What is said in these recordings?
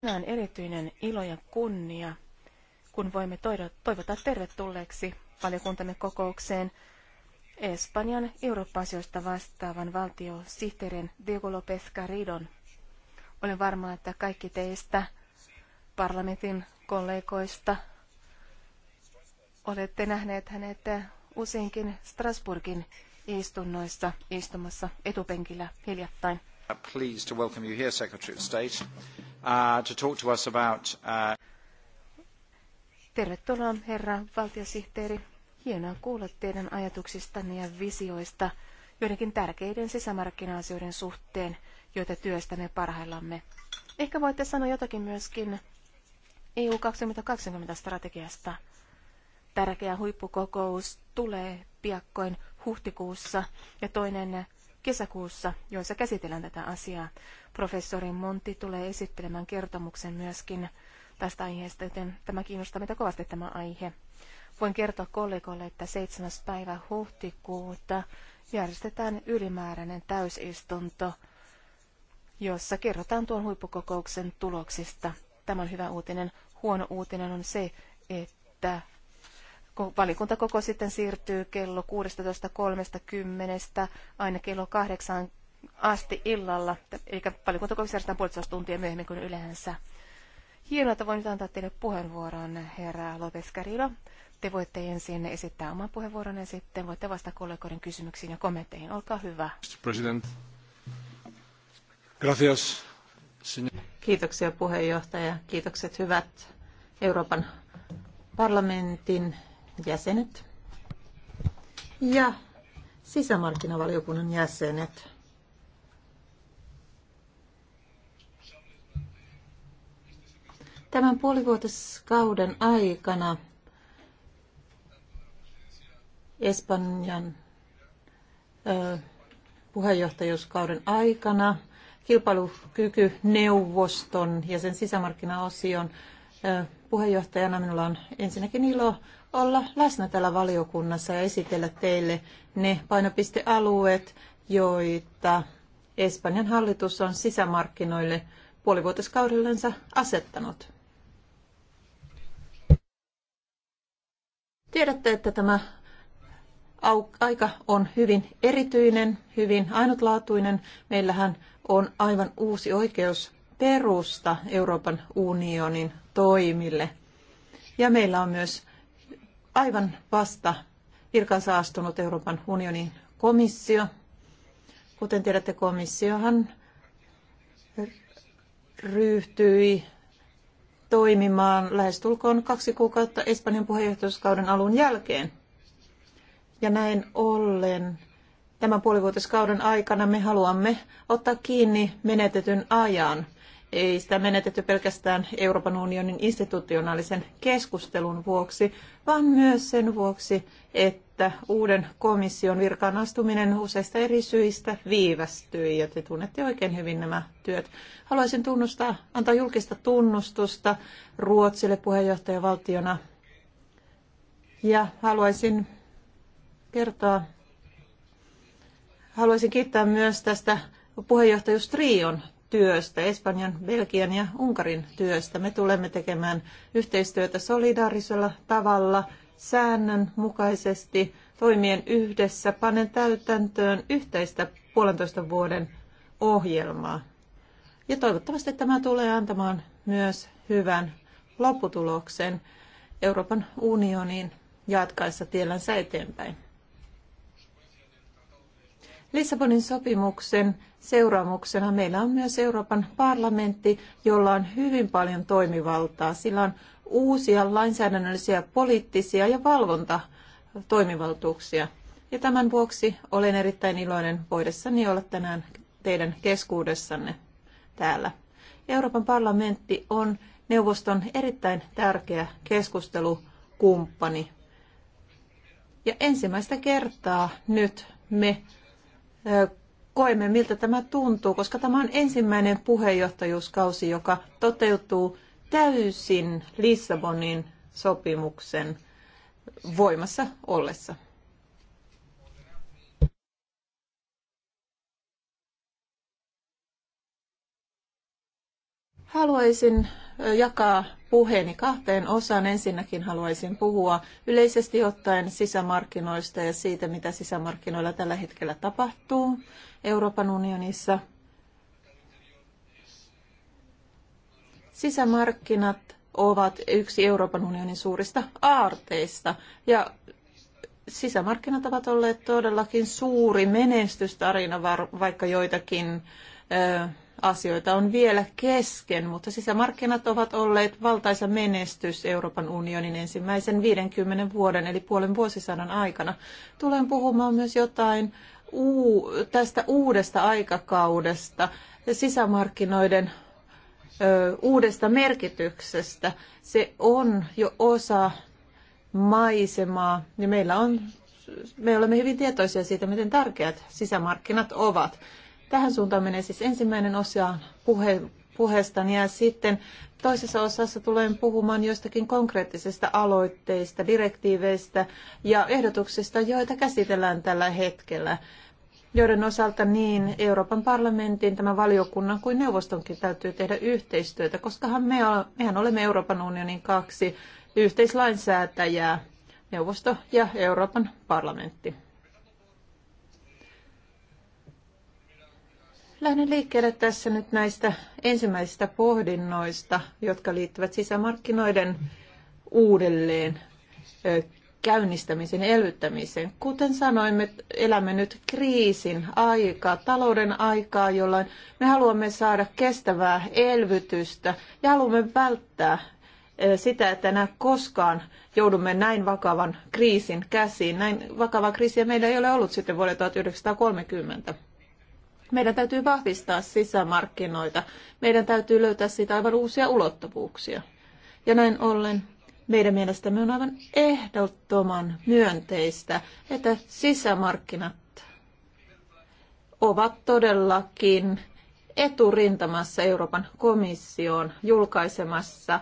Tänään erityinen ilo ja kunnia, kun voimme toivottaa tervetulleeksi valiokuntamme kokoukseen Espanjan Eurooppa-asioista vastaavan valtiosihteerin Diego López Garridon. Olen varma, että kaikki teistä parlamentin kollegoista olette nähneet hänet useinkin Strasburgin istunnoissa istumassa etupenkillä hiljattain. Pleased to welcome you here, Secretary of State. Uh, to talk to us about... Uh, Tervetuloa herra valtiosihteeri. Hienoa kuulla teidän ajatuksistanne ja visioista joidenkin tärkeiden sisämarkkina-asioiden suhteen, joita työstämme parhaillamme. Ehkä voitte sanoa jotakin myöskin EU 2020 strategiasta. Tärkeä huippukokous tulee piakkoin huhtikuussa ja toinen kesäkuussa, joissa käsitellään tätä asiaa. Professori Monti tulee esittelemään kertomuksen myöskin tästä aiheesta, joten tämä kiinnostaa mitä kovasti tämä aihe. Voin kertoa kollegoille, että 7. päivä huhtikuuta järjestetään ylimääräinen täysistunto, jossa kerrotaan tuon huippukokouksen tuloksista. Tämä on hyvä uutinen. Huono uutinen on se, että koko sitten siirtyy kello 16.30 aina kello 8 asti illalla, eli valiokuntakoko järjestetään puolitoista tuntia myöhemmin kuin yleensä. Hienoa, että voin nyt antaa teille puheenvuoron, herra Lopez Carillo. Te voitte ensin esittää oman puheenvuoron ja sitten voitte vastata kollegoiden kysymyksiin ja kommentteihin. Olkaa hyvä. President. Gracias. Kiitoksia puheenjohtaja. Kiitokset hyvät Euroopan parlamentin jäsenet ja sisämarkkinavaliokunnan jäsenet. Tämän puolivuotiskauden aikana Espanjan ö, puheenjohtajuuskauden aikana kilpailukykyneuvoston ja sen sisämarkkinaosion puheenjohtajana minulla on ensinnäkin ilo olla läsnä täällä valiokunnassa ja esitellä teille ne painopistealueet, joita Espanjan hallitus on sisämarkkinoille puolivuotiskaudellensa asettanut. Tiedätte, että tämä aika on hyvin erityinen, hyvin ainutlaatuinen. Meillähän on aivan uusi oikeus perusta Euroopan unionin toimille. Ja meillä on myös aivan vasta virkansa astunut Euroopan unionin komissio. Kuten tiedätte, komissiohan ryhtyi toimimaan lähestulkoon kaksi kuukautta Espanjan puheenjohtajuuskauden alun jälkeen. Ja näin ollen tämän puolivuotiskauden aikana me haluamme ottaa kiinni menetetyn ajan – ei sitä menetetty pelkästään Euroopan unionin institutionaalisen keskustelun vuoksi, vaan myös sen vuoksi, että uuden komission virkaan astuminen useista eri syistä viivästyi, ja te tunnette oikein hyvin nämä työt. Haluaisin tunnustaa, antaa julkista tunnustusta Ruotsille puheenjohtajavaltiona, ja haluaisin kertoa, haluaisin kiittää myös tästä puheenjohtajuustrion työstä, Espanjan, Belgian ja Unkarin työstä. Me tulemme tekemään yhteistyötä solidaarisella tavalla, säännönmukaisesti, toimien yhdessä, panen täytäntöön yhteistä puolentoista vuoden ohjelmaa. Ja toivottavasti tämä tulee antamaan myös hyvän lopputuloksen Euroopan unionin jatkaessa tiellänsä eteenpäin. Lissabonin sopimuksen seuraamuksena meillä on myös Euroopan parlamentti, jolla on hyvin paljon toimivaltaa. Sillä on uusia lainsäädännöllisiä, poliittisia ja valvontatoimivaltuuksia. Ja tämän vuoksi olen erittäin iloinen voidessani olla tänään teidän keskuudessanne täällä. Euroopan parlamentti on neuvoston erittäin tärkeä keskustelukumppani. Ja ensimmäistä kertaa nyt me koemme, miltä tämä tuntuu, koska tämä on ensimmäinen puheenjohtajuuskausi, joka toteutuu täysin Lissabonin sopimuksen voimassa ollessa. Haluaisin jakaa puheeni kahteen osaan. Ensinnäkin haluaisin puhua yleisesti ottaen sisämarkkinoista ja siitä, mitä sisämarkkinoilla tällä hetkellä tapahtuu Euroopan unionissa. Sisämarkkinat ovat yksi Euroopan unionin suurista aarteista ja sisämarkkinat ovat olleet todellakin suuri menestystarina, vaikka joitakin asioita on vielä kesken, mutta sisämarkkinat ovat olleet valtaisa menestys Euroopan unionin ensimmäisen 50 vuoden eli puolen vuosisadan aikana. Tulen puhumaan myös jotain uu, tästä uudesta aikakaudesta, sisämarkkinoiden ö, uudesta merkityksestä. Se on jo osa maisemaa ja meillä on, me olemme hyvin tietoisia siitä, miten tärkeät sisämarkkinat ovat. Tähän suuntaan menee siis ensimmäinen osa puhe, puheestani niin ja sitten toisessa osassa tulen puhumaan joistakin konkreettisista aloitteista, direktiiveistä ja ehdotuksista, joita käsitellään tällä hetkellä joiden osalta niin Euroopan parlamentin, tämän valiokunnan kuin neuvostonkin täytyy tehdä yhteistyötä, koska me, mehän olemme Euroopan unionin kaksi yhteislainsäätäjää, neuvosto ja Euroopan parlamentti. Lähden liikkeelle tässä nyt näistä ensimmäisistä pohdinnoista, jotka liittyvät sisämarkkinoiden uudelleen käynnistämisen, elvyttämiseen. Kuten sanoin, me elämme nyt kriisin aikaa, talouden aikaa, jolloin me haluamme saada kestävää elvytystä ja haluamme välttää sitä, että enää koskaan joudumme näin vakavan kriisin käsiin. Näin vakava kriisiä meillä ei ole ollut sitten vuoden 1930. Meidän täytyy vahvistaa sisämarkkinoita. Meidän täytyy löytää siitä aivan uusia ulottuvuuksia. Ja näin ollen meidän mielestämme on aivan ehdottoman myönteistä, että sisämarkkinat ovat todellakin eturintamassa Euroopan komission julkaisemassa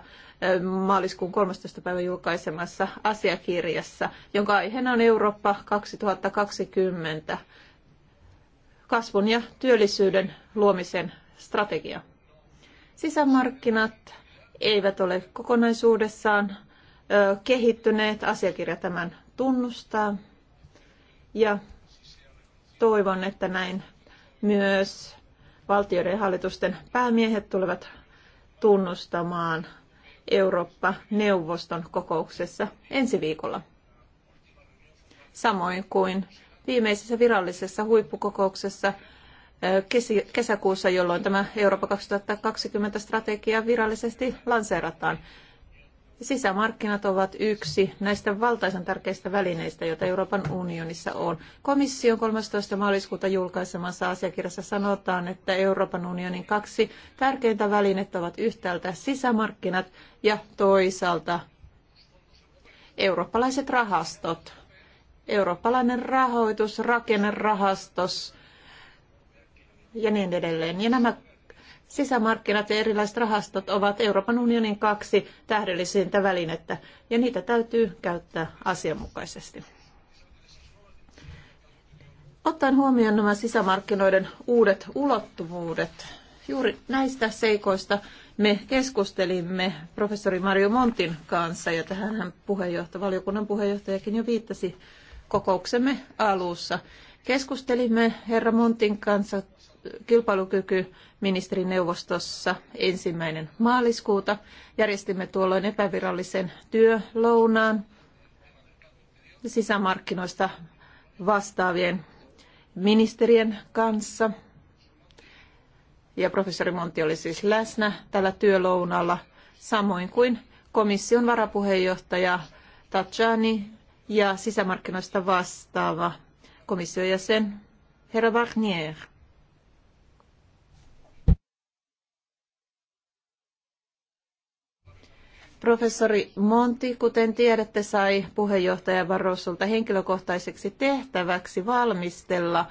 maaliskuun 13. päivän julkaisemassa asiakirjassa, jonka aiheena on Eurooppa 2020 kasvun ja työllisyyden luomisen strategia. Sisämarkkinat eivät ole kokonaisuudessaan kehittyneet, asiakirja tämän tunnustaa. Ja toivon, että näin myös valtioiden ja hallitusten päämiehet tulevat tunnustamaan Eurooppa-neuvoston kokouksessa ensi viikolla. Samoin kuin viimeisessä virallisessa huippukokouksessa kesäkuussa, jolloin tämä Eurooppa 2020 strategia virallisesti lanseerataan. Sisämarkkinat ovat yksi näistä valtaisen tärkeistä välineistä, joita Euroopan unionissa on. Komission 13. maaliskuuta julkaisemassa asiakirjassa sanotaan, että Euroopan unionin kaksi tärkeintä välinettä ovat yhtäältä sisämarkkinat ja toisaalta eurooppalaiset rahastot eurooppalainen rahoitus, rakennerahastos ja niin edelleen. Ja nämä sisämarkkinat ja erilaiset rahastot ovat Euroopan unionin kaksi tähdellisintä välinettä, ja niitä täytyy käyttää asianmukaisesti. Ottaen huomioon nämä sisämarkkinoiden uudet ulottuvuudet, juuri näistä seikoista me keskustelimme professori Mario Montin kanssa, ja tähän hän puheenjohtaja, valiokunnan puheenjohtajakin jo viittasi kokouksemme alussa. Keskustelimme herra Montin kanssa kilpailukykyministerineuvostossa ensimmäinen maaliskuuta. Järjestimme tuolloin epävirallisen työlounaan sisämarkkinoista vastaavien ministerien kanssa. Ja professori Monti oli siis läsnä tällä työlounalla, samoin kuin komission varapuheenjohtaja Tajani ja sisämarkkinoista vastaava komission jäsen herra Barnier. Professori Monti, kuten tiedätte, sai puheenjohtaja Barrosolta henkilökohtaiseksi tehtäväksi valmistella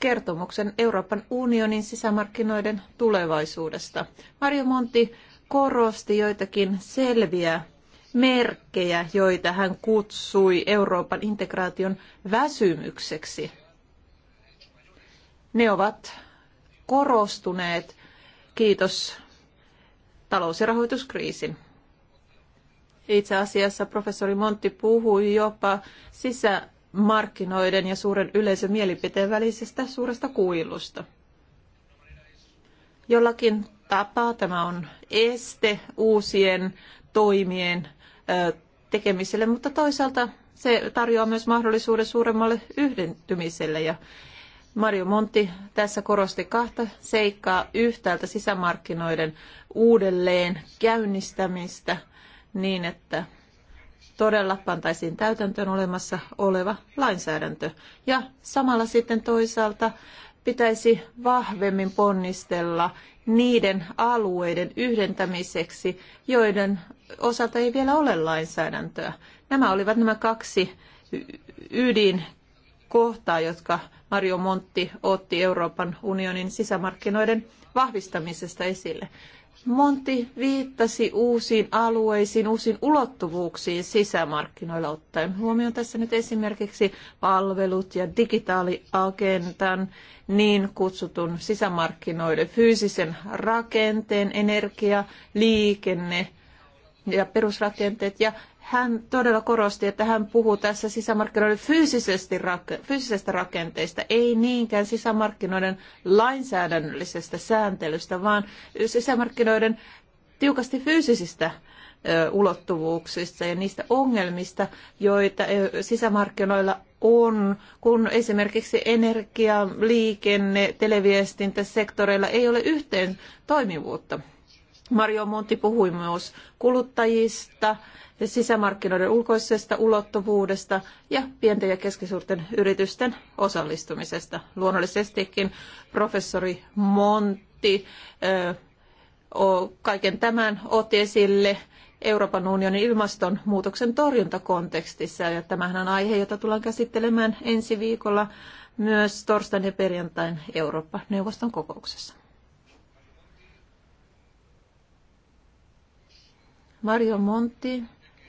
kertomuksen Euroopan unionin sisämarkkinoiden tulevaisuudesta. Mario Monti korosti joitakin selviä merkkejä, joita hän kutsui Euroopan integraation väsymykseksi. Ne ovat korostuneet, kiitos talous- ja rahoituskriisin. Itse asiassa professori Montti puhui jopa sisämarkkinoiden ja suuren yleisön mielipiteen välisestä suuresta kuilusta. Jollakin tapaa tämä on este uusien toimien tekemiselle, mutta toisaalta se tarjoaa myös mahdollisuuden suuremmalle yhdentymiselle ja Mario Monti tässä korosti kahta seikkaa yhtäältä sisämarkkinoiden uudelleen käynnistämistä niin, että todella pantaisiin täytäntöön olemassa oleva lainsäädäntö. Ja samalla sitten toisaalta pitäisi vahvemmin ponnistella niiden alueiden yhdentämiseksi, joiden osalta ei vielä ole lainsäädäntöä. Nämä olivat nämä kaksi ydinkohtaa, jotka Mario Montti otti Euroopan unionin sisämarkkinoiden vahvistamisesta esille. Monti viittasi uusiin alueisiin, uusiin ulottuvuuksiin sisämarkkinoilla ottaen huomioon tässä nyt esimerkiksi palvelut ja digitaaliagentan, niin kutsutun sisämarkkinoiden fyysisen rakenteen, energia, liikenne ja perusrakenteet ja hän todella korosti, että hän puhuu tässä sisämarkkinoiden fyysisesti, fyysisestä rakenteesta, ei niinkään sisämarkkinoiden lainsäädännöllisestä sääntelystä, vaan sisämarkkinoiden tiukasti fyysisistä ulottuvuuksista ja niistä ongelmista, joita sisämarkkinoilla on, kun esimerkiksi energia, liikenne, televiestintä sektoreilla ei ole yhteen toimivuutta. Mario Monti puhui myös kuluttajista, sisämarkkinoiden ulkoisesta ulottuvuudesta ja pienten ja keskisuurten yritysten osallistumisesta. Luonnollisestikin professori Montti kaiken tämän otti esille Euroopan unionin ilmastonmuutoksen torjuntakontekstissa. Ja tämähän on aihe, jota tullaan käsittelemään ensi viikolla myös torstain ja perjantain Eurooppa-neuvoston kokouksessa. Mario Monti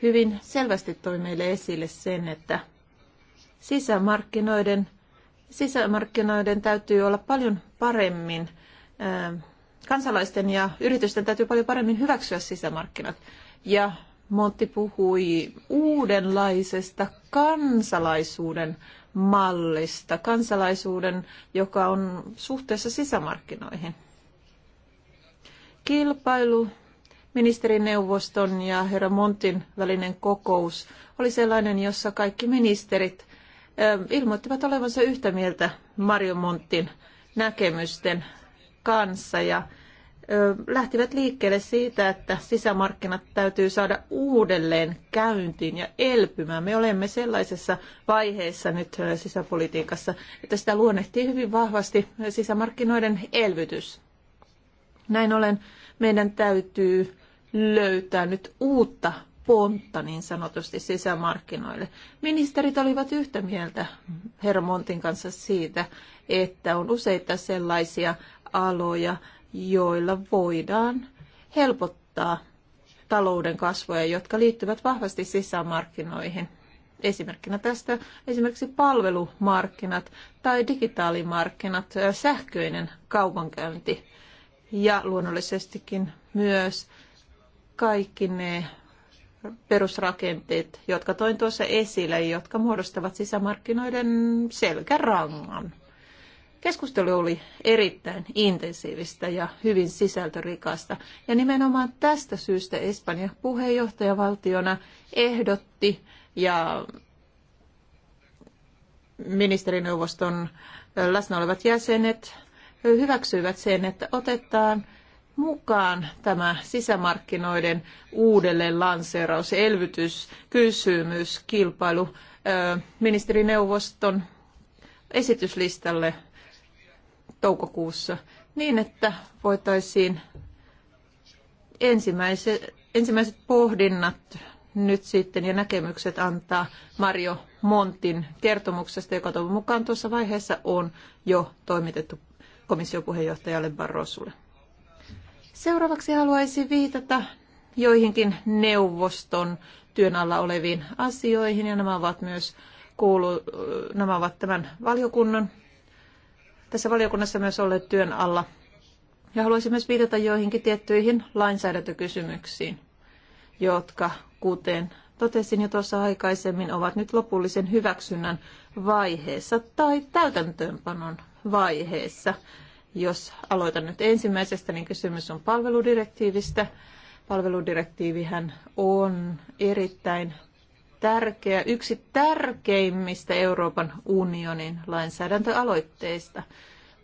hyvin selvästi toi meille esille sen, että sisämarkkinoiden, sisämarkkinoiden täytyy olla paljon paremmin, ähm, kansalaisten ja yritysten täytyy paljon paremmin hyväksyä sisämarkkinat. Ja Montti puhui uudenlaisesta kansalaisuuden mallista, kansalaisuuden, joka on suhteessa sisämarkkinoihin. Kilpailu ministerineuvoston ja herra Montin välinen kokous oli sellainen, jossa kaikki ministerit ähm, ilmoittivat olevansa yhtä mieltä Mario Montin näkemysten kanssa ja ähm, lähtivät liikkeelle siitä, että sisämarkkinat täytyy saada uudelleen käyntiin ja elpymään. Me olemme sellaisessa vaiheessa nyt äh, sisäpolitiikassa, että sitä luonnehtii hyvin vahvasti äh, sisämarkkinoiden elvytys. Näin ollen meidän täytyy löytää nyt uutta pontta niin sanotusti sisämarkkinoille. Ministerit olivat yhtä mieltä herra Montin kanssa siitä, että on useita sellaisia aloja, joilla voidaan helpottaa talouden kasvoja, jotka liittyvät vahvasti sisämarkkinoihin. Esimerkkinä tästä esimerkiksi palvelumarkkinat tai digitaalimarkkinat, sähköinen kaupankäynti ja luonnollisestikin myös kaikki ne perusrakenteet, jotka toin tuossa esille, jotka muodostavat sisämarkkinoiden selkärangan. Keskustelu oli erittäin intensiivistä ja hyvin sisältörikasta. Ja nimenomaan tästä syystä Espanja puheenjohtajavaltiona ehdotti ja ministerineuvoston läsnä olevat jäsenet hyväksyivät sen, että otetaan mukaan tämä sisämarkkinoiden uudelleen lanseeraus, elvytys, kysymys, kilpailu ministerineuvoston esityslistalle toukokuussa niin, että voitaisiin ensimmäiset, ensimmäiset pohdinnat nyt sitten ja näkemykset antaa Mario Montin kertomuksesta, joka toivon mukaan tuossa vaiheessa on jo toimitettu komission puheenjohtajalle Barrosulle. Seuraavaksi haluaisin viitata joihinkin neuvoston työn alla oleviin asioihin, ja nämä ovat myös kuulu, nämä ovat tämän valiokunnan, tässä valiokunnassa myös olleet työn alla. Ja haluaisin myös viitata joihinkin tiettyihin lainsäädäntökysymyksiin, jotka, kuten totesin jo tuossa aikaisemmin, ovat nyt lopullisen hyväksynnän vaiheessa tai täytäntöönpanon vaiheessa. Jos aloitan nyt ensimmäisestä, niin kysymys on palveludirektiivistä. Palveludirektiivihän on erittäin tärkeä, yksi tärkeimmistä Euroopan unionin lainsäädäntöaloitteista.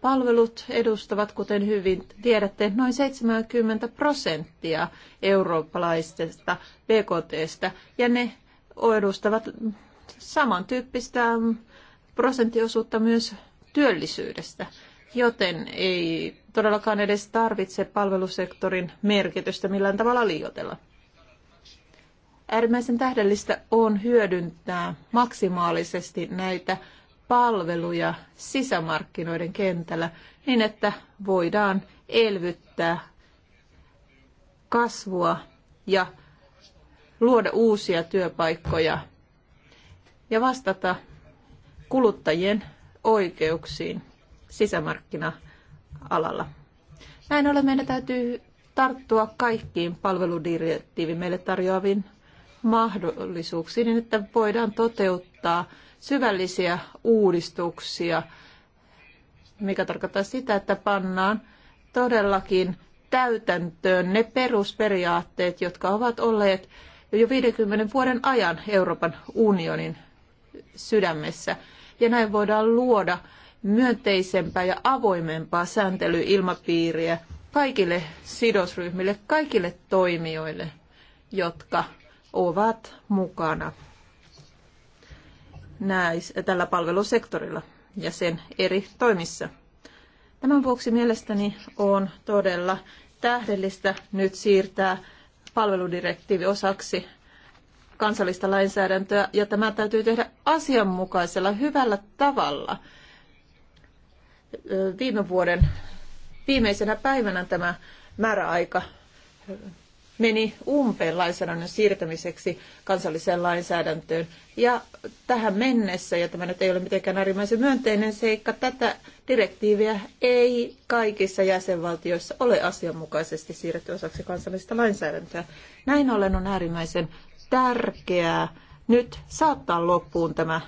Palvelut edustavat, kuten hyvin tiedätte, noin 70 prosenttia eurooppalaisesta BKT, ja ne edustavat samantyyppistä prosenttiosuutta myös työllisyydestä joten ei todellakaan edes tarvitse palvelusektorin merkitystä millään tavalla liioitella. Äärimmäisen tähdellistä on hyödyntää maksimaalisesti näitä palveluja sisämarkkinoiden kentällä niin, että voidaan elvyttää kasvua ja luoda uusia työpaikkoja ja vastata kuluttajien oikeuksiin sisämarkkina-alalla. Näin ollen meidän täytyy tarttua kaikkiin palveludirektiivin meille tarjoaviin mahdollisuuksiin, niin että voidaan toteuttaa syvällisiä uudistuksia, mikä tarkoittaa sitä, että pannaan todellakin täytäntöön ne perusperiaatteet, jotka ovat olleet jo 50 vuoden ajan Euroopan unionin sydämessä. Ja näin voidaan luoda myönteisempää ja avoimempaa sääntelyilmapiiriä kaikille sidosryhmille, kaikille toimijoille, jotka ovat mukana näis, tällä palvelusektorilla ja sen eri toimissa. Tämän vuoksi mielestäni on todella tähdellistä nyt siirtää palveludirektiivi osaksi kansallista lainsäädäntöä, ja tämä täytyy tehdä asianmukaisella, hyvällä tavalla – viime vuoden viimeisenä päivänä tämä määräaika meni umpeen lainsäädännön siirtämiseksi kansalliseen lainsäädäntöön. Ja tähän mennessä, ja tämä nyt ei ole mitenkään äärimmäisen myönteinen seikka, tätä direktiiviä ei kaikissa jäsenvaltioissa ole asianmukaisesti siirretty osaksi kansallista lainsäädäntöä. Näin ollen on äärimmäisen tärkeää nyt saattaa loppuun tämä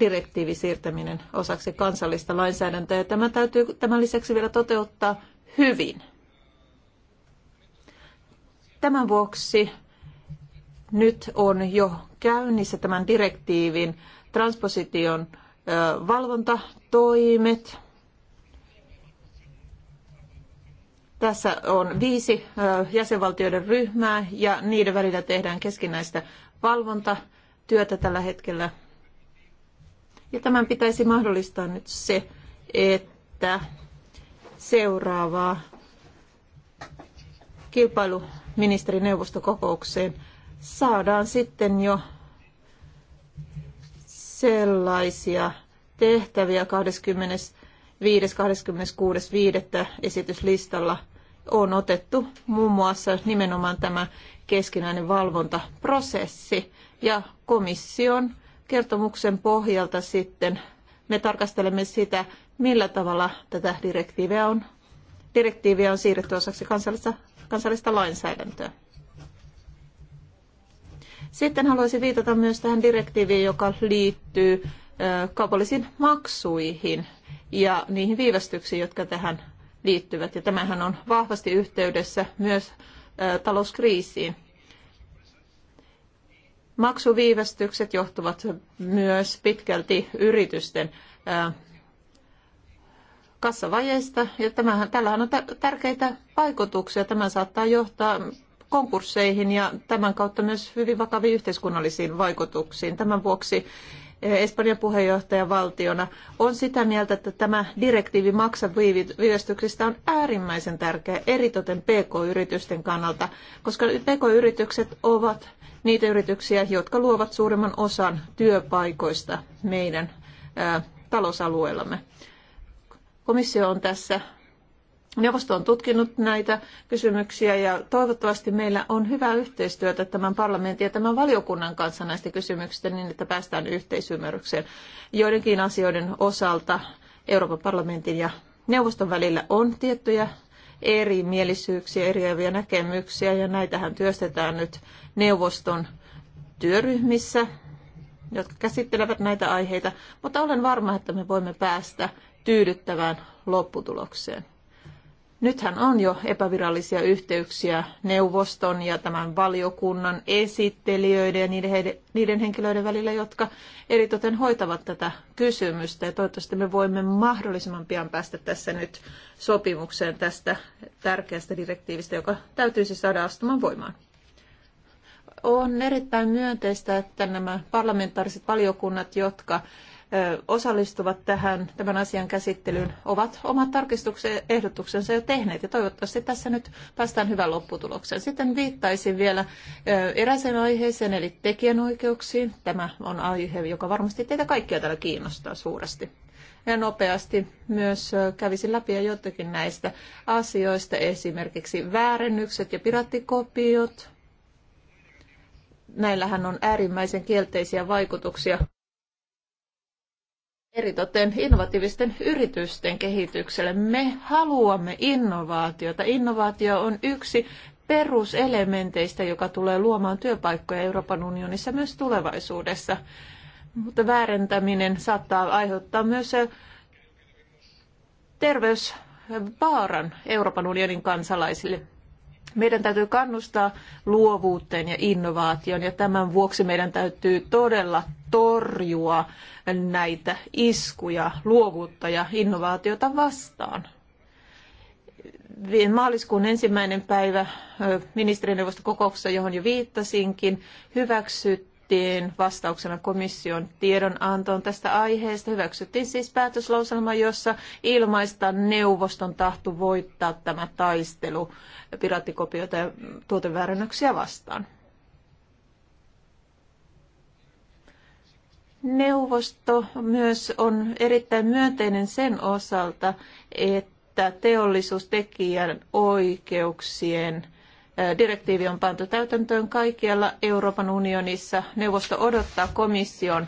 direktiivi siirtäminen osaksi kansallista lainsäädäntöä. tämä täytyy tämän lisäksi vielä toteuttaa hyvin. Tämän vuoksi nyt on jo käynnissä tämän direktiivin transposition valvontatoimet. Tässä on viisi jäsenvaltioiden ryhmää ja niiden välillä tehdään keskinäistä valvontatyötä tällä hetkellä ja tämän pitäisi mahdollistaa nyt se, että seuraavaa kilpailuministerineuvostokokoukseen saadaan sitten jo sellaisia tehtäviä 25. 26.5. esityslistalla on otettu muun muassa nimenomaan tämä keskinäinen valvontaprosessi ja komission kertomuksen pohjalta sitten me tarkastelemme sitä, millä tavalla tätä direktiiviä on, direktiiviä on siirretty osaksi kansallista, kansallista lainsäädäntöä. Sitten haluaisin viitata myös tähän direktiiviin, joka liittyy kaupallisiin maksuihin ja niihin viivästyksiin, jotka tähän liittyvät. Ja tämähän on vahvasti yhteydessä myös talouskriisiin. Maksuviivästykset johtuvat myös pitkälti yritysten kassavajeista, ja tämähän, tällähän on tärkeitä vaikutuksia. Tämä saattaa johtaa konkursseihin ja tämän kautta myös hyvin vakaviin yhteiskunnallisiin vaikutuksiin. Tämän vuoksi Espanjan puheenjohtajavaltiona on sitä mieltä, että tämä direktiivi maksaviivästyksistä on äärimmäisen tärkeä eritoten PK-yritysten kannalta, koska PK-yritykset ovat niitä yrityksiä, jotka luovat suurimman osan työpaikoista meidän talousalueellamme. Komissio on tässä, neuvosto on tutkinut näitä kysymyksiä ja toivottavasti meillä on hyvää yhteistyötä tämän parlamentin ja tämän valiokunnan kanssa näistä kysymyksistä niin, että päästään yhteisymmärrykseen. Joidenkin asioiden osalta Euroopan parlamentin ja neuvoston välillä on tiettyjä erimielisyyksiä, eriäviä näkemyksiä ja näitähän työstetään nyt neuvoston työryhmissä, jotka käsittelevät näitä aiheita, mutta olen varma, että me voimme päästä tyydyttävään lopputulokseen. Nythän on jo epävirallisia yhteyksiä neuvoston ja tämän valiokunnan esittelijöiden ja niiden, niiden henkilöiden välillä, jotka eritoten hoitavat tätä kysymystä. Ja toivottavasti me voimme mahdollisimman pian päästä tässä nyt sopimukseen tästä tärkeästä direktiivistä, joka täytyisi saada astumaan voimaan. On erittäin myönteistä, että nämä parlamentaariset valiokunnat, jotka osallistuvat tähän tämän asian käsittelyyn, ovat omat tarkistuksen ehdotuksensa jo tehneet. Ja toivottavasti tässä nyt päästään hyvään lopputulokseen. Sitten viittaisin vielä eräseen aiheeseen, eli tekijänoikeuksiin. Tämä on aihe, joka varmasti teitä kaikkia täällä kiinnostaa suuresti. Ja nopeasti myös kävisin läpi ja jotakin näistä asioista, esimerkiksi väärennykset ja pirattikopiot. Näillähän on äärimmäisen kielteisiä vaikutuksia eritoten innovatiivisten yritysten kehitykselle. Me haluamme innovaatiota. Innovaatio on yksi peruselementeistä, joka tulee luomaan työpaikkoja Euroopan unionissa myös tulevaisuudessa. Mutta väärentäminen saattaa aiheuttaa myös terveysvaaran Euroopan unionin kansalaisille. Meidän täytyy kannustaa luovuuteen ja innovaatioon ja tämän vuoksi meidän täytyy todella torjua näitä iskuja luovuutta ja innovaatiota vastaan. Maaliskuun ensimmäinen päivä ministerineuvoston kokouksessa, johon jo viittasinkin, hyväksyt hyväksyttiin vastauksena komission tiedonantoon tästä aiheesta. Hyväksyttiin siis päätöslauselma, jossa ilmaistaan neuvoston tahto voittaa tämä taistelu piraattikopioita ja tuoteväärennöksiä vastaan. Neuvosto myös on erittäin myönteinen sen osalta, että teollisuustekijän oikeuksien – Direktiivi on pantu täytäntöön kaikkialla Euroopan unionissa. Neuvosto odottaa komission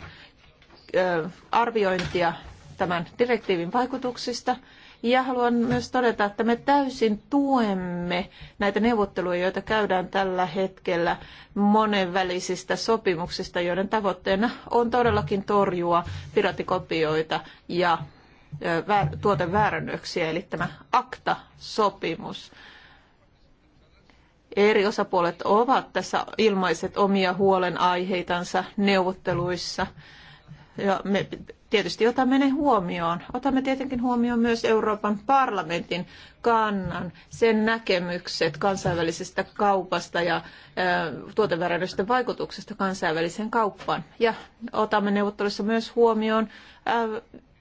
arviointia tämän direktiivin vaikutuksista. Ja haluan myös todeta, että me täysin tuemme näitä neuvotteluja, joita käydään tällä hetkellä monenvälisistä sopimuksista, joiden tavoitteena on todellakin torjua piratikopioita ja tuoteväärennöksiä, eli tämä acta sopimus eri osapuolet ovat tässä ilmaiset omia huolenaiheitansa neuvotteluissa. Ja me tietysti otamme ne huomioon. Otamme tietenkin huomioon myös Euroopan parlamentin kannan, sen näkemykset kansainvälisestä kaupasta ja tuoteväräydestä vaikutuksesta kansainväliseen kauppaan. Ja otamme neuvottelussa myös huomioon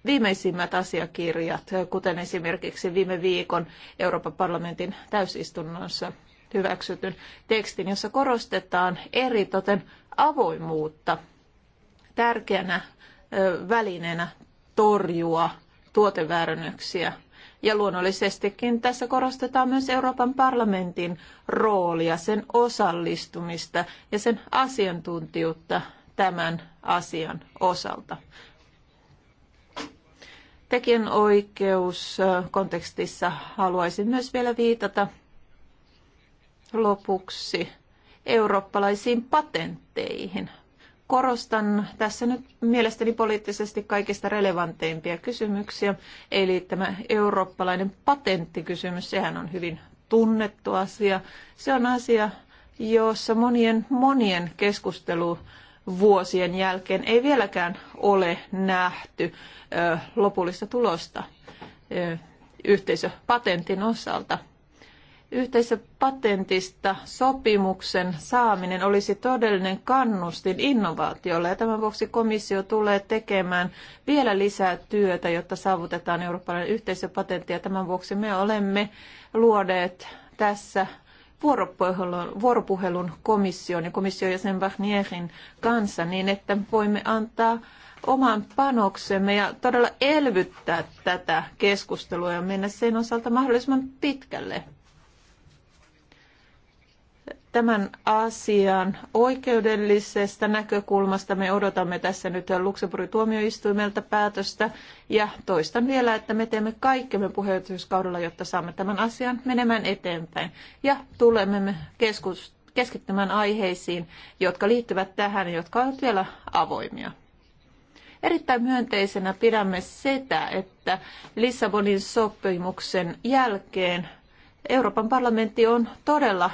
viimeisimmät asiakirjat, kuten esimerkiksi viime viikon Euroopan parlamentin täysistunnossa hyväksytyn tekstin, jossa korostetaan eritoten avoimuutta tärkeänä välineenä torjua tuoteväärännyksiä. Ja luonnollisestikin tässä korostetaan myös Euroopan parlamentin roolia, sen osallistumista ja sen asiantuntijuutta tämän asian osalta. Tekijänoikeuskontekstissa haluaisin myös vielä viitata lopuksi eurooppalaisiin patentteihin. Korostan tässä nyt mielestäni poliittisesti kaikista relevanteimpia kysymyksiä, eli tämä eurooppalainen patenttikysymys, sehän on hyvin tunnettu asia. Se on asia, jossa monien monien keskustelu vuosien jälkeen ei vieläkään ole nähty lopullista tulosta yhteisöpatentin osalta. Yhteisöpatentista sopimuksen saaminen olisi todellinen kannustin innovaatiolle ja tämän vuoksi komissio tulee tekemään vielä lisää työtä, jotta saavutetaan eurooppalainen yhteisöpatentti ja tämän vuoksi me olemme luodeet tässä vuoropuhelun, vuoropuhelun komission ja komission jäsen Wagnerin kanssa niin, että voimme antaa oman panoksemme ja todella elvyttää tätä keskustelua ja mennä sen osalta mahdollisimman pitkälle tämän asian oikeudellisesta näkökulmasta me odotamme tässä nyt Luxemburgin tuomioistuimelta päätöstä. Ja toistan vielä, että me teemme kaikkemme puheenjohtajuuskaudella, jotta saamme tämän asian menemään eteenpäin. Ja tulemme keskus, keskittymään aiheisiin, jotka liittyvät tähän, jotka ovat vielä avoimia. Erittäin myönteisenä pidämme sitä, että Lissabonin sopimuksen jälkeen Euroopan parlamentti on todella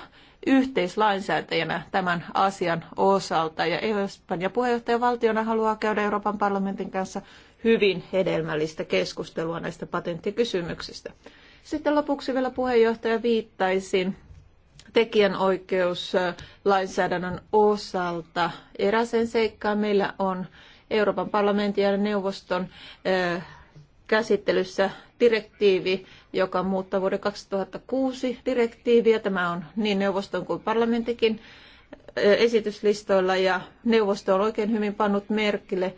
yhteislainsäätäjänä tämän asian osalta. Ja Espanja puheenjohtajavaltiona haluaa käydä Euroopan parlamentin kanssa hyvin hedelmällistä keskustelua näistä patenttikysymyksistä. Sitten lopuksi vielä puheenjohtaja viittaisin tekijänoikeuslainsäädännön osalta. Eräseen seikkaan meillä on Euroopan parlamentin ja neuvoston eh, käsittelyssä direktiivi, joka muuttaa vuoden 2006 direktiiviä. Tämä on niin neuvoston kuin parlamentikin esityslistoilla ja neuvosto on oikein hyvin pannut merkille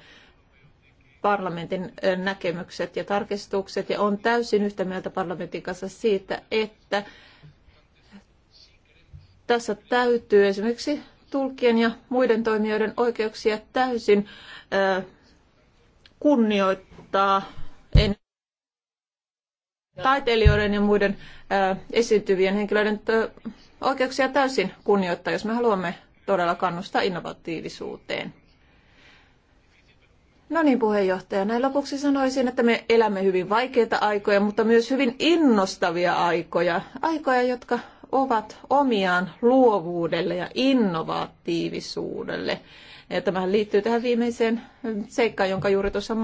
parlamentin näkemykset ja tarkistukset ja on täysin yhtä mieltä parlamentin kanssa siitä, että tässä täytyy esimerkiksi tulkien ja muiden toimijoiden oikeuksia täysin kunnioittaa taiteilijoiden ja muiden esiintyvien henkilöiden oikeuksia täysin kunnioittaa, jos me haluamme todella kannustaa innovatiivisuuteen. No niin, puheenjohtaja. Näin lopuksi sanoisin, että me elämme hyvin vaikeita aikoja, mutta myös hyvin innostavia aikoja. Aikoja, jotka ovat omiaan luovuudelle ja innovatiivisuudelle. Ja tämähän liittyy tähän viimeiseen seikkaan, jonka juuri tuossa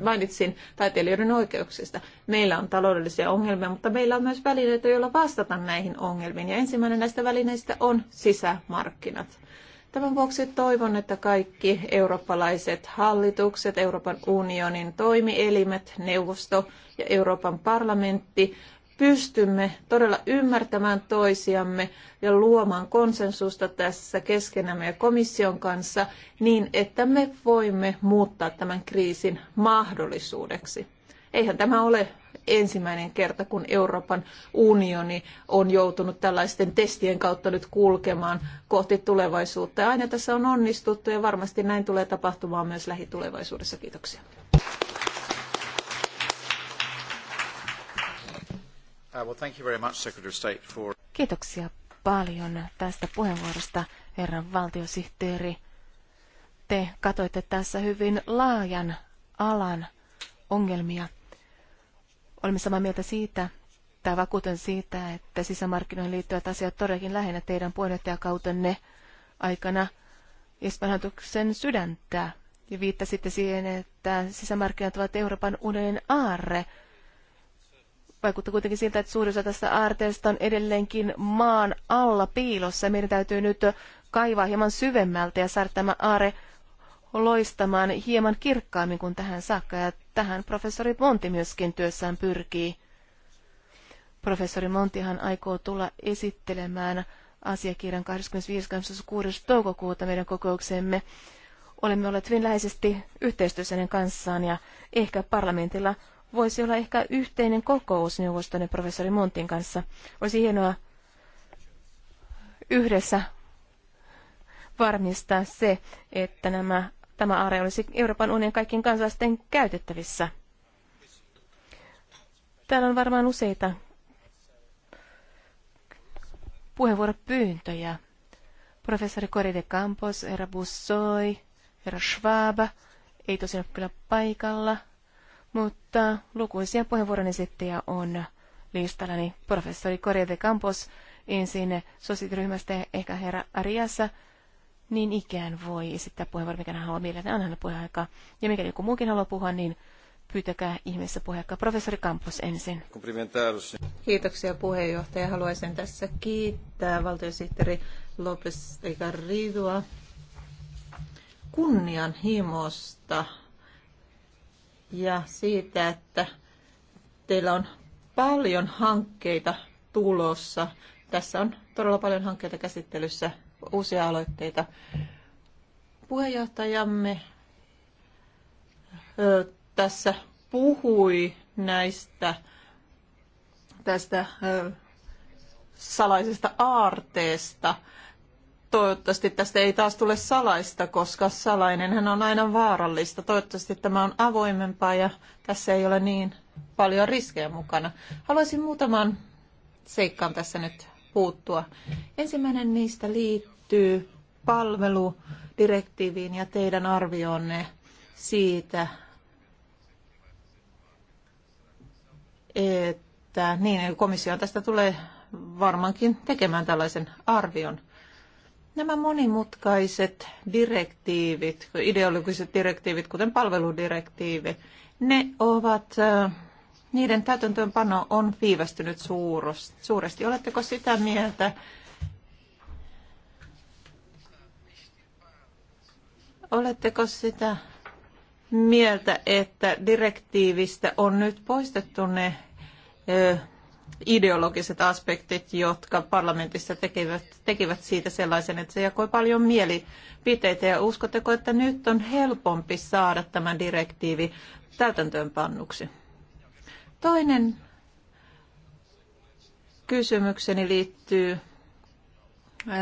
mainitsin taiteilijoiden oikeuksista. Meillä on taloudellisia ongelmia, mutta meillä on myös välineitä, joilla vastata näihin ongelmiin. Ja ensimmäinen näistä välineistä on sisämarkkinat. Tämän vuoksi toivon, että kaikki eurooppalaiset hallitukset, Euroopan unionin toimielimet, neuvosto ja Euroopan parlamentti pystymme todella ymmärtämään toisiamme ja luomaan konsensusta tässä keskenämme ja komission kanssa niin, että me voimme muuttaa tämän kriisin mahdollisuudeksi. Eihän tämä ole ensimmäinen kerta, kun Euroopan unioni on joutunut tällaisten testien kautta nyt kulkemaan kohti tulevaisuutta. Ja aina tässä on onnistuttu ja varmasti näin tulee tapahtumaan myös lähitulevaisuudessa. Kiitoksia. Kiitoksia paljon tästä puheenvuorosta, herran valtiosihteeri. Te katoitte tässä hyvin laajan alan ongelmia. Olemme samaa mieltä siitä, tai vakuuten siitä, että sisämarkkinoihin liittyvät asiat todellakin lähinnä teidän puheenjohtajakautenne aikana Espanjatuksen sydäntä. Ja viittasitte siihen, että sisämarkkinat ovat Euroopan unionin aarre, vaikuttaa kuitenkin siltä, että suurin osa tästä aarteesta on edelleenkin maan alla piilossa. Meidän täytyy nyt kaivaa hieman syvemmältä ja saada tämä aare loistamaan hieman kirkkaammin kuin tähän saakka. Ja tähän professori Monti myöskin työssään pyrkii. Professori Montihan aikoo tulla esittelemään asiakirjan 25.6. toukokuuta meidän kokouksemme. Olemme olleet hyvin läheisesti yhteistyössä hänen kanssaan ja ehkä parlamentilla voisi olla ehkä yhteinen kokous neuvoston ja professori Montin kanssa. Olisi hienoa yhdessä varmistaa se, että nämä, tämä aare olisi Euroopan unionin kaikkien kansalaisten käytettävissä. Täällä on varmaan useita puheenvuoropyyntöjä. Professori Cori de Campos, herra Bussoi, herra Schwab, ei tosiaan ole kyllä paikalla – mutta lukuisia puheenvuoron esittäjiä on listallani. Professori Correa de Campos ensin sosiaaliryhmästä ehkä herra Ariassa, niin ikään voi esittää puheenvuoron, mikä hän haluaa mielelläni. Anna puheenaikaa. Ja mikäli joku muukin haluaa puhua, niin pyytäkää ihmeessä puheenjohtaja professori Campos ensin. Kiitoksia puheenjohtaja. Haluaisin tässä kiittää valtiosihteeri Lopes Garridua kunnianhimosta ja siitä, että teillä on paljon hankkeita tulossa. Tässä on todella paljon hankkeita käsittelyssä, uusia aloitteita. Puheenjohtajamme ö, tässä puhui näistä tästä ö, salaisesta aarteesta toivottavasti tästä ei taas tule salaista, koska salainenhan on aina vaarallista. Toivottavasti tämä on avoimempaa ja tässä ei ole niin paljon riskejä mukana. Haluaisin muutaman seikkaan tässä nyt puuttua. Ensimmäinen niistä liittyy palveludirektiiviin ja teidän arvioonne siitä, että niin, komissio tästä tulee varmaankin tekemään tällaisen arvion. Nämä monimutkaiset direktiivit, ideologiset direktiivit, kuten palveludirektiivi, ne ovat, äh, niiden täytäntöönpano on viivästynyt suuresti. Oletteko sitä mieltä, Oletteko sitä mieltä, että direktiivistä on nyt poistettu ne ideologiset aspektit, jotka parlamentissa tekevät, tekivät siitä sellaisen, että se jakoi paljon mielipiteitä. Ja uskotteko, että nyt on helpompi saada tämä direktiivi täytäntöönpannuksi? Toinen kysymykseni liittyy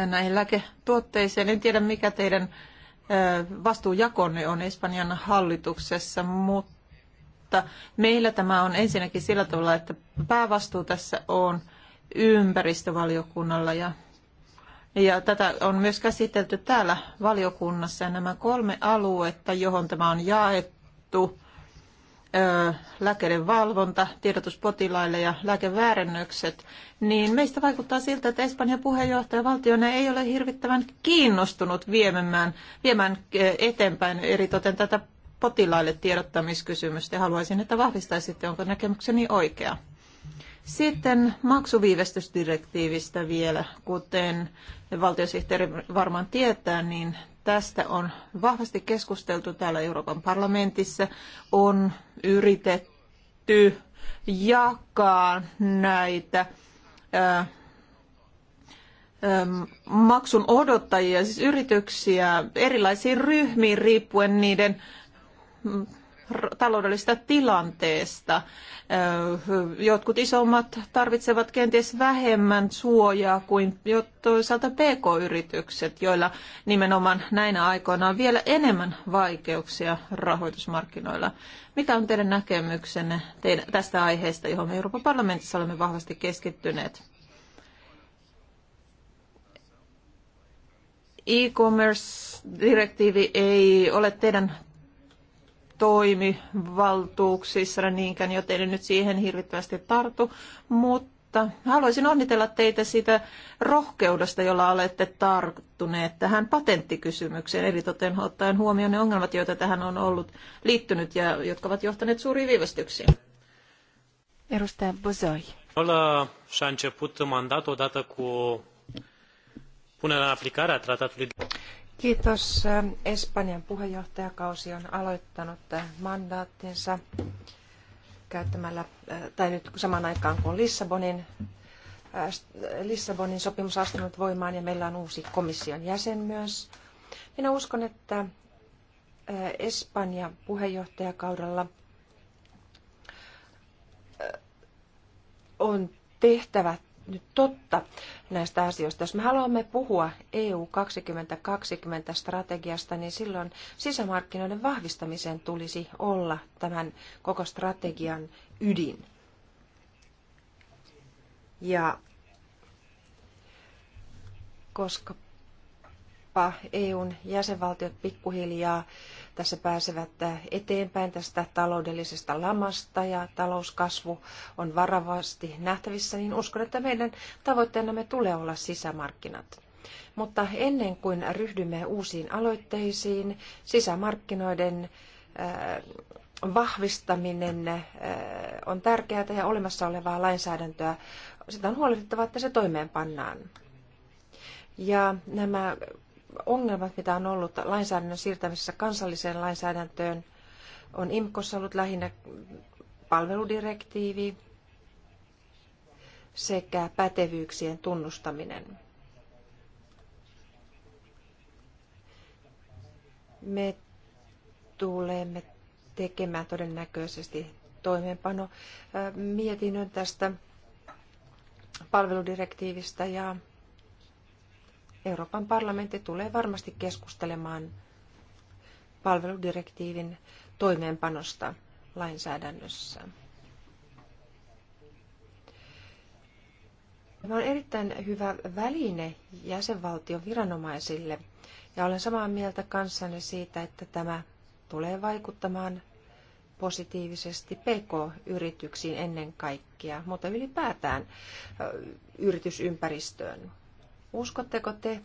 näihin lääketuotteisiin. En tiedä, mikä teidän vastuujakonne on Espanjan hallituksessa, mutta mutta meillä tämä on ensinnäkin sillä tavalla, että päävastuu tässä on ympäristövaliokunnalla ja, ja tätä on myös käsitelty täällä valiokunnassa ja nämä kolme aluetta, johon tämä on jaettu, lääkeiden valvonta, tiedotus potilaille ja lääkeväärennökset, niin meistä vaikuttaa siltä, että Espanjan valtiona ei ole hirvittävän kiinnostunut viemään, viemään eteenpäin eritoten tätä potilaille tiedottamiskysymystä ja haluaisin, että vahvistaisitte, onko näkemykseni oikea. Sitten maksuviivästysdirektiivistä vielä, kuten valtiosihteeri varmaan tietää, niin tästä on vahvasti keskusteltu täällä Euroopan parlamentissa, on yritetty jakaa näitä ää, äh, ähm, maksun odottajia, siis yrityksiä erilaisiin ryhmiin riippuen niiden taloudellisesta tilanteesta. Jotkut isommat tarvitsevat kenties vähemmän suojaa kuin toisaalta pk-yritykset, joilla nimenomaan näinä aikoina on vielä enemmän vaikeuksia rahoitusmarkkinoilla. Mikä on teidän näkemyksenne tästä aiheesta, johon me Euroopan parlamentissa olemme vahvasti keskittyneet? E-commerce-direktiivi ei ole teidän toimivaltuuksissa niinkään, joten en nyt siihen hirvittävästi tartu, mutta haluaisin onnitella teitä siitä rohkeudesta, jolla olette tarttuneet tähän patenttikysymykseen, eli toten ottaen huomioon ne ongelmat, joita tähän on ollut liittynyt ja jotka ovat johtaneet suuriin viivästyksiin. Edustaja Bozoi. Olla și-a odată cu punerea în aplicare a tratatului. Kiitos. Espanjan puheenjohtajakausi on aloittanut mandaattinsa käyttämällä, tai nyt samaan aikaan kun Lissabonin, Lissabonin sopimus astunut voimaan ja meillä on uusi komission jäsen myös. Minä uskon, että Espanja puheenjohtajakaudella on tehtävä nyt totta näistä asioista. Jos me haluamme puhua EU 2020 strategiasta, niin silloin sisämarkkinoiden vahvistamisen tulisi olla tämän koko strategian ydin. Ja koska EUn jäsenvaltiot pikkuhiljaa tässä pääsevät eteenpäin tästä taloudellisesta lamasta ja talouskasvu on varovasti nähtävissä, niin uskon, että meidän tavoitteenamme tulee olla sisämarkkinat. Mutta ennen kuin ryhdymme uusiin aloitteisiin, sisämarkkinoiden äh, vahvistaminen äh, on tärkeää ja olemassa olevaa lainsäädäntöä, sitä on huolehdittava, että se toimeenpannaan. Ja nämä ongelmat, mitä on ollut lainsäädännön siirtämisessä kansalliseen lainsäädäntöön, on IMKOssa ollut lähinnä palveludirektiivi sekä pätevyyksien tunnustaminen. Me tulemme tekemään todennäköisesti toimeenpano äh, mietinnön tästä palveludirektiivistä ja Euroopan parlamentti tulee varmasti keskustelemaan palveludirektiivin toimeenpanosta lainsäädännössä. Tämä on erittäin hyvä väline jäsenvaltion viranomaisille ja olen samaa mieltä kanssanne siitä, että tämä tulee vaikuttamaan positiivisesti PK-yrityksiin ennen kaikkea, mutta ylipäätään yritysympäristöön. Uskotteko te,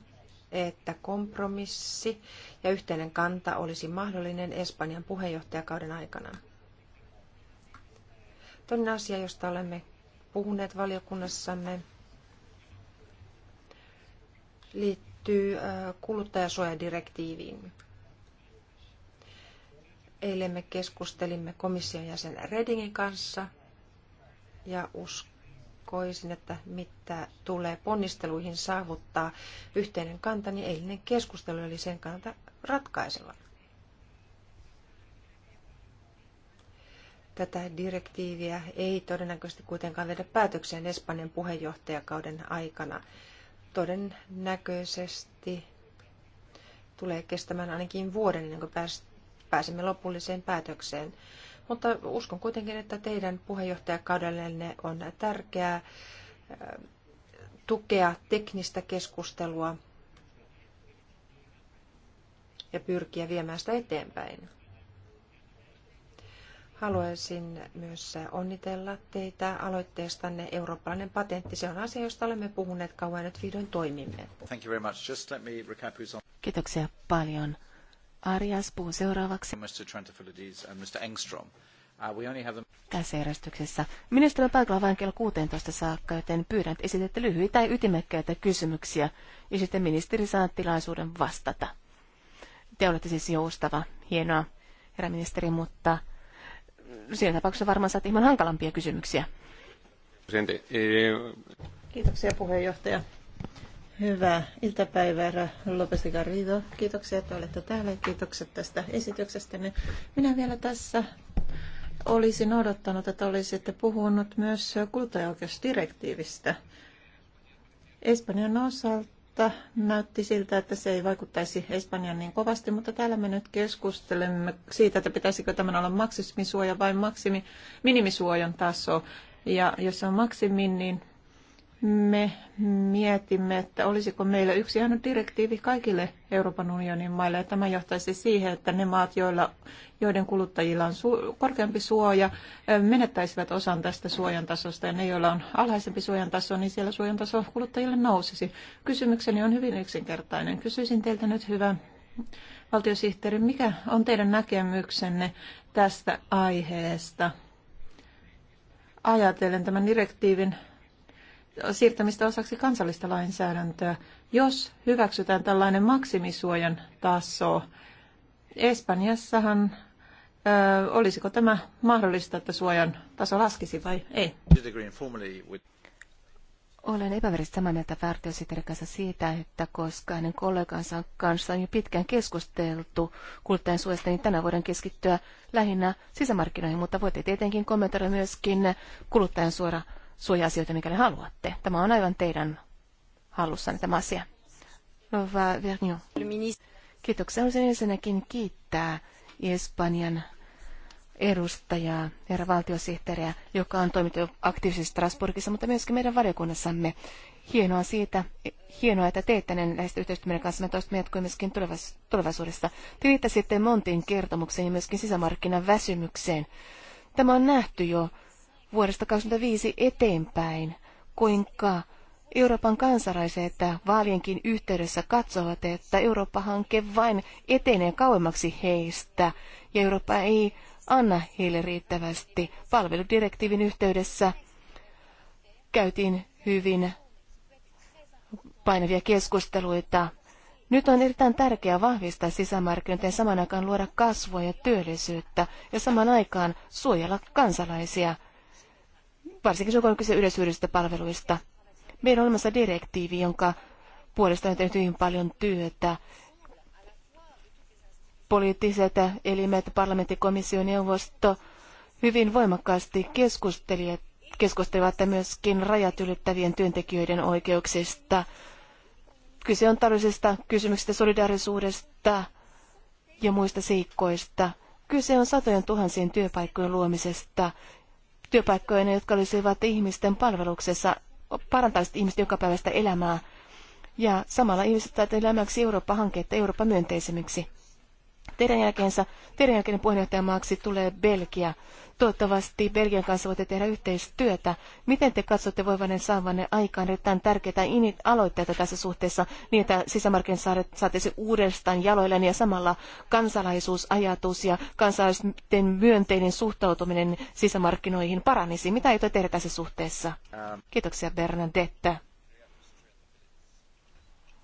että kompromissi ja yhteinen kanta olisi mahdollinen Espanjan puheenjohtajakauden aikana? Toinen asia, josta olemme puhuneet valiokunnassamme, liittyy kuluttajasuojadirektiiviin. Eilen me keskustelimme komission jäsen Redingin kanssa ja uskon, uskoisin, että mitä tulee ponnisteluihin saavuttaa yhteinen kanta, niin eilinen keskustelu oli sen kannalta ratkaiseva. Tätä direktiiviä ei todennäköisesti kuitenkaan viedä päätökseen Espanjan puheenjohtajakauden aikana. Todennäköisesti tulee kestämään ainakin vuoden ennen kuin pääsemme lopulliseen päätökseen. Mutta uskon kuitenkin, että teidän puheenjohtajakaudellenne on tärkeää tukea teknistä keskustelua ja pyrkiä viemään sitä eteenpäin. Haluaisin myös onnitella teitä aloitteestanne eurooppalainen patentti. Se on asia, josta olemme puhuneet kauan nyt vihdoin toimimme. Kiitoksia paljon. Arias puhuu seuraavaksi. Uh, Tässä järjestyksessä. Ministeri on paikalla vain kello 16 saakka, joten pyydän, että esitätte lyhyitä ja ytimekkäitä kysymyksiä, ja sitten ministeri saa tilaisuuden vastata. Te olette siis joustava, hienoa, herra ministeri, mutta siinä tapauksessa varmaan saat ihan hankalampia kysymyksiä. Eh, Kiitoksia puheenjohtaja. Hyvää iltapäivää, herra Lopes Garrido. Kiitoksia, että olette täällä ja kiitokset tästä esityksestä. Minä vielä tässä olisin odottanut, että olisitte puhunut myös kuluttajaoikeusdirektiivistä. Espanjan osalta näytti siltä, että se ei vaikuttaisi Espanjan niin kovasti, mutta täällä me nyt keskustelemme siitä, että pitäisikö tämän olla maksimisuoja vai maksimi, minimisuojan taso. Ja jos se on maksimi, niin me mietimme, että olisiko meillä yksi aina direktiivi kaikille Euroopan unionin maille. Ja tämä johtaisi siihen, että ne maat, joilla, joiden kuluttajilla on su- korkeampi suoja, menettäisivät osan tästä suojan tasosta. Ja ne, joilla on alhaisempi suojan taso, niin siellä suojan taso kuluttajille nousisi. Kysymykseni on hyvin yksinkertainen. Kysyisin teiltä nyt hyvä valtiosihteeri, mikä on teidän näkemyksenne tästä aiheesta? Ajatellen tämän direktiivin siirtämistä osaksi kansallista lainsäädäntöä, jos hyväksytään tällainen maksimisuojan taso. Espanjassahan ö, olisiko tämä mahdollista, että suojan taso laskisi vai ei? Olen epäveristä samaa mieltä Värtiösiterin kanssa siitä, että koska hänen kollegansa kanssa on jo pitkään keskusteltu kuluttajan suojasta, niin tänään voidaan keskittyä lähinnä sisämarkkinoihin, mutta voitte tietenkin kommentoida myöskin kuluttajan suora suoja-asioita, mikäli haluatte. Tämä on aivan teidän hallussanne tämä asia. Vernio. Kiitoksia. Haluaisin ensinnäkin kiittää Espanjan edustajaa, herra valtiosihteeriä, joka on toiminut aktiivisesti Strasbourgissa, mutta myöskin meidän valiokunnassamme. Hienoa siitä, hienoa, että teette näin läheistä yhteistyötä meidän kanssamme toista jatkuu myöskin tulevaisuudessa. Te viittasitte Montin kertomukseen ja myöskin sisämarkkinan väsymykseen. Tämä on nähty jo vuodesta 2005 eteenpäin, kuinka Euroopan kansalaiset vaalienkin yhteydessä katsovat, että Eurooppa-hanke vain etenee kauemmaksi heistä ja Eurooppa ei anna heille riittävästi. Palveludirektiivin yhteydessä käytiin hyvin painavia keskusteluita. Nyt on erittäin tärkeää vahvistaa sisämarkkinoita ja saman aikaan luoda kasvua ja työllisyyttä ja saman aikaan suojella kansalaisia – varsinkin silloin, kun on kyse yleisyydellisistä palveluista. Meillä on olemassa direktiivi, jonka puolesta on tehty hyvin paljon työtä. Poliittiset elimet, parlamentti, komissio, neuvosto hyvin voimakkaasti keskustelivat, keskustelivat myöskin rajat ylittävien työntekijöiden oikeuksista. Kyse on taloudellisista kysymyksistä, solidaarisuudesta ja muista seikkoista. Kyse on satojen tuhansien työpaikkojen luomisesta työpaikkoina, jotka olisivat ihmisten palveluksessa, parantaisivat ihmisten jokapäiväistä elämää. Ja samalla ihmiset saavat elämäksi Eurooppa-hanketta Eurooppa-myönteisemmiksi. Teidän jälkeensä, teidän jälkeinen puheenjohtajamaaksi tulee Belgia. Toivottavasti Belgian kanssa voitte tehdä yhteistyötä. Miten te katsotte voivanne saavanne aikaan erittäin tärkeitä aloitteita tässä suhteessa, niin että sisämarkkinat saataisiin uudestaan jaloilleen ja samalla kansalaisuusajatus ja kansalaisten myönteinen suhtautuminen sisämarkkinoihin paranisi? Mitä aiotte tehdä tässä suhteessa? Kiitoksia Bernadette.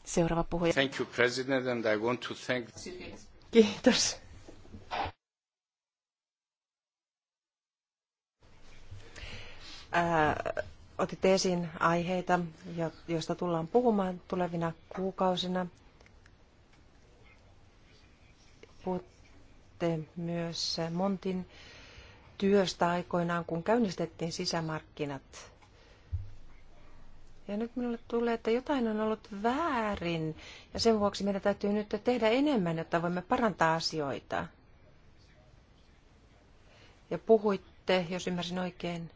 Seuraava puhuja. Thank you, President, and I want to thank... Kiitos. Ää, otitte esiin aiheita, joista tullaan puhumaan tulevina kuukausina. Puhutte myös Montin työstä aikoinaan, kun käynnistettiin sisämarkkinat ja nyt minulle tulee, että jotain on ollut väärin ja sen vuoksi meidän täytyy nyt tehdä enemmän, jotta voimme parantaa asioita. Ja puhuitte, jos ymmärsin oikein,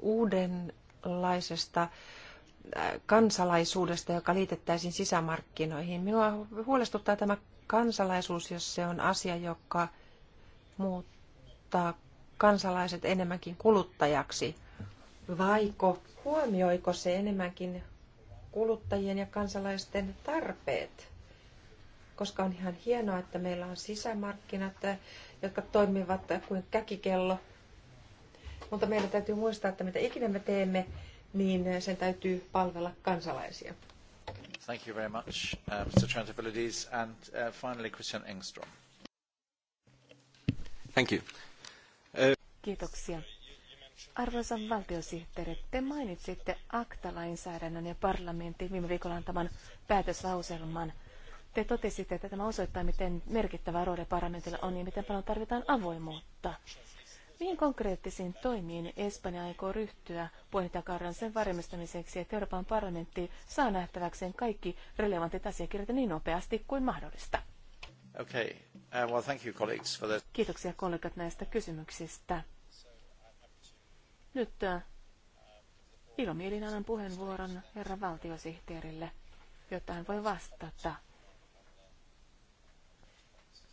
uudenlaisesta äh, kansalaisuudesta, joka liitettäisiin sisämarkkinoihin. Minua huolestuttaa tämä kansalaisuus, jos se on asia, joka muuttaa kansalaiset enemmänkin kuluttajaksi vaiko huomioiko se enemmänkin kuluttajien ja kansalaisten tarpeet? Koska on ihan hienoa, että meillä on sisämarkkinat, eh, jotka toimivat kuin käkikello. Mutta meidän täytyy muistaa, että mitä ikinä me teemme, niin sen täytyy palvella kansalaisia. Thank you very much, uh, Mr. And uh, finally, Christian Engström. Thank you. Uh... Kiitoksia. Arvoisa valtiosihteeri, te mainitsitte akta-lainsäädännön ja parlamentin viime viikolla antaman päätöslauselman. Te totesitte, että tämä osoittaa, miten merkittävä rooli parlamentilla on ja miten paljon tarvitaan avoimuutta. Mihin konkreettisiin toimiin Espanja aikoo ryhtyä puheenjohtajakauden sen varmistamiseksi, että Euroopan parlamentti saa nähtäväkseen kaikki relevantit asiakirjat niin nopeasti kuin mahdollista? Okay. Uh, well, thank you, colleagues, for Kiitoksia kollegat näistä kysymyksistä. Nyt äh, ilomielin annan puheenvuoron herran valtiosihteerille, jotta hän voi vastata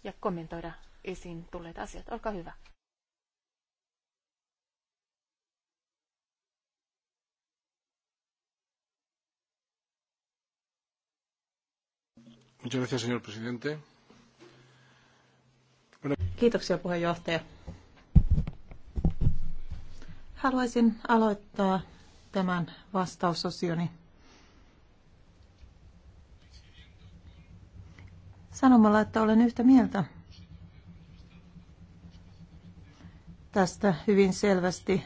ja kommentoida esiin tulleet asiat. Olkaa hyvä. Kiitoksia puheenjohtaja. Haluaisin aloittaa tämän vastausosioni sanomalla, että olen yhtä mieltä tästä hyvin selvästi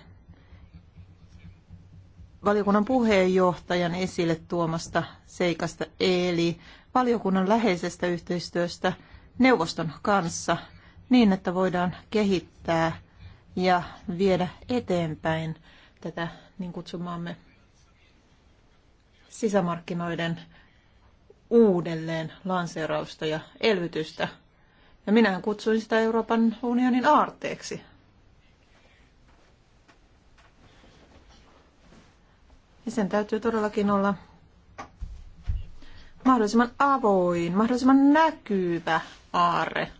valiokunnan puheenjohtajan esille tuomasta seikasta, eli valiokunnan läheisestä yhteistyöstä neuvoston kanssa niin, että voidaan kehittää ja viedä eteenpäin tätä niin kutsumaamme sisämarkkinoiden uudelleen lanseerausta ja elvytystä. Ja minähän kutsuin sitä Euroopan unionin aarteeksi. Ja sen täytyy todellakin olla mahdollisimman avoin, mahdollisimman näkyvä aarre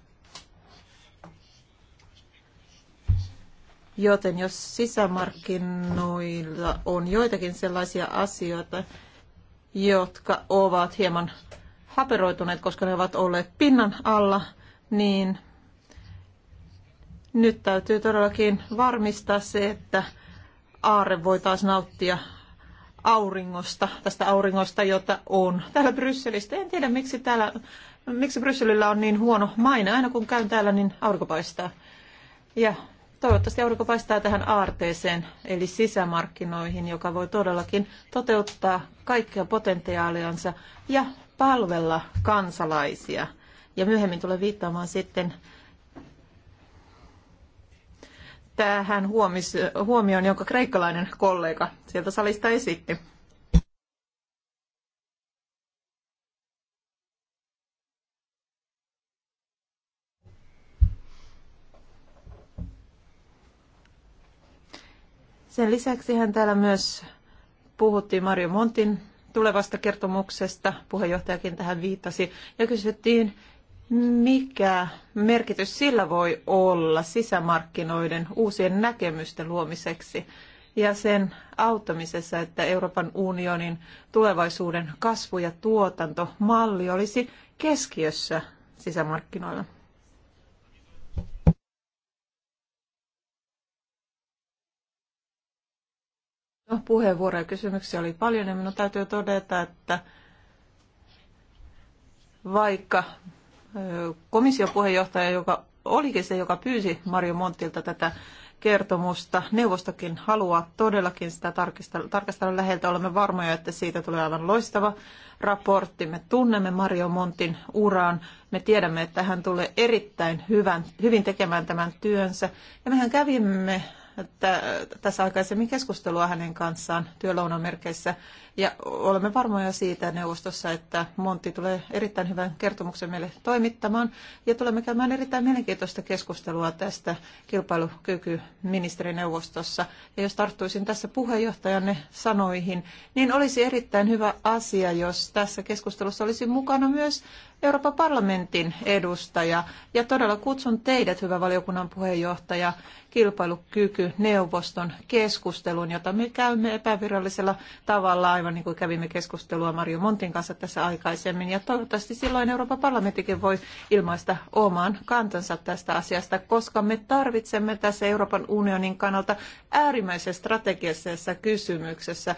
Joten jos sisämarkkinoilla on joitakin sellaisia asioita, jotka ovat hieman haperoituneet, koska ne ovat olleet pinnan alla, niin nyt täytyy todellakin varmistaa se, että aarre voi taas nauttia auringosta, tästä auringosta, jota on täällä Brysselistä. En tiedä, miksi, täällä, miksi Brysselillä on niin huono maine. Aina kun käyn täällä, niin aurinko paistaa. Ja Toivottavasti aurinko paistaa tähän aarteeseen, eli sisämarkkinoihin, joka voi todellakin toteuttaa kaikkia potentiaaliansa ja palvella kansalaisia. Ja myöhemmin tulee viittaamaan sitten tähän huomioon, jonka kreikkalainen kollega sieltä salista esitti. Sen lisäksi hän täällä myös puhuttiin Mario Montin tulevasta kertomuksesta, puheenjohtajakin tähän viittasi, ja kysyttiin, mikä merkitys sillä voi olla sisämarkkinoiden uusien näkemysten luomiseksi ja sen auttamisessa, että Euroopan unionin tulevaisuuden kasvu- ja tuotantomalli olisi keskiössä sisämarkkinoilla? No, puheenvuoroja ja kysymyksiä oli paljon ja minun täytyy todeta, että vaikka komission puheenjohtaja, joka olikin se, joka pyysi Mario Montilta tätä kertomusta. Neuvostokin haluaa todellakin sitä tarkistella, tarkistella läheltä. Olemme varmoja, että siitä tulee aivan loistava raportti. Me tunnemme Mario Montin uraan. Me tiedämme, että hän tulee erittäin hyvän, hyvin tekemään tämän työnsä. Ja mehän kävimme tässä aikaisemmin keskustelua hänen kanssaan työlounan merkeissä ja olemme varmoja siitä neuvostossa, että Monti tulee erittäin hyvän kertomuksen meille toimittamaan. Ja tulemme käymään erittäin mielenkiintoista keskustelua tästä kilpailukykyministerineuvostossa. Ja jos tarttuisin tässä puheenjohtajanne sanoihin, niin olisi erittäin hyvä asia, jos tässä keskustelussa olisi mukana myös Euroopan parlamentin edustaja. Ja todella kutsun teidät, hyvä valiokunnan puheenjohtaja, kilpailukykyneuvoston keskusteluun, jota me käymme epävirallisella tavalla aivan niin kuin kävimme keskustelua Mario Montin kanssa tässä aikaisemmin. Ja toivottavasti silloin Euroopan parlamenttikin voi ilmaista oman kantansa tästä asiasta, koska me tarvitsemme tässä Euroopan unionin kannalta äärimmäisessä strategisessa kysymyksessä.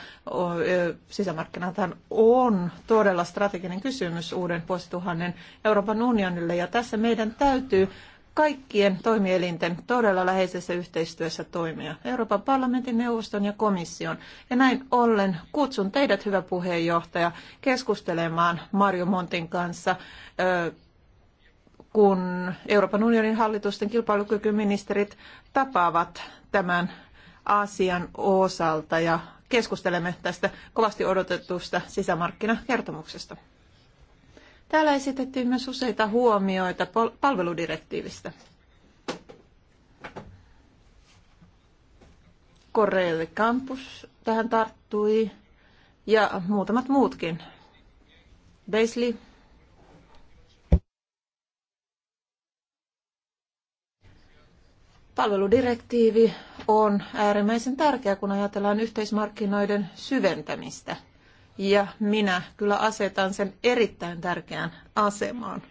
Sisämarkkinathan on todella strateginen kysymys uuden vuosituhannen Euroopan unionille ja tässä meidän täytyy kaikkien toimielinten todella läheisessä yhteistyössä toimia, Euroopan parlamentin, neuvoston ja komission. Ja näin ollen kutsun teidät, hyvä puheenjohtaja, keskustelemaan Mario Montin kanssa, kun Euroopan unionin hallitusten kilpailukykyministerit tapaavat tämän asian osalta ja keskustelemme tästä kovasti odotetusta sisämarkkinakertomuksesta. Täällä esitettiin myös useita huomioita palveludirektiivistä. Koreille Campus tähän tarttui ja muutamat muutkin. Beisley. Palveludirektiivi on äärimmäisen tärkeä, kun ajatellaan yhteismarkkinoiden syventämistä – ja minä kyllä asetan sen erittäin tärkeään asemaan.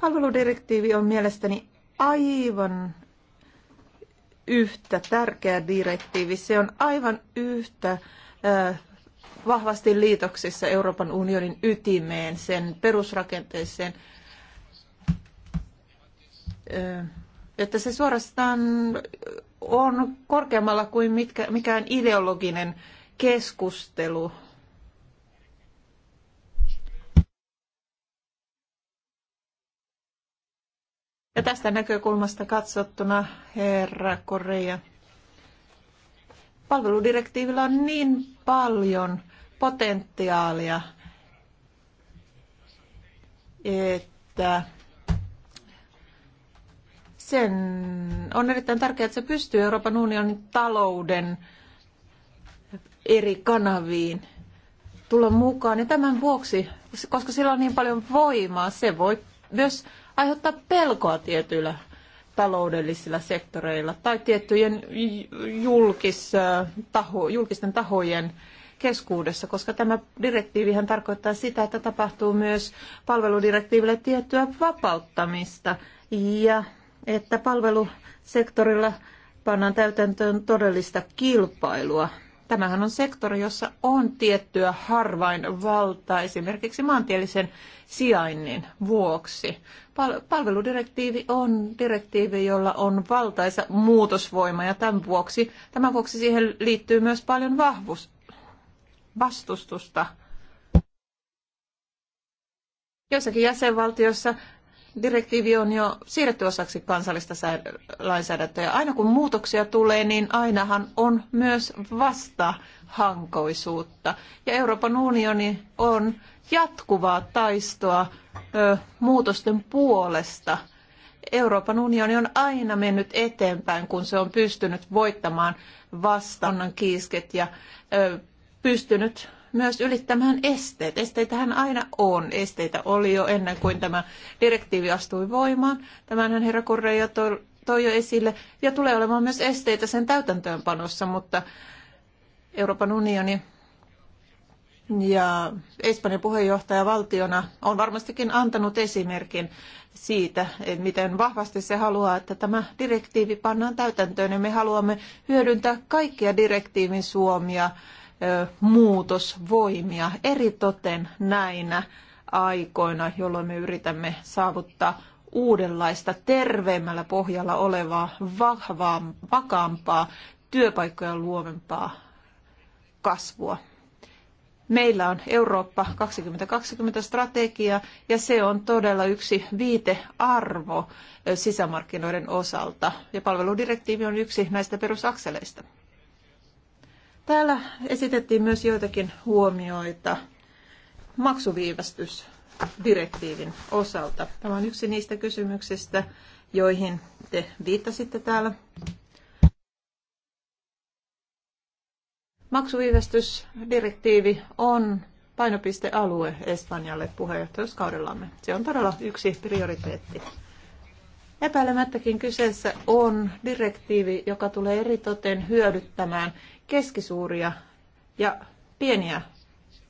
Palveludirektiivi on mielestäni aivan yhtä tärkeä direktiivi. Se on aivan yhtä vahvasti liitoksissa Euroopan unionin ytimeen, sen perusrakenteeseen, että se suorastaan on korkeammalla kuin mitkä, mikään ideologinen keskustelu Ja tästä näkökulmasta katsottuna, herra Korea, palveludirektiivillä on niin paljon potentiaalia, että sen on erittäin tärkeää, että se pystyy Euroopan unionin talouden eri kanaviin tulla mukaan. Ja tämän vuoksi, koska sillä on niin paljon voimaa, se voi myös aiheuttaa pelkoa tietyillä taloudellisilla sektoreilla tai tiettyjen julkis, taho, julkisten tahojen keskuudessa, koska tämä direktiivihän tarkoittaa sitä, että tapahtuu myös palveludirektiiville tiettyä vapauttamista ja että palvelusektorilla pannaan täytäntöön todellista kilpailua Tämähän on sektori, jossa on tiettyä harvain valtaa, esimerkiksi maantielisen sijainnin vuoksi. Pal- palveludirektiivi on direktiivi, jolla on valtaisa muutosvoima ja tämän vuoksi, tämän vuoksi siihen liittyy myös paljon vahvus, vastustusta. Joissakin jäsenvaltioissa direktiivi on jo siirretty osaksi kansallista lainsäädäntöä. Aina kun muutoksia tulee, niin ainahan on myös vastahankoisuutta. Ja Euroopan unioni on jatkuvaa taistoa ö, muutosten puolesta. Euroopan unioni on aina mennyt eteenpäin, kun se on pystynyt voittamaan vastannan kiisket ja ö, pystynyt myös ylittämään esteet. Esteitähän aina on. Esteitä oli jo ennen kuin tämä direktiivi astui voimaan. Tämänhän herra Korreja toi, toi jo esille. Ja tulee olemaan myös esteitä sen täytäntöönpanossa, mutta Euroopan unioni ja Espanjan valtiona on varmastikin antanut esimerkin siitä, miten vahvasti se haluaa, että tämä direktiivi pannaan täytäntöön ja me haluamme hyödyntää kaikkia direktiivin suomia muutosvoimia eritoten näinä aikoina, jolloin me yritämme saavuttaa uudenlaista, terveemmällä pohjalla olevaa, vahvaa, vakaampaa, työpaikkoja luovempaa kasvua. Meillä on Eurooppa 2020 strategia ja se on todella yksi viitearvo sisämarkkinoiden osalta ja palveludirektiivi on yksi näistä perusakseleista. Täällä esitettiin myös joitakin huomioita maksuviivästysdirektiivin osalta. Tämä on yksi niistä kysymyksistä, joihin te viittasitte täällä. Maksuviivästysdirektiivi on painopistealue Espanjalle puheenjohtajuuskaudellamme. Se on todella yksi prioriteetti. Epäilemättäkin kyseessä on direktiivi, joka tulee eritoten hyödyttämään keskisuuria ja pieniä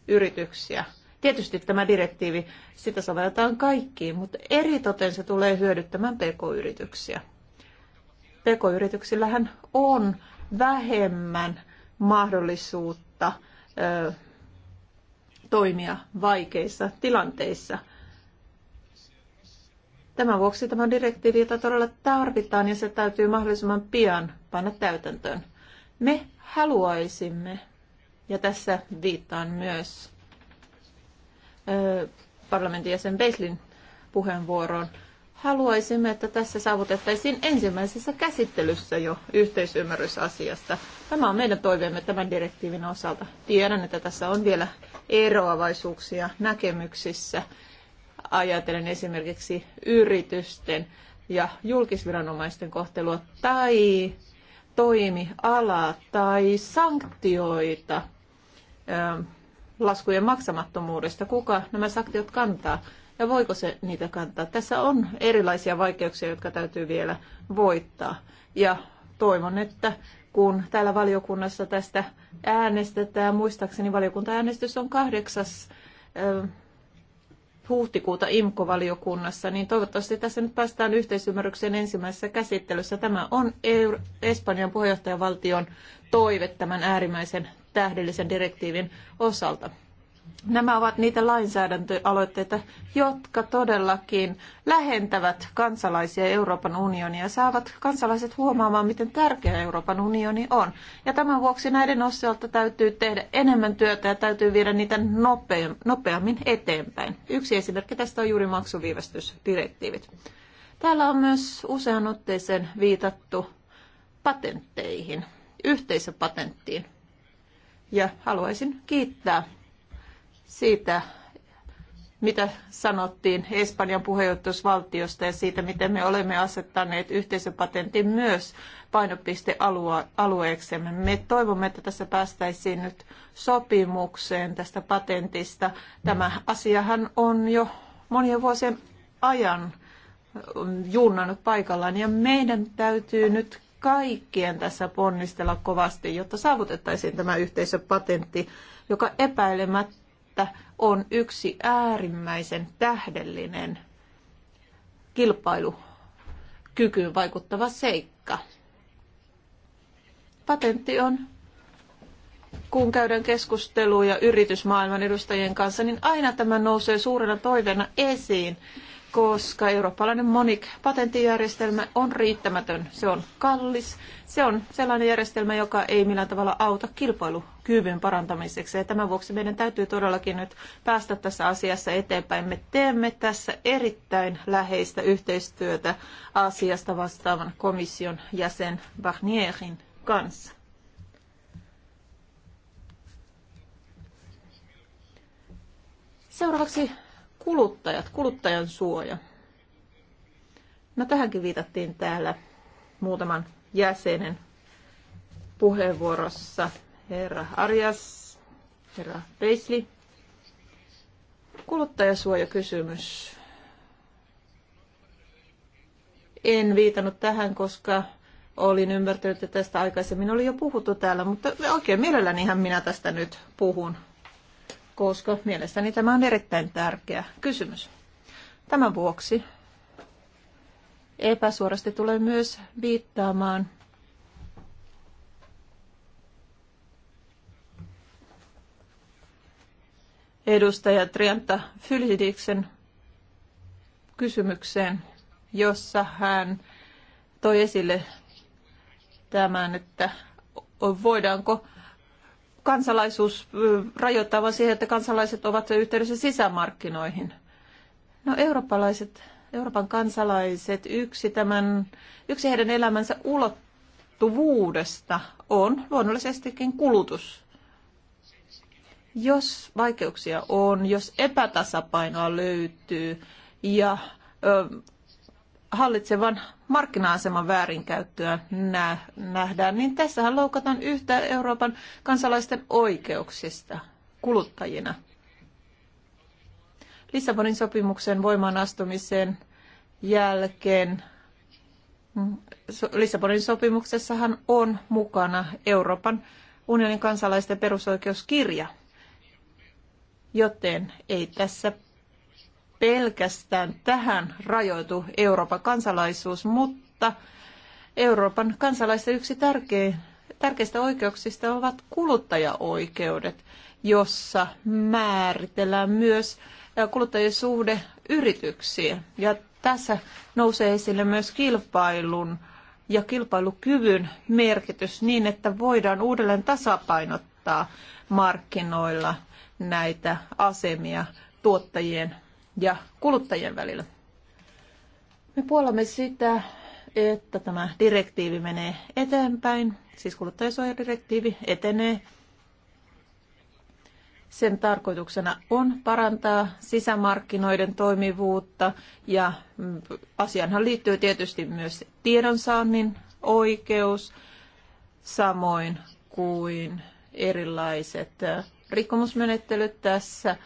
yrityksiä. Tietysti tämä direktiivi, sitä sovelletaan kaikkiin, mutta eritoten se tulee hyödyttämään pk-yrityksiä. Pk-yrityksillähän on vähemmän mahdollisuutta ö, toimia vaikeissa tilanteissa. Tämän vuoksi tämä direktiivi, jota todella tarvitaan, ja se täytyy mahdollisimman pian panna täytäntöön. Me haluaisimme, ja tässä viittaan myös parlamentin jäsen Beislin puheenvuoroon, haluaisimme, että tässä saavutettaisiin ensimmäisessä käsittelyssä jo yhteisymmärrys asiasta. Tämä on meidän toiveemme tämän direktiivin osalta. Tiedän, että tässä on vielä eroavaisuuksia näkemyksissä. Ajatellen esimerkiksi yritysten ja julkisviranomaisten kohtelua tai toimialaa tai sanktioita laskujen maksamattomuudesta, kuka nämä sanktiot kantaa ja voiko se niitä kantaa. Tässä on erilaisia vaikeuksia, jotka täytyy vielä voittaa. Ja toivon, että kun täällä valiokunnassa tästä äänestetään, muistaakseni valiokuntaäänestys on kahdeksas huhtikuuta IMKO-valiokunnassa, niin toivottavasti tässä nyt päästään yhteisymmärrykseen ensimmäisessä käsittelyssä. Tämä on Espanjan puheenjohtajavaltion toive tämän äärimmäisen tähdellisen direktiivin osalta. Nämä ovat niitä lainsäädäntöaloitteita, jotka todellakin lähentävät kansalaisia Euroopan unionia ja saavat kansalaiset huomaamaan, miten tärkeä Euroopan unioni on. Ja tämän vuoksi näiden osalta täytyy tehdä enemmän työtä ja täytyy viedä niitä nopeammin eteenpäin. Yksi esimerkki tästä on juuri maksuviivästysdirektiivit. Täällä on myös usean otteeseen viitattu patentteihin, yhteisöpatenttiin. Ja haluaisin kiittää siitä, mitä sanottiin Espanjan puheenjohtajuusvaltiosta ja siitä, miten me olemme asettaneet yhteisöpatentin myös painopistealueeksemme. Me toivomme, että tässä päästäisiin nyt sopimukseen tästä patentista. Tämä asiahan on jo monien vuosien ajan junnannut paikallaan ja meidän täytyy nyt kaikkien tässä ponnistella kovasti, jotta saavutettaisiin tämä yhteisöpatentti, joka epäilemättä että on yksi äärimmäisen tähdellinen kilpailukykyyn vaikuttava seikka. Patentti on, kun käydään keskusteluja yritysmaailman edustajien kanssa, niin aina tämä nousee suurena toiveena esiin koska eurooppalainen monik patenttijärjestelmä on riittämätön. Se on kallis. Se on sellainen järjestelmä, joka ei millään tavalla auta kilpailukyvyn parantamiseksi. Ja tämän vuoksi meidän täytyy todellakin nyt päästä tässä asiassa eteenpäin. Me teemme tässä erittäin läheistä yhteistyötä asiasta vastaavan komission jäsen Barnierin kanssa. Seuraavaksi kuluttajat, kuluttajan suoja. No tähänkin viitattiin täällä muutaman jäsenen puheenvuorossa. Herra Arjas, herra Reisli. Kuluttajasuojakysymys. En viitannut tähän, koska olin ymmärtänyt, että tästä aikaisemmin oli jo puhuttu täällä, mutta oikein mielellänihän minä tästä nyt puhun koska mielestäni tämä on erittäin tärkeä kysymys. Tämän vuoksi epäsuorasti tulee myös viittaamaan edustaja Trianta Fylidiksen kysymykseen, jossa hän toi esille tämän, että voidaanko kansalaisuus rajoittaa vain siihen, että kansalaiset ovat yhteydessä sisämarkkinoihin. No eurooppalaiset, Euroopan kansalaiset, yksi, tämän, yksi heidän elämänsä ulottuvuudesta on luonnollisestikin kulutus. Jos vaikeuksia on, jos epätasapainoa löytyy ja ö, hallitsevan markkina-aseman väärinkäyttöä nähdään, niin tässähän loukataan yhtä Euroopan kansalaisten oikeuksista kuluttajina. Lissabonin sopimuksen voimaan astumisen jälkeen mm, Lissabonin sopimuksessahan on mukana Euroopan unionin kansalaisten perusoikeuskirja, joten ei tässä pelkästään tähän rajoitu Euroopan kansalaisuus, mutta Euroopan kansalaisten yksi tärkein, tärkeistä oikeuksista ovat kuluttajaoikeudet, jossa määritellään myös kuluttajien suhde yrityksiin. Ja tässä nousee esille myös kilpailun ja kilpailukyvyn merkitys niin, että voidaan uudelleen tasapainottaa markkinoilla näitä asemia tuottajien ja kuluttajien välillä. Me puolamme sitä, että tämä direktiivi menee eteenpäin, siis kuluttajasuojadirektiivi etenee. Sen tarkoituksena on parantaa sisämarkkinoiden toimivuutta ja asianhan liittyy tietysti myös tiedonsaannin oikeus, samoin kuin erilaiset rikkomusmenettelyt tässä,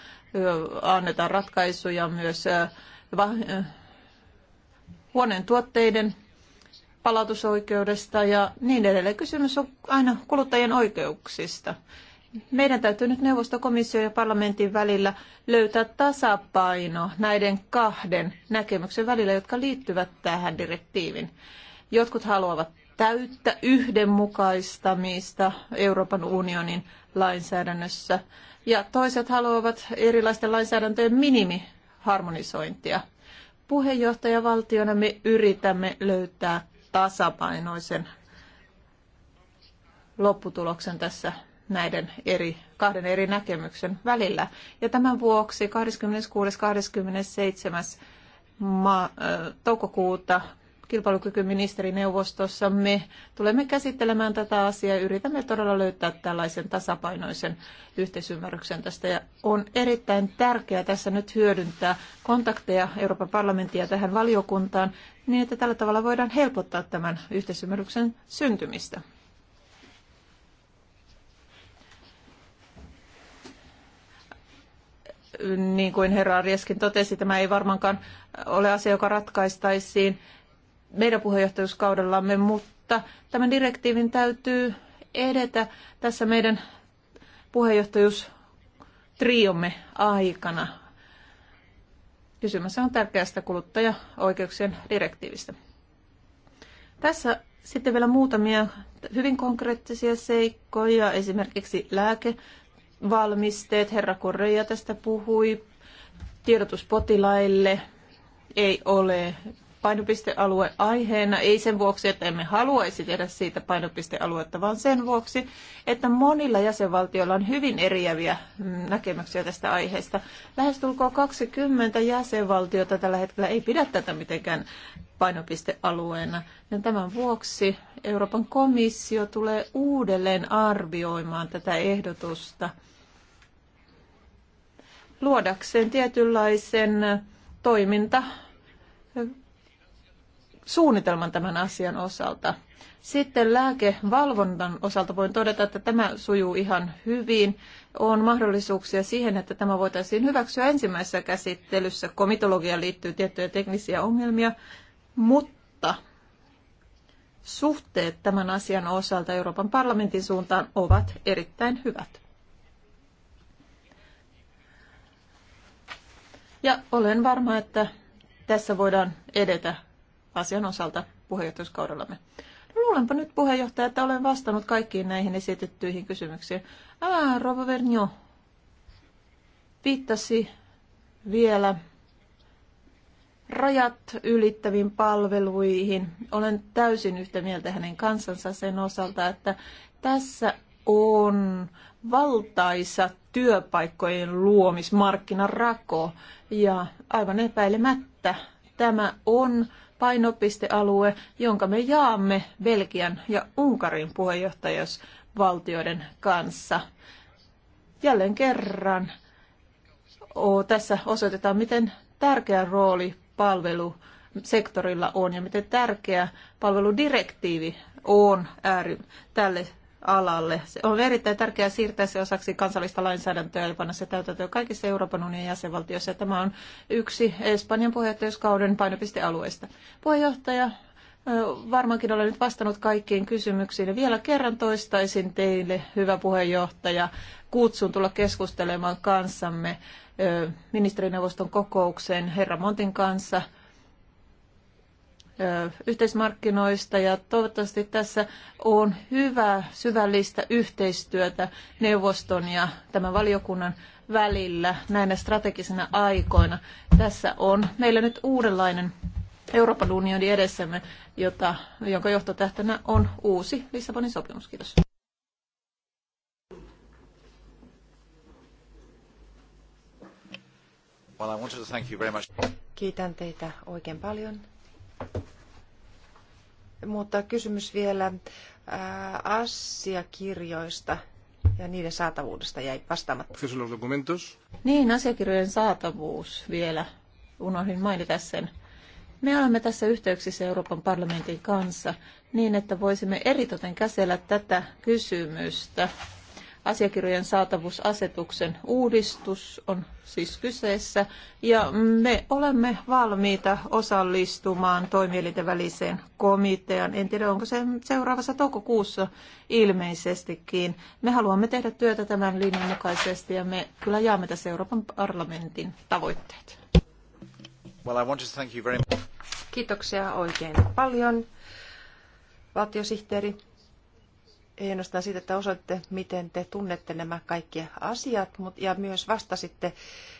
annetaan ratkaisuja myös huoneen tuotteiden palautusoikeudesta ja niin edelleen. Kysymys on aina kuluttajien oikeuksista. Meidän täytyy nyt neuvostokomission ja parlamentin välillä löytää tasapaino näiden kahden näkemyksen välillä, jotka liittyvät tähän direktiivin. Jotkut haluavat täyttä yhdenmukaistamista Euroopan unionin lainsäädännössä ja toiset haluavat erilaisten lainsäädäntöjen minimiharmonisointia. Puheenjohtajavaltiona me yritämme löytää tasapainoisen lopputuloksen tässä näiden eri, kahden eri näkemyksen välillä. Ja tämän vuoksi 26.–27. Ma- toukokuuta kilpailukykyministerineuvostossamme tulemme käsittelemään tätä asiaa ja yritämme todella löytää tällaisen tasapainoisen yhteisymmärryksen tästä. Ja on erittäin tärkeää tässä nyt hyödyntää kontakteja Euroopan parlamenttia tähän valiokuntaan niin, että tällä tavalla voidaan helpottaa tämän yhteisymmärryksen syntymistä. niin kuin herra Rieskin totesi, tämä ei varmaankaan ole asia, joka ratkaistaisiin meidän puheenjohtajuuskaudellamme, mutta tämän direktiivin täytyy edetä tässä meidän puheenjohtajuustriomme aikana. Kysymässä on tärkeästä kuluttaja-oikeuksien direktiivistä. Tässä sitten vielä muutamia hyvin konkreettisia seikkoja, esimerkiksi lääkevalmisteet. Herra Korreja tästä puhui. Tiedotus potilaille ei ole painopistealue aiheena, ei sen vuoksi, että emme haluaisi tehdä siitä painopistealuetta, vaan sen vuoksi, että monilla jäsenvaltioilla on hyvin eriäviä mm, näkemyksiä tästä aiheesta. Lähestulkoon 20 jäsenvaltiota tällä hetkellä ei pidä tätä mitenkään painopistealueena. Ja tämän vuoksi Euroopan komissio tulee uudelleen arvioimaan tätä ehdotusta luodakseen tietynlaisen toiminta suunnitelman tämän asian osalta. Sitten lääkevalvonnan osalta voin todeta, että tämä sujuu ihan hyvin. On mahdollisuuksia siihen, että tämä voitaisiin hyväksyä ensimmäisessä käsittelyssä. Komitologiaan liittyy tiettyjä teknisiä ongelmia, mutta suhteet tämän asian osalta Euroopan parlamentin suuntaan ovat erittäin hyvät. Ja olen varma, että tässä voidaan edetä asian osalta puheenjohtajuuskaudellamme. Luulenpa nyt puheenjohtaja, että olen vastannut kaikkiin näihin esitettyihin kysymyksiin. Ah, Rova Vernio viittasi vielä rajat ylittäviin palveluihin. Olen täysin yhtä mieltä hänen kansansa sen osalta, että tässä on valtaisa työpaikkojen luomismarkkinarako ja aivan epäilemättä tämä on painopistealue, jonka me jaamme Belgian ja Unkarin puheenjohtajuusvaltioiden kanssa. Jälleen kerran o, tässä osoitetaan, miten tärkeä rooli palvelusektorilla on ja miten tärkeä palveludirektiivi on ääri, tälle alalle. Se on erittäin tärkeää siirtää se osaksi kansallista lainsäädäntöä ja panna se täytäntöön kaikissa Euroopan unionin jäsenvaltioissa. Tämä on yksi Espanjan puheenjohtajuuskauden painopistealueista. Puheenjohtaja, varmaankin olen nyt vastannut kaikkiin kysymyksiin. Ja vielä kerran toistaisin teille, hyvä puheenjohtaja, kutsun tulla keskustelemaan kanssamme ministerineuvoston kokoukseen herra Montin kanssa – yhteismarkkinoista ja toivottavasti tässä on hyvää syvällistä yhteistyötä neuvoston ja tämän valiokunnan välillä näinä strategisina aikoina. Tässä on meillä nyt uudenlainen Euroopan unioni edessämme, jota, jonka johtotähtänä on uusi Lissabonin sopimus. Kiitos. Well, Kiitän teitä oikein paljon mutta kysymys vielä äh, asiakirjoista ja niiden saatavuudesta jäi vastaamatta. Niin, asiakirjojen saatavuus vielä. Unohdin mainita sen. Me olemme tässä yhteyksissä Euroopan parlamentin kanssa niin, että voisimme eritoten käsitellä tätä kysymystä asiakirjojen saatavuusasetuksen uudistus on siis kyseessä ja me olemme valmiita osallistumaan toimielinten väliseen komiteaan. En tiedä, onko se seuraavassa toukokuussa ilmeisestikin. Me haluamme tehdä työtä tämän linjan mukaisesti ja me kyllä jaamme tässä Euroopan parlamentin tavoitteet. Well, I want to thank you very much. Kiitoksia oikein paljon, valtiosihteeri ei ainoastaan siitä, että osoitte, miten te tunnette nämä kaikki asiat, mutta, ja myös vastasitte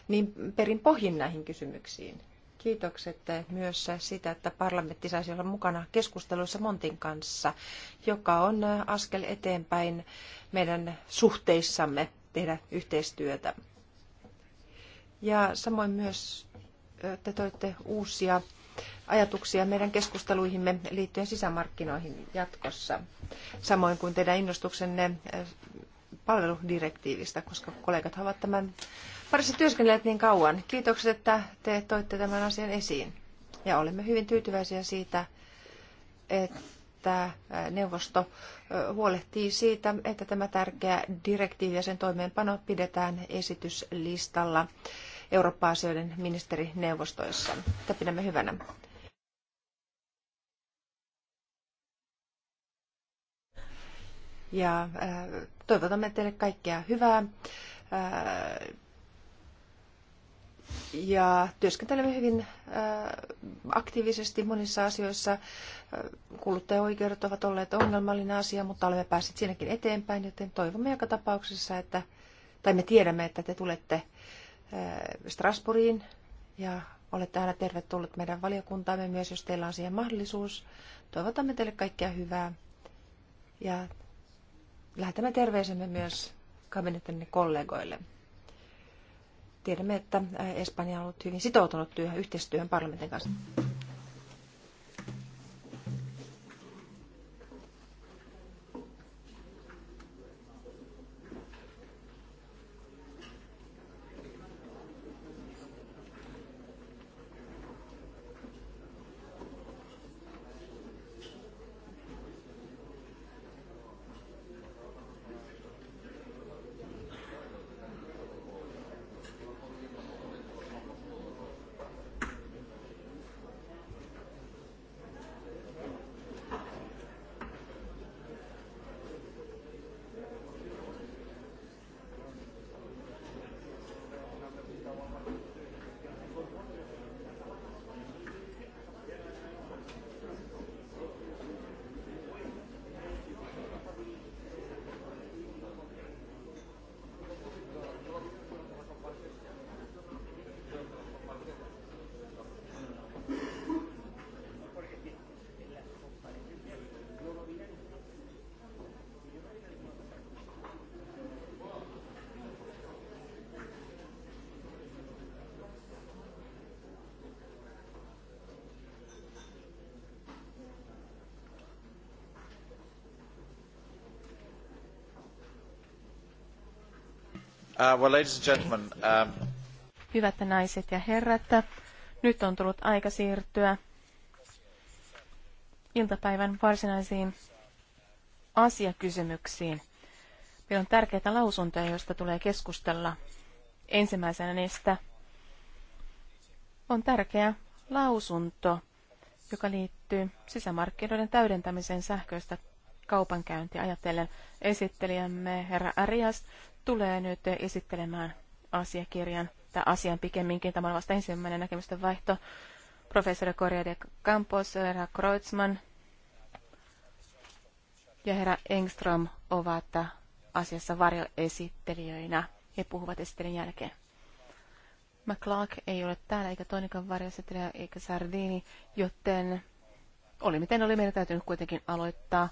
niin perin pohjin näihin kysymyksiin. Kiitokset myös sitä, että parlamentti saisi olla mukana keskusteluissa Montin kanssa, joka on askel eteenpäin meidän suhteissamme tehdä yhteistyötä. Ja samoin myös te toitte uusia ajatuksia meidän keskusteluihimme liittyen sisämarkkinoihin jatkossa, samoin kuin teidän innostuksenne eh, palveludirektiivistä, koska kollegat ovat tämän parissa työskennelleet niin kauan. Kiitokset, että te toitte tämän asian esiin. Ja olemme hyvin tyytyväisiä siitä, että eh, neuvosto eh, huolehtii siitä, että tämä tärkeä direktiivi ja sen toimeenpano pidetään esityslistalla Eurooppa-asioiden ministerineuvostoissa. Tätä pidämme hyvänä. ja äh, toivotamme teille kaikkea hyvää. Äh, ja työskentelemme hyvin äh, aktiivisesti monissa asioissa. Kuluttajaoikeudet ovat olleet ongelmallinen asia, mutta olemme päässeet siinäkin eteenpäin, joten toivomme joka tapauksessa, että, tai me tiedämme, että te tulette Strasbourgiin ja olette aina tervetullut meidän valiokuntaamme myös, jos teillä on siihen mahdollisuus. Toivotamme teille kaikkea hyvää ja lähetämme terveisemme myös kabinettinne kollegoille. Tiedämme, että Espanja on ollut hyvin sitoutunut työhön, yhteistyöhön parlamentin kanssa. Uh, well, ladies and gentlemen, um... Hyvät naiset ja herrat, nyt on tullut aika siirtyä iltapäivän varsinaisiin asiakysymyksiin. Meillä on tärkeitä lausuntoja, joista tulee keskustella. Ensimmäisenä niistä on tärkeä lausunto, joka liittyy sisämarkkinoiden täydentämiseen sähköistä kaupankäynti ajatellen. Esittelijämme herra Arias tulee nyt esittelemään asiakirjan, tai asian pikemminkin, tämä on vasta ensimmäinen näkemysten vaihto, professori Correa de Campos, herra Kreutzmann ja herra Engström ovat asiassa varjoesittelijöinä. He puhuvat esittelyn jälkeen. McClark ei ole täällä, eikä toinenkaan varjoesittelijä, eikä Sardini, joten oli miten oli, meidän täytynyt kuitenkin aloittaa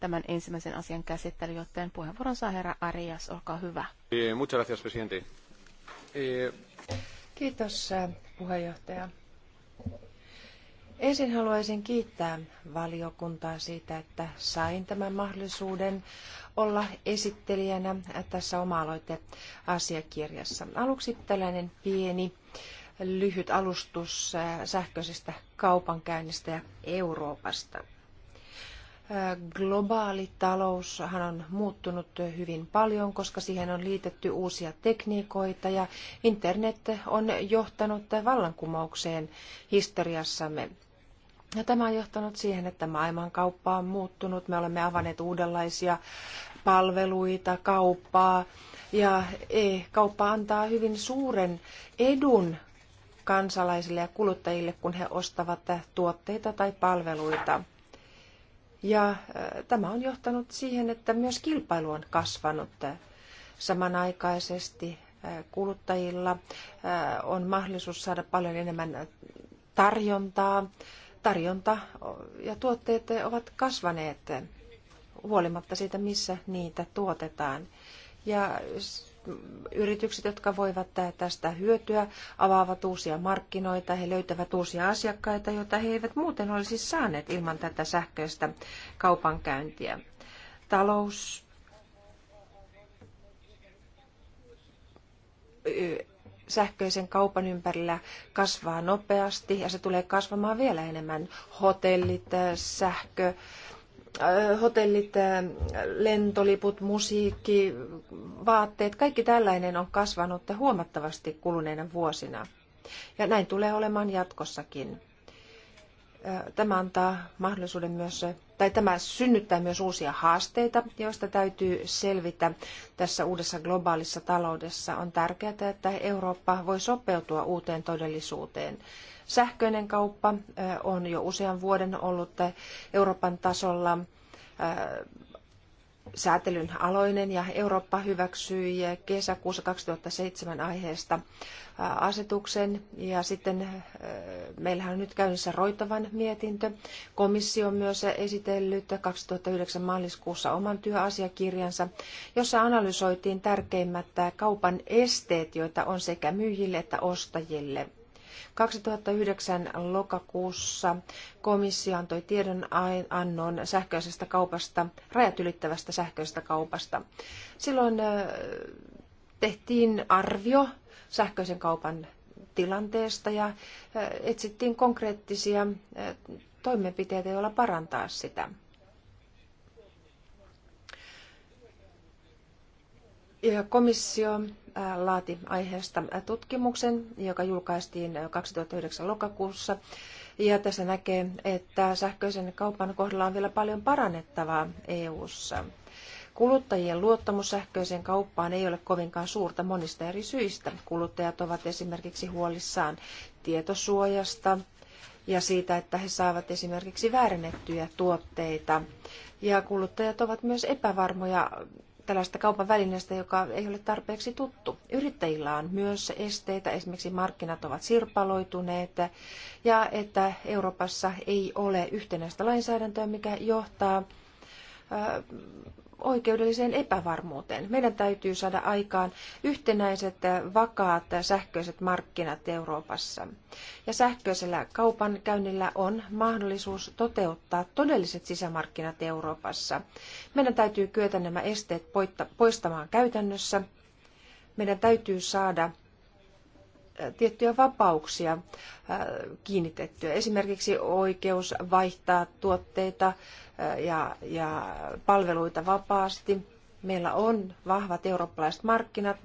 tämän ensimmäisen asian käsittely, joten puheenvuoron saa herra Arias, olkaa hyvä. Eh, muchas gracias, presidente. Eh, Kiitos eh, puheenjohtaja. Ensin haluaisin kiittää valiokuntaa siitä, että sain tämän mahdollisuuden olla esittelijänä tässä oma asiakirjassa Aluksi tällainen pieni lyhyt alustus sähköisestä kaupankäynnistä ja Euroopasta. Globaali taloushan on muuttunut hyvin paljon, koska siihen on liitetty uusia tekniikoita ja internet on johtanut vallankumoukseen historiassamme. Ja tämä on johtanut siihen, että maailmankauppa on muuttunut. Me olemme avanneet uudenlaisia palveluita, kauppaa ja e-kauppa antaa hyvin suuren edun kansalaisille ja kuluttajille, kun he ostavat tuotteita tai palveluita. Ja äh, tämä on johtanut siihen, että myös kilpailu on kasvanut. Samanaikaisesti äh, kuluttajilla äh, on mahdollisuus saada paljon enemmän tarjontaa. Tarjonta ja tuotteet ovat kasvaneet huolimatta siitä, missä niitä tuotetaan. Ja yritykset, jotka voivat tästä hyötyä, avaavat uusia markkinoita, he löytävät uusia asiakkaita, joita he eivät muuten olisi saaneet ilman tätä sähköistä kaupankäyntiä. Talous sähköisen kaupan ympärillä kasvaa nopeasti ja se tulee kasvamaan vielä enemmän. Hotellit, sähkö, Äh, hotellit, äh, lentoliput, musiikki, vaatteet, kaikki tällainen on kasvanut huomattavasti kuluneina vuosina. Ja näin tulee olemaan jatkossakin. Äh, tämä antaa mahdollisuuden myös, tai tämä synnyttää myös uusia haasteita, joista täytyy selvitä tässä uudessa globaalissa taloudessa. On tärkeää, että Eurooppa voi sopeutua uuteen todellisuuteen. Sähköinen kauppa on jo usean vuoden ollut Euroopan tasolla säätelyn aloinen ja Eurooppa hyväksyi kesäkuussa 2007 aiheesta asetuksen ja sitten meillähän on nyt käynnissä Roitovan mietintö. Komissio on myös esitellyt 2009 maaliskuussa oman työasiakirjansa, jossa analysoitiin tärkeimmät kaupan esteet, joita on sekä myyjille että ostajille – 2009 lokakuussa komissio antoi tiedonannon sähköisestä kaupasta, rajat ylittävästä sähköisestä kaupasta. Silloin tehtiin arvio sähköisen kaupan tilanteesta ja etsittiin konkreettisia toimenpiteitä, joilla parantaa sitä. Komissio äh, laati aiheesta tutkimuksen, joka julkaistiin 2009 äh, lokakuussa. Ja tässä näkee, että sähköisen kaupan kohdalla on vielä paljon parannettavaa EU:ssa. Kuluttajien luottamus sähköiseen kauppaan ei ole kovinkaan suurta monista eri syistä. Kuluttajat ovat esimerkiksi huolissaan tietosuojasta ja siitä, että he saavat esimerkiksi väärennettyjä tuotteita. Ja kuluttajat ovat myös epävarmoja tällaista kaupan välineestä, joka ei ole tarpeeksi tuttu. Yrittäjillä on myös esteitä, esimerkiksi markkinat ovat sirpaloituneet ja että Euroopassa ei ole yhtenäistä lainsäädäntöä, mikä johtaa oikeudelliseen epävarmuuteen. Meidän täytyy saada aikaan yhtenäiset, eh, vakaat eh, sähköiset markkinat Euroopassa. Ja sähköisellä kaupankäynnillä on mahdollisuus toteuttaa todelliset sisämarkkinat Euroopassa. Meidän täytyy kyetä nämä esteet poistamaan käytännössä. Meidän täytyy saada tiettyjä vapauksia äh, kiinnitettyä. Esimerkiksi oikeus vaihtaa tuotteita äh, ja, ja palveluita vapaasti. Meillä on vahvat eurooppalaiset markkinat,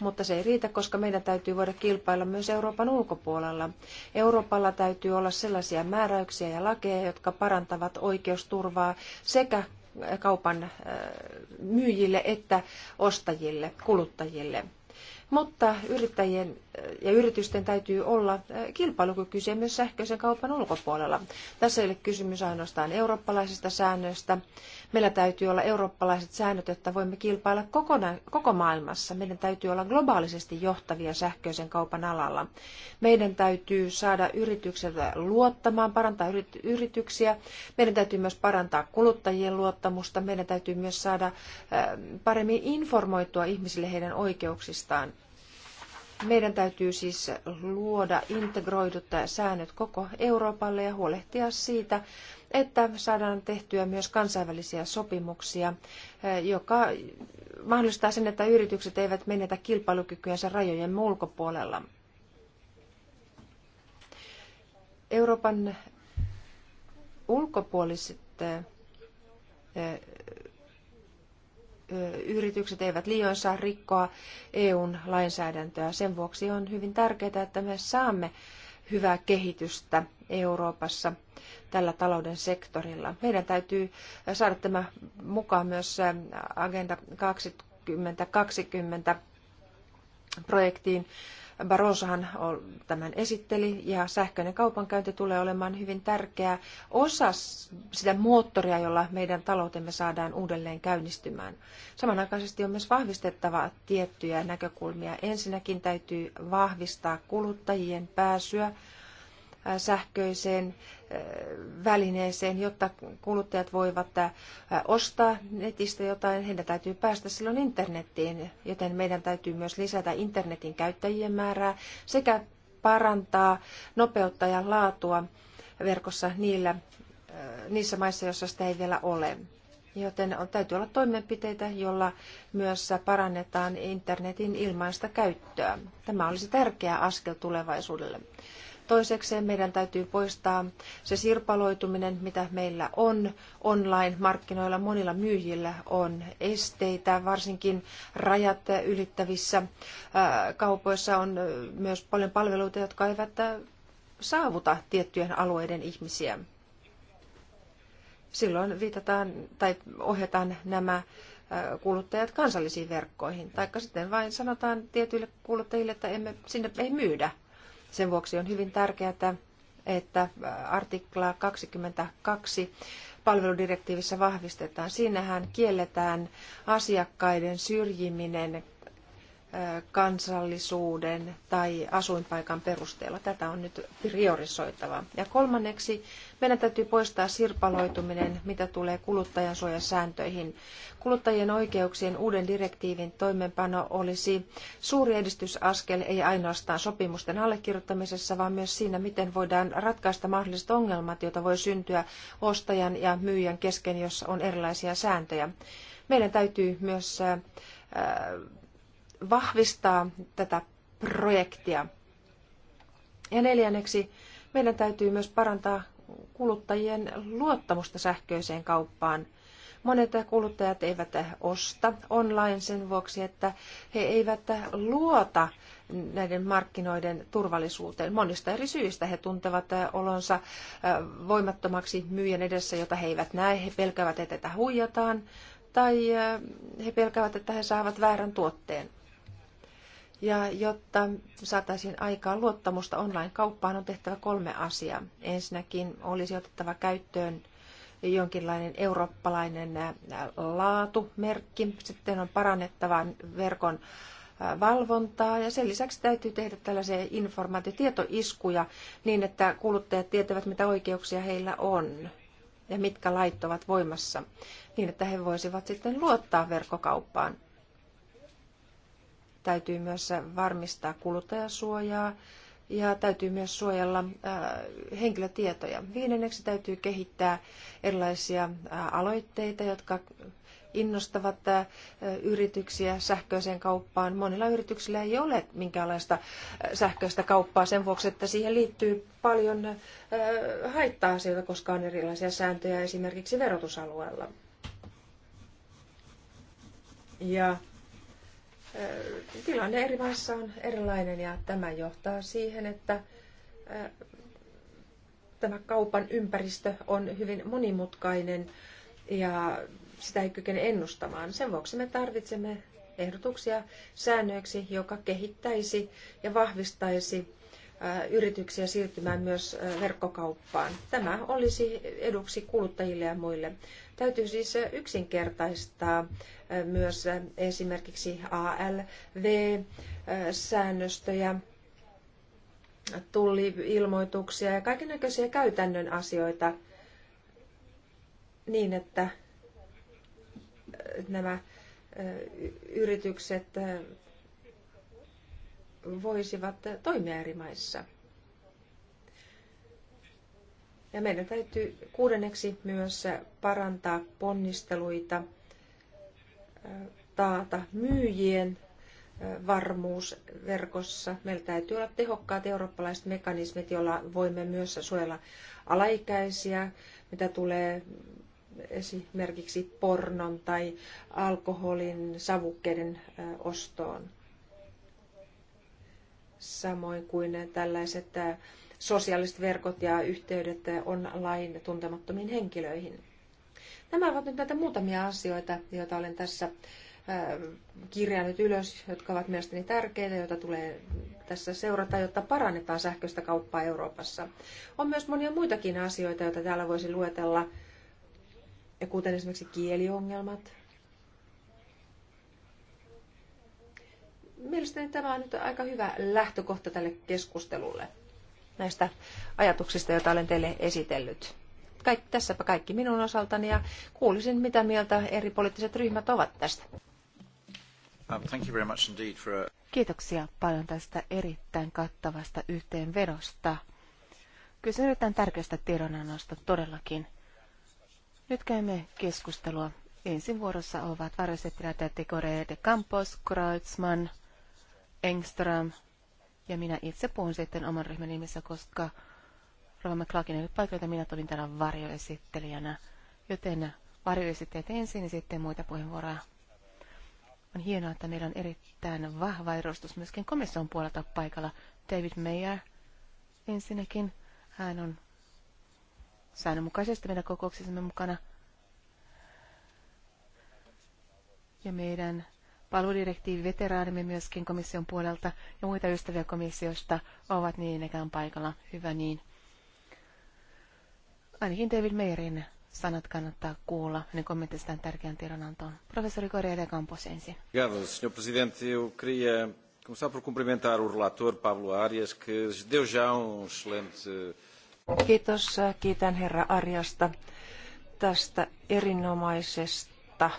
mutta se ei riitä, koska meidän täytyy voida kilpailla myös Euroopan ulkopuolella. Euroopalla täytyy olla sellaisia määräyksiä ja lakeja, jotka parantavat oikeusturvaa sekä äh, kaupan myyjille että ostajille, kuluttajille mutta yrittäjien äh, ja yritysten täytyy olla äh, kilpailukykyisiä myös sähköisen kaupan ulkopuolella. Tässä ei ole kysymys ainoastaan eurooppalaisista säännöistä, Meillä täytyy olla eurooppalaiset säännöt, että voimme kilpailla koko maailmassa. Meidän täytyy olla globaalisesti johtavia sähköisen kaupan alalla. Meidän täytyy saada yritykset luottamaan, parantaa yrityksiä. Meidän täytyy myös parantaa kuluttajien luottamusta. Meidän täytyy myös saada paremmin informoitua ihmisille heidän oikeuksistaan. Meidän täytyy siis luoda integroidut säännöt koko Euroopalle ja huolehtia siitä, että saadaan tehtyä myös kansainvälisiä sopimuksia, eh, joka mahdollistaa sen, että yritykset eivät menetä kilpailukykyänsä rajojen ulkopuolella. Euroopan ulkopuoliset eh, yritykset eivät liioin saa rikkoa EUn lainsäädäntöä. Sen vuoksi on hyvin tärkeää, että me saamme hyvää kehitystä Euroopassa tällä talouden sektorilla. Meidän täytyy saada tämä mukaan myös Agenda 2020 projektiin, Barrosohan tämän esitteli ja sähköinen kaupankäynti tulee olemaan hyvin tärkeä osa sitä moottoria, jolla meidän taloutemme saadaan uudelleen käynnistymään. Samanaikaisesti on myös vahvistettava tiettyjä näkökulmia. Ensinnäkin täytyy vahvistaa kuluttajien pääsyä Äh, sähköiseen äh, välineeseen, jotta kuluttajat voivat äh, ostaa netistä jotain. Heidän täytyy päästä silloin internettiin, joten meidän täytyy myös lisätä internetin käyttäjien määrää sekä parantaa nopeutta ja laatua verkossa niillä, niissä maissa, joissa sitä ei vielä ole. Joten täytyy olla toimenpiteitä, joilla myös parannetaan internetin ilmaista käyttöä. Tämä olisi tärkeä askel tulevaisuudelle. Toisekseen meidän täytyy poistaa se sirpaloituminen, mitä meillä on online-markkinoilla. Monilla myyjillä on esteitä, varsinkin rajat ylittävissä äh, kaupoissa on äh, myös paljon palveluita, jotka eivät äh, saavuta tiettyjen alueiden ihmisiä. Silloin viitataan tai ohjataan nämä kuluttajat kansallisiin verkkoihin. Taikka sitten vain sanotaan tietyille kuluttajille, että emme, sinne ei myydä. Sen vuoksi on hyvin tärkeää, että äh, artikla 22 palveludirektiivissä vahvistetaan. Siinähän kielletään asiakkaiden syrjiminen kansallisuuden tai asuinpaikan perusteella. Tätä on nyt priorisoitava. Ja kolmanneksi meidän täytyy poistaa sirpaloituminen, mitä tulee kuluttajansuojasääntöihin. Kuluttajien oikeuksien uuden direktiivin toimeenpano olisi suuri edistysaskel ei ainoastaan sopimusten allekirjoittamisessa, vaan myös siinä, miten voidaan ratkaista mahdolliset ongelmat, joita voi syntyä ostajan ja myyjän kesken, jos on erilaisia sääntöjä. Meidän täytyy myös vahvistaa tätä projektia. Ja neljänneksi meidän täytyy myös parantaa kuluttajien luottamusta sähköiseen kauppaan. Monet kuluttajat eivät osta online sen vuoksi, että he eivät luota näiden markkinoiden turvallisuuteen. Monista eri syistä he tuntevat olonsa voimattomaksi myyjän edessä, jota he eivät näe. He pelkäävät, että tätä huijataan tai he pelkäävät, että he saavat väärän tuotteen. Ja jotta saataisiin aikaan luottamusta online-kauppaan, on tehtävä kolme asiaa. Ensinnäkin olisi otettava käyttöön jonkinlainen eurooppalainen äh, laatumerkki. Sitten on parannettava verkon äh, valvontaa ja sen lisäksi täytyy tehdä tällaisia informaatiotietoiskuja niin, että kuluttajat tietävät, mitä oikeuksia heillä on ja mitkä lait ovat voimassa, niin että he voisivat sitten luottaa verkkokauppaan. Täytyy myös varmistaa kuluttajasuojaa ja täytyy myös suojella äh, henkilötietoja. Viidenneksi täytyy kehittää erilaisia äh, aloitteita, jotka innostavat äh, yrityksiä sähköiseen kauppaan. Monilla yrityksillä ei ole minkäänlaista sähköistä kauppaa sen vuoksi, että siihen liittyy paljon haitta-asioita, koska on erilaisia sääntöjä esimerkiksi verotusalueella. Ja tilanne eri maissa on erilainen ja tämä johtaa siihen, että tämä kaupan ympäristö on hyvin monimutkainen ja sitä ei kykene ennustamaan. Sen vuoksi me tarvitsemme ehdotuksia säännöiksi, joka kehittäisi ja vahvistaisi yrityksiä siirtymään myös verkkokauppaan. Tämä olisi eduksi kuluttajille ja muille. Täytyy siis yksinkertaistaa myös esimerkiksi ALV-säännöstöjä, tulli-ilmoituksia ja kaikenlaisia käytännön asioita niin, että nämä yritykset voisivat toimia eri maissa. Ja meidän täytyy kuudenneksi myös parantaa ponnisteluita, taata myyjien varmuus verkossa. Meillä täytyy olla tehokkaat eurooppalaiset mekanismit, joilla voimme myös suojella alaikäisiä, mitä tulee esimerkiksi pornon tai alkoholin savukkeiden ostoon. Samoin kuin tällaiset sosiaaliset verkot ja yhteydet online tuntemattomiin henkilöihin. Nämä ovat nyt näitä muutamia asioita, joita olen tässä kirjannut ylös, jotka ovat mielestäni tärkeitä, joita tulee tässä seurata, jotta parannetaan sähköistä kauppaa Euroopassa. On myös monia muitakin asioita, joita täällä voisi luetella, kuten esimerkiksi kieliongelmat. Mielestäni tämä on nyt aika hyvä lähtökohta tälle keskustelulle näistä ajatuksista, joita olen teille esitellyt. Kaikki, tässäpä kaikki minun osaltani ja kuulisin, mitä mieltä eri poliittiset ryhmät ovat tästä. Um, Kiitoksia paljon tästä erittäin kattavasta yhteenvedosta. Kyse erittäin tärkeästä tiedonannosta todellakin. Nyt käymme keskustelua. Ensin vuorossa ovat varjoisettilät ja de Campos, Kreutzmann, Engström, ja minä itse puhun sitten oman ryhmän nimissä, koska Rova McClarkin ei paikalla, minä tulin täällä varjoesittelijänä. Joten varjoesittelijät ensin ja sitten muita puheenvuoroja. On hienoa, että meillä on erittäin vahva edustus myöskin komission puolelta paikalla. David Mayer ensinnäkin. Hän on säännönmukaisesti meidän kokouksessamme mukana. Ja meidän Paluudirektiivi veteraanimme myöskin komission puolelta ja muita ystäviä komissiosta ovat niin ikään paikalla. Hyvä niin. Ainakin David Meirin sanat kannattaa kuulla, ne niin kommentistaan tärkeän tiedonantoon. Professori Correa de Campos ensin. Obrigado, senhor presidente. Eu queria começar por cumprimentar o relator Pablo Arias, que deu já um excelente... Kiitos, kiitän herra Arjasta tästä erinomaisesta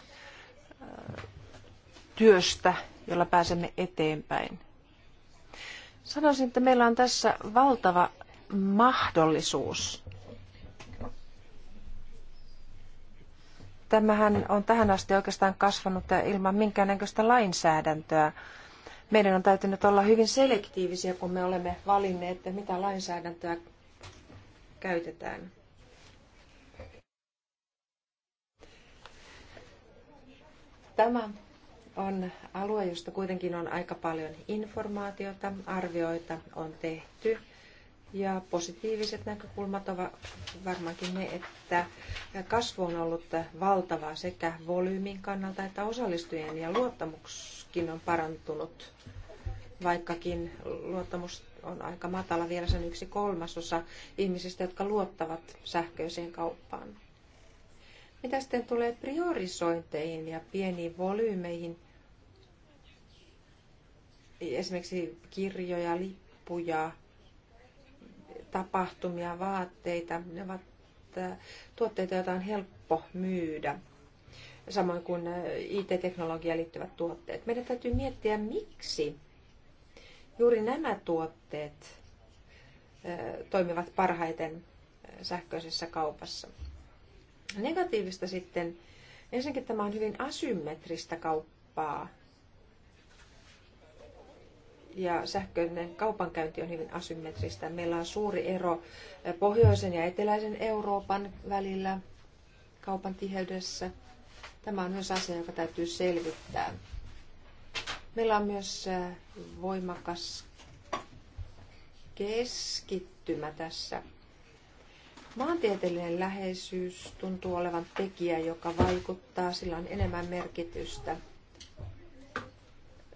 työstä, jolla pääsemme eteenpäin. Sanoisin, että meillä on tässä valtava mahdollisuus. Tämähän on tähän asti oikeastaan kasvanut ilman minkäännäköistä lainsäädäntöä. Meidän on täytynyt olla hyvin selektiivisiä, kun me olemme valinneet, että mitä lainsäädäntöä käytetään. Tämä on alue, josta kuitenkin on aika paljon informaatiota, arvioita on tehty. Ja positiiviset näkökulmat ovat varmaankin ne, että kasvu on ollut valtavaa sekä volyymin kannalta että osallistujien ja luottamuskin on parantunut, vaikkakin luottamus on aika matala vielä sen yksi kolmasosa ihmisistä, jotka luottavat sähköiseen kauppaan. Mitä sitten tulee priorisointeihin ja pieniin volyymeihin, esimerkiksi kirjoja, lippuja, tapahtumia, vaatteita. Ne ovat tuotteita, joita on helppo myydä, samoin kuin IT-teknologiaan liittyvät tuotteet. Meidän täytyy miettiä, miksi juuri nämä tuotteet toimivat parhaiten sähköisessä kaupassa. Negatiivista sitten, ensinnäkin tämä on hyvin asymmetristä kauppaa ja sähköinen kaupankäynti on hyvin asymmetristä. Meillä on suuri ero eh, pohjoisen ja eteläisen Euroopan välillä kaupan tiheydessä. Tämä on myös asia, joka täytyy selvittää. Meillä on myös eh, voimakas keskittymä tässä. Maantieteellinen läheisyys tuntuu olevan tekijä, joka vaikuttaa, sillä on enemmän merkitystä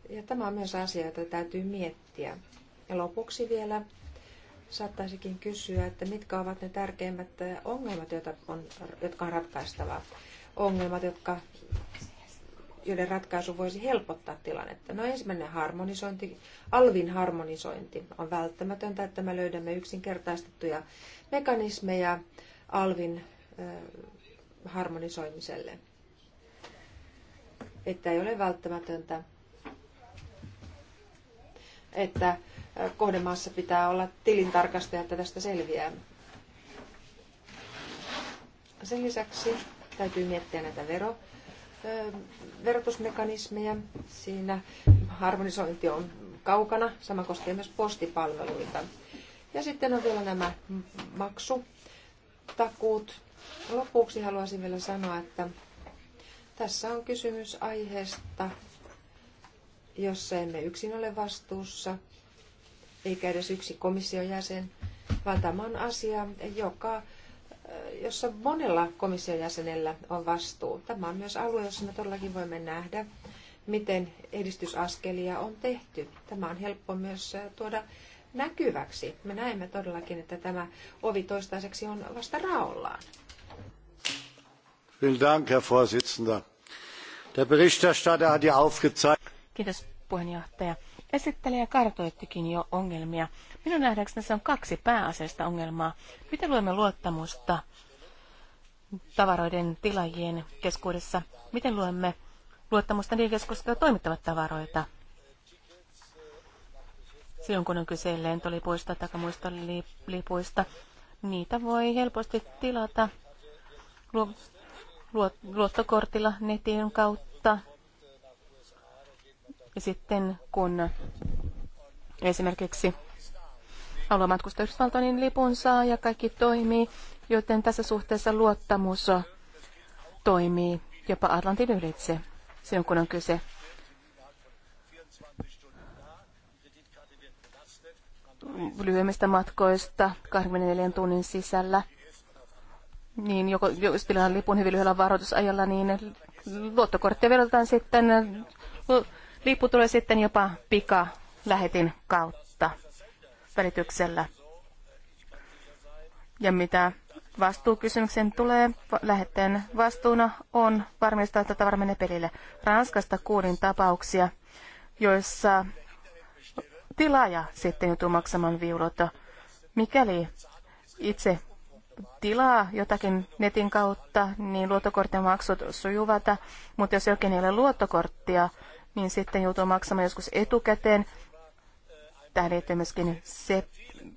ja tämä on myös asia, jota täytyy miettiä. Ja lopuksi vielä saattaisikin kysyä, että mitkä ovat ne tärkeimmät ongelmat, joita on, jotka on ratkaistava. Ongelmat, jotka, joiden ratkaisu voisi helpottaa tilannetta. No ensimmäinen harmonisointi, alvin harmonisointi on välttämätöntä, että me löydämme yksinkertaistettuja mekanismeja alvin harmonisoimiselle. Että ei ole välttämätöntä että kohdemaassa pitää olla tilintarkastaja, että tästä selviää. Sen lisäksi täytyy miettiä näitä vero, verotusmekanismeja. Siinä harmonisointi on kaukana, sama koskee myös postipalveluita. Ja sitten on vielä nämä maksutakuut. Lopuksi haluaisin vielä sanoa, että tässä on kysymys aiheesta, jossa emme yksin ole vastuussa, eikä edes yksi komission jäsen, vaan tämä on asia, joka, jossa monella komission jäsenellä on vastuu. Tämä on myös alue, jossa me todellakin voimme nähdä, miten edistysaskelia on tehty. Tämä on helppo myös tuoda näkyväksi. Me näemme todellakin, että tämä ovi toistaiseksi on vasta raollaan. Vielen Dank, Herr Vorsitzender. Der Berichterstatter hat ja aufgezeigt, Kiitos puheenjohtaja. Esittelijä kartoittikin jo ongelmia. Minun nähdäkseni se on kaksi pääasiasta ongelmaa. Miten luemme luottamusta tavaroiden tilajien keskuudessa? Miten luemme luottamusta niiden keskuudessa, jotka toimittavat tavaroita? Silloin kun on kyse lentolipuista tai muista lipuista, niitä voi helposti tilata luottokortilla netin kautta ja sitten kun esimerkiksi haluaa matkustaa Yhdysvaltoon, niin lipun saa ja kaikki toimii, joten tässä suhteessa luottamus toimii jopa Atlantin ylitse, silloin kun on kyse lyhyemmistä matkoista 24 tunnin sisällä. Niin joko, jos tilaan lipun hyvin lyhyellä varoitusajalla, niin luottokorttia vedotetaan sitten Lippu tulee sitten jopa pika lähetin kautta välityksellä. Ja mitä vastuukysymyksen tulee, lähetteen vastuuna on varmistaa, että tavara menee pelille. Ranskasta kuulin tapauksia, joissa tilaaja sitten joutuu maksamaan viulot. Mikäli itse tilaa jotakin netin kautta, niin luottokortin maksut sujuvat, mutta jos jokin ei ole luottokorttia niin sitten joutuu maksamaan joskus etukäteen. Tähän liittyy myöskin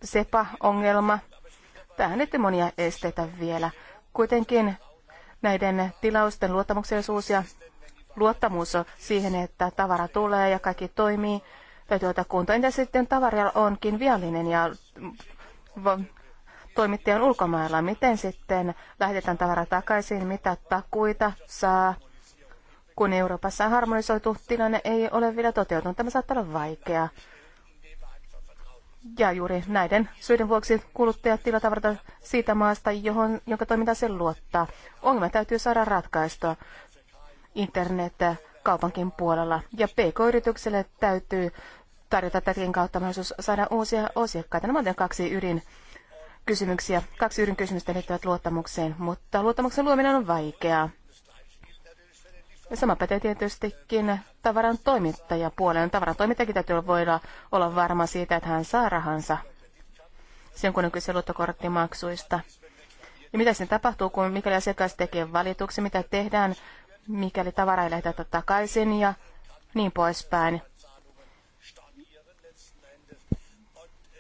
SEPA-ongelma. Tähän liittyy monia esteitä vielä. Kuitenkin näiden tilausten luottamuksellisuus ja luottamus siihen, että tavara tulee ja kaikki toimii, täytyy ottaa kuntoon. Entä sitten tavaralla onkin viallinen ja toimittajan ulkomailla, miten sitten lähetetään tavara takaisin, mitä takuita saa kun Euroopassa on harmonisoitu tilanne ei ole vielä toteutunut, tämä saattaa olla vaikeaa. Ja juuri näiden syiden vuoksi kuluttajat tilatavarat siitä maasta, johon, jonka toiminta sen luottaa. Ongelma täytyy saada ratkaistua internet kaupankin puolella. Ja PK-yritykselle täytyy tarjota tätäkin kautta mahdollisuus saada uusia asiakkaita. Nämä ovat kaksi ydin kysymyksiä, kaksi ydinkysymystä liittyvät luottamukseen, mutta luottamuksen luominen on vaikeaa. Ja sama pätee tietystikin tavaran toimittajapuoleen. Tavaran toimittajakin täytyy voida olla varma siitä, että hän saa rahansa sen kun on kyse luottokorttimaksuista. Ja mitä sen tapahtuu, kun mikäli asiakas tekee valituksen, mitä tehdään, mikäli tavara ei lähetetä takaisin ja niin poispäin.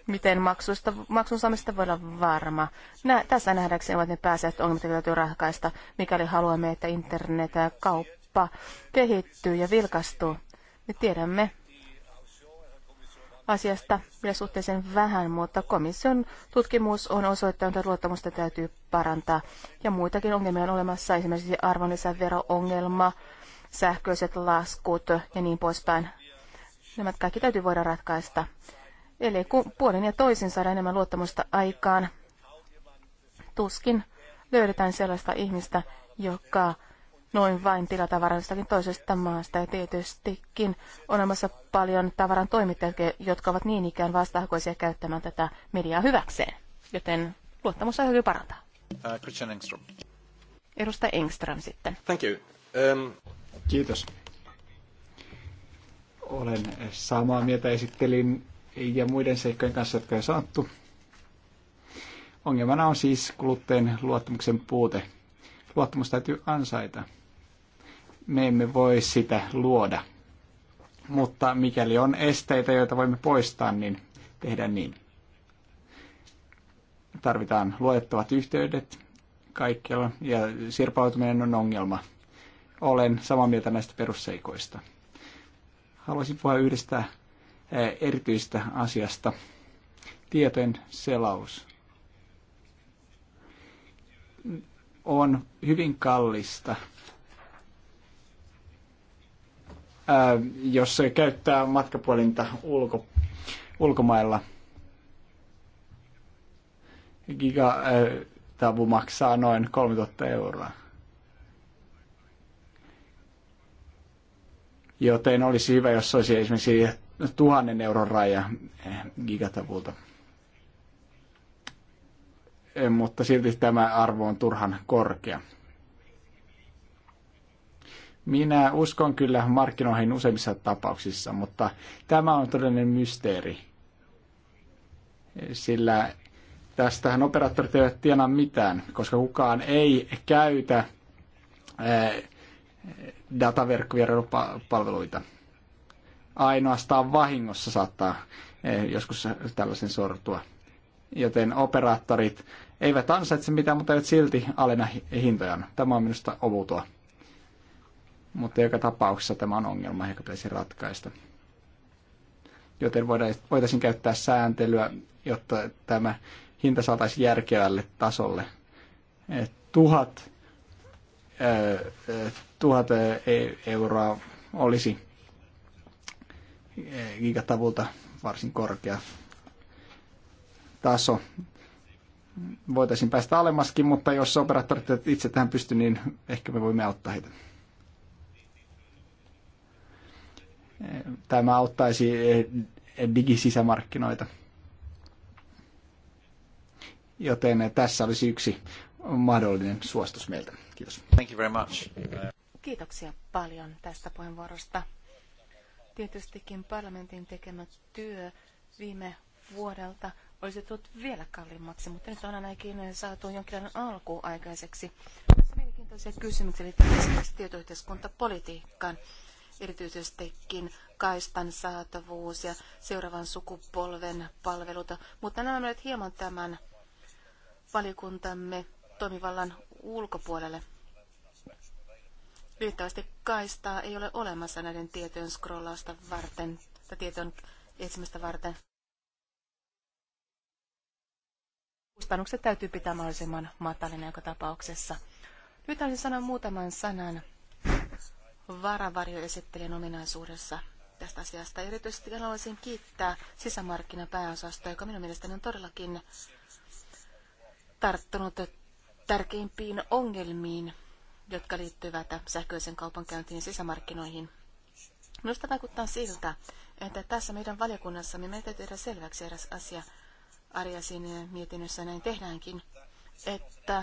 Miten maksusta, maksun saamista voi olla varma? Nä, tässä nähdäkseni ovat ne pääsevät ongelmat, joita täytyy ratkaista, mikäli haluamme, että internet ja kauppa kauppa kehittyy ja vilkastuu. Me tiedämme asiasta vielä suhteellisen vähän, mutta komission tutkimus on osoittanut, että luottamusta täytyy parantaa. Ja muitakin ongelmia on olemassa, esimerkiksi arvonlisäveroongelma, sähköiset laskut ja niin poispäin. Nämä kaikki täytyy voida ratkaista. Eli kun puolin ja toisin saadaan enemmän luottamusta aikaan, tuskin löydetään sellaista ihmistä, joka noin vain tilatavarastakin toisesta maasta. Ja tietystikin on olemassa paljon tavaran toimittajia, jotka ovat niin ikään vastahakoisia käyttämään tätä mediaa hyväkseen. Joten luottamus täytyy parantaa. Uh, Christian Engström. Edustaja Engström sitten. Thank you. Um... Kiitos. Olen samaa mieltä esittelin ja muiden seikkojen kanssa, jotka on saattu. Ongelmana on siis kuluttajien luottamuksen puute. Luottamus täytyy ansaita me emme voi sitä luoda. Mutta mikäli on esteitä, joita voimme poistaa, niin tehdään niin. Tarvitaan luotettavat yhteydet kaikkialla ja sirpautuminen on ongelma. Olen samaa mieltä näistä perusseikoista. Haluaisin puhua yhdestä eh, erityistä asiasta. Tietojen selaus on hyvin kallista – jos se käyttää matkapuolinta ulko, ulkomailla. Gigatabu maksaa noin 3000 euroa. Joten olisi hyvä, jos olisi esimerkiksi tuhannen euron raja gigatavulta. Mutta silti tämä arvo on turhan korkea. Minä uskon kyllä markkinoihin useimmissa tapauksissa, mutta tämä on todellinen mysteeri. Sillä tästähän operaattorit eivät tienaa mitään, koska kukaan ei käytä eh, dataverkkoja palveluita. Ainoastaan vahingossa saattaa eh, joskus tällaisen sortua. Joten operaattorit eivät ansaitse mitään, mutta eivät silti alena hintojaan. Tämä on minusta ovutua. Mutta joka tapauksessa tämä on ongelma, joka pitäisi ratkaista. Joten voitaisiin käyttää sääntelyä, jotta tämä hinta saataisiin järkevälle tasolle. Et tuhat, tuhat e-, euroa olisi e, gigatavulta varsin korkea taso. Voitaisiin päästä alemmaskin, mutta jos operaattorit itse tähän pysty, niin ehkä me voimme auttaa heitä. Tämä auttaisi eh, digisisämarkkinoita. Joten tässä olisi yksi mahdollinen suositus meiltä. Kiitos. Thank you very much. Kiitoksia paljon tästä puheenvuorosta. Tietystikin parlamentin tekemä työ viime vuodelta olisi tullut vielä kalliimmaksi, mutta nyt on ainakin saatu jonkinlainen alku aikaiseksi. Tässä on mielenkiintoisia kysymyksiä liittyen esimerkiksi tietoyhteiskuntapolitiikkaan erityisestikin kaistan saatavuus ja seuraavan sukupolven palveluta, mutta nämä menevät hieman tämän valikuntamme toimivallan ulkopuolelle. Riittävästi kaistaa ei ole olemassa näiden tietojen scrollausta varten tai tietojen etsimistä varten. Kustannukset täytyy pitää mahdollisimman matalina joka tapauksessa. Nyt haluaisin sanoa muutaman sanan varavarjoesittelijän ominaisuudessa tästä asiasta. Erityisesti haluaisin kiittää sisämarkkinapääosasta, joka minun mielestäni on todellakin tarttunut tärkeimpiin ongelmiin, jotka liittyvät sähköisen kaupankäyntiin ja sisämarkkinoihin. Minusta vaikuttaa siltä, että tässä meidän valiokunnassamme me täytyy tehdä selväksi eräs asia, Arjasin mietinnössä näin tehdäänkin, että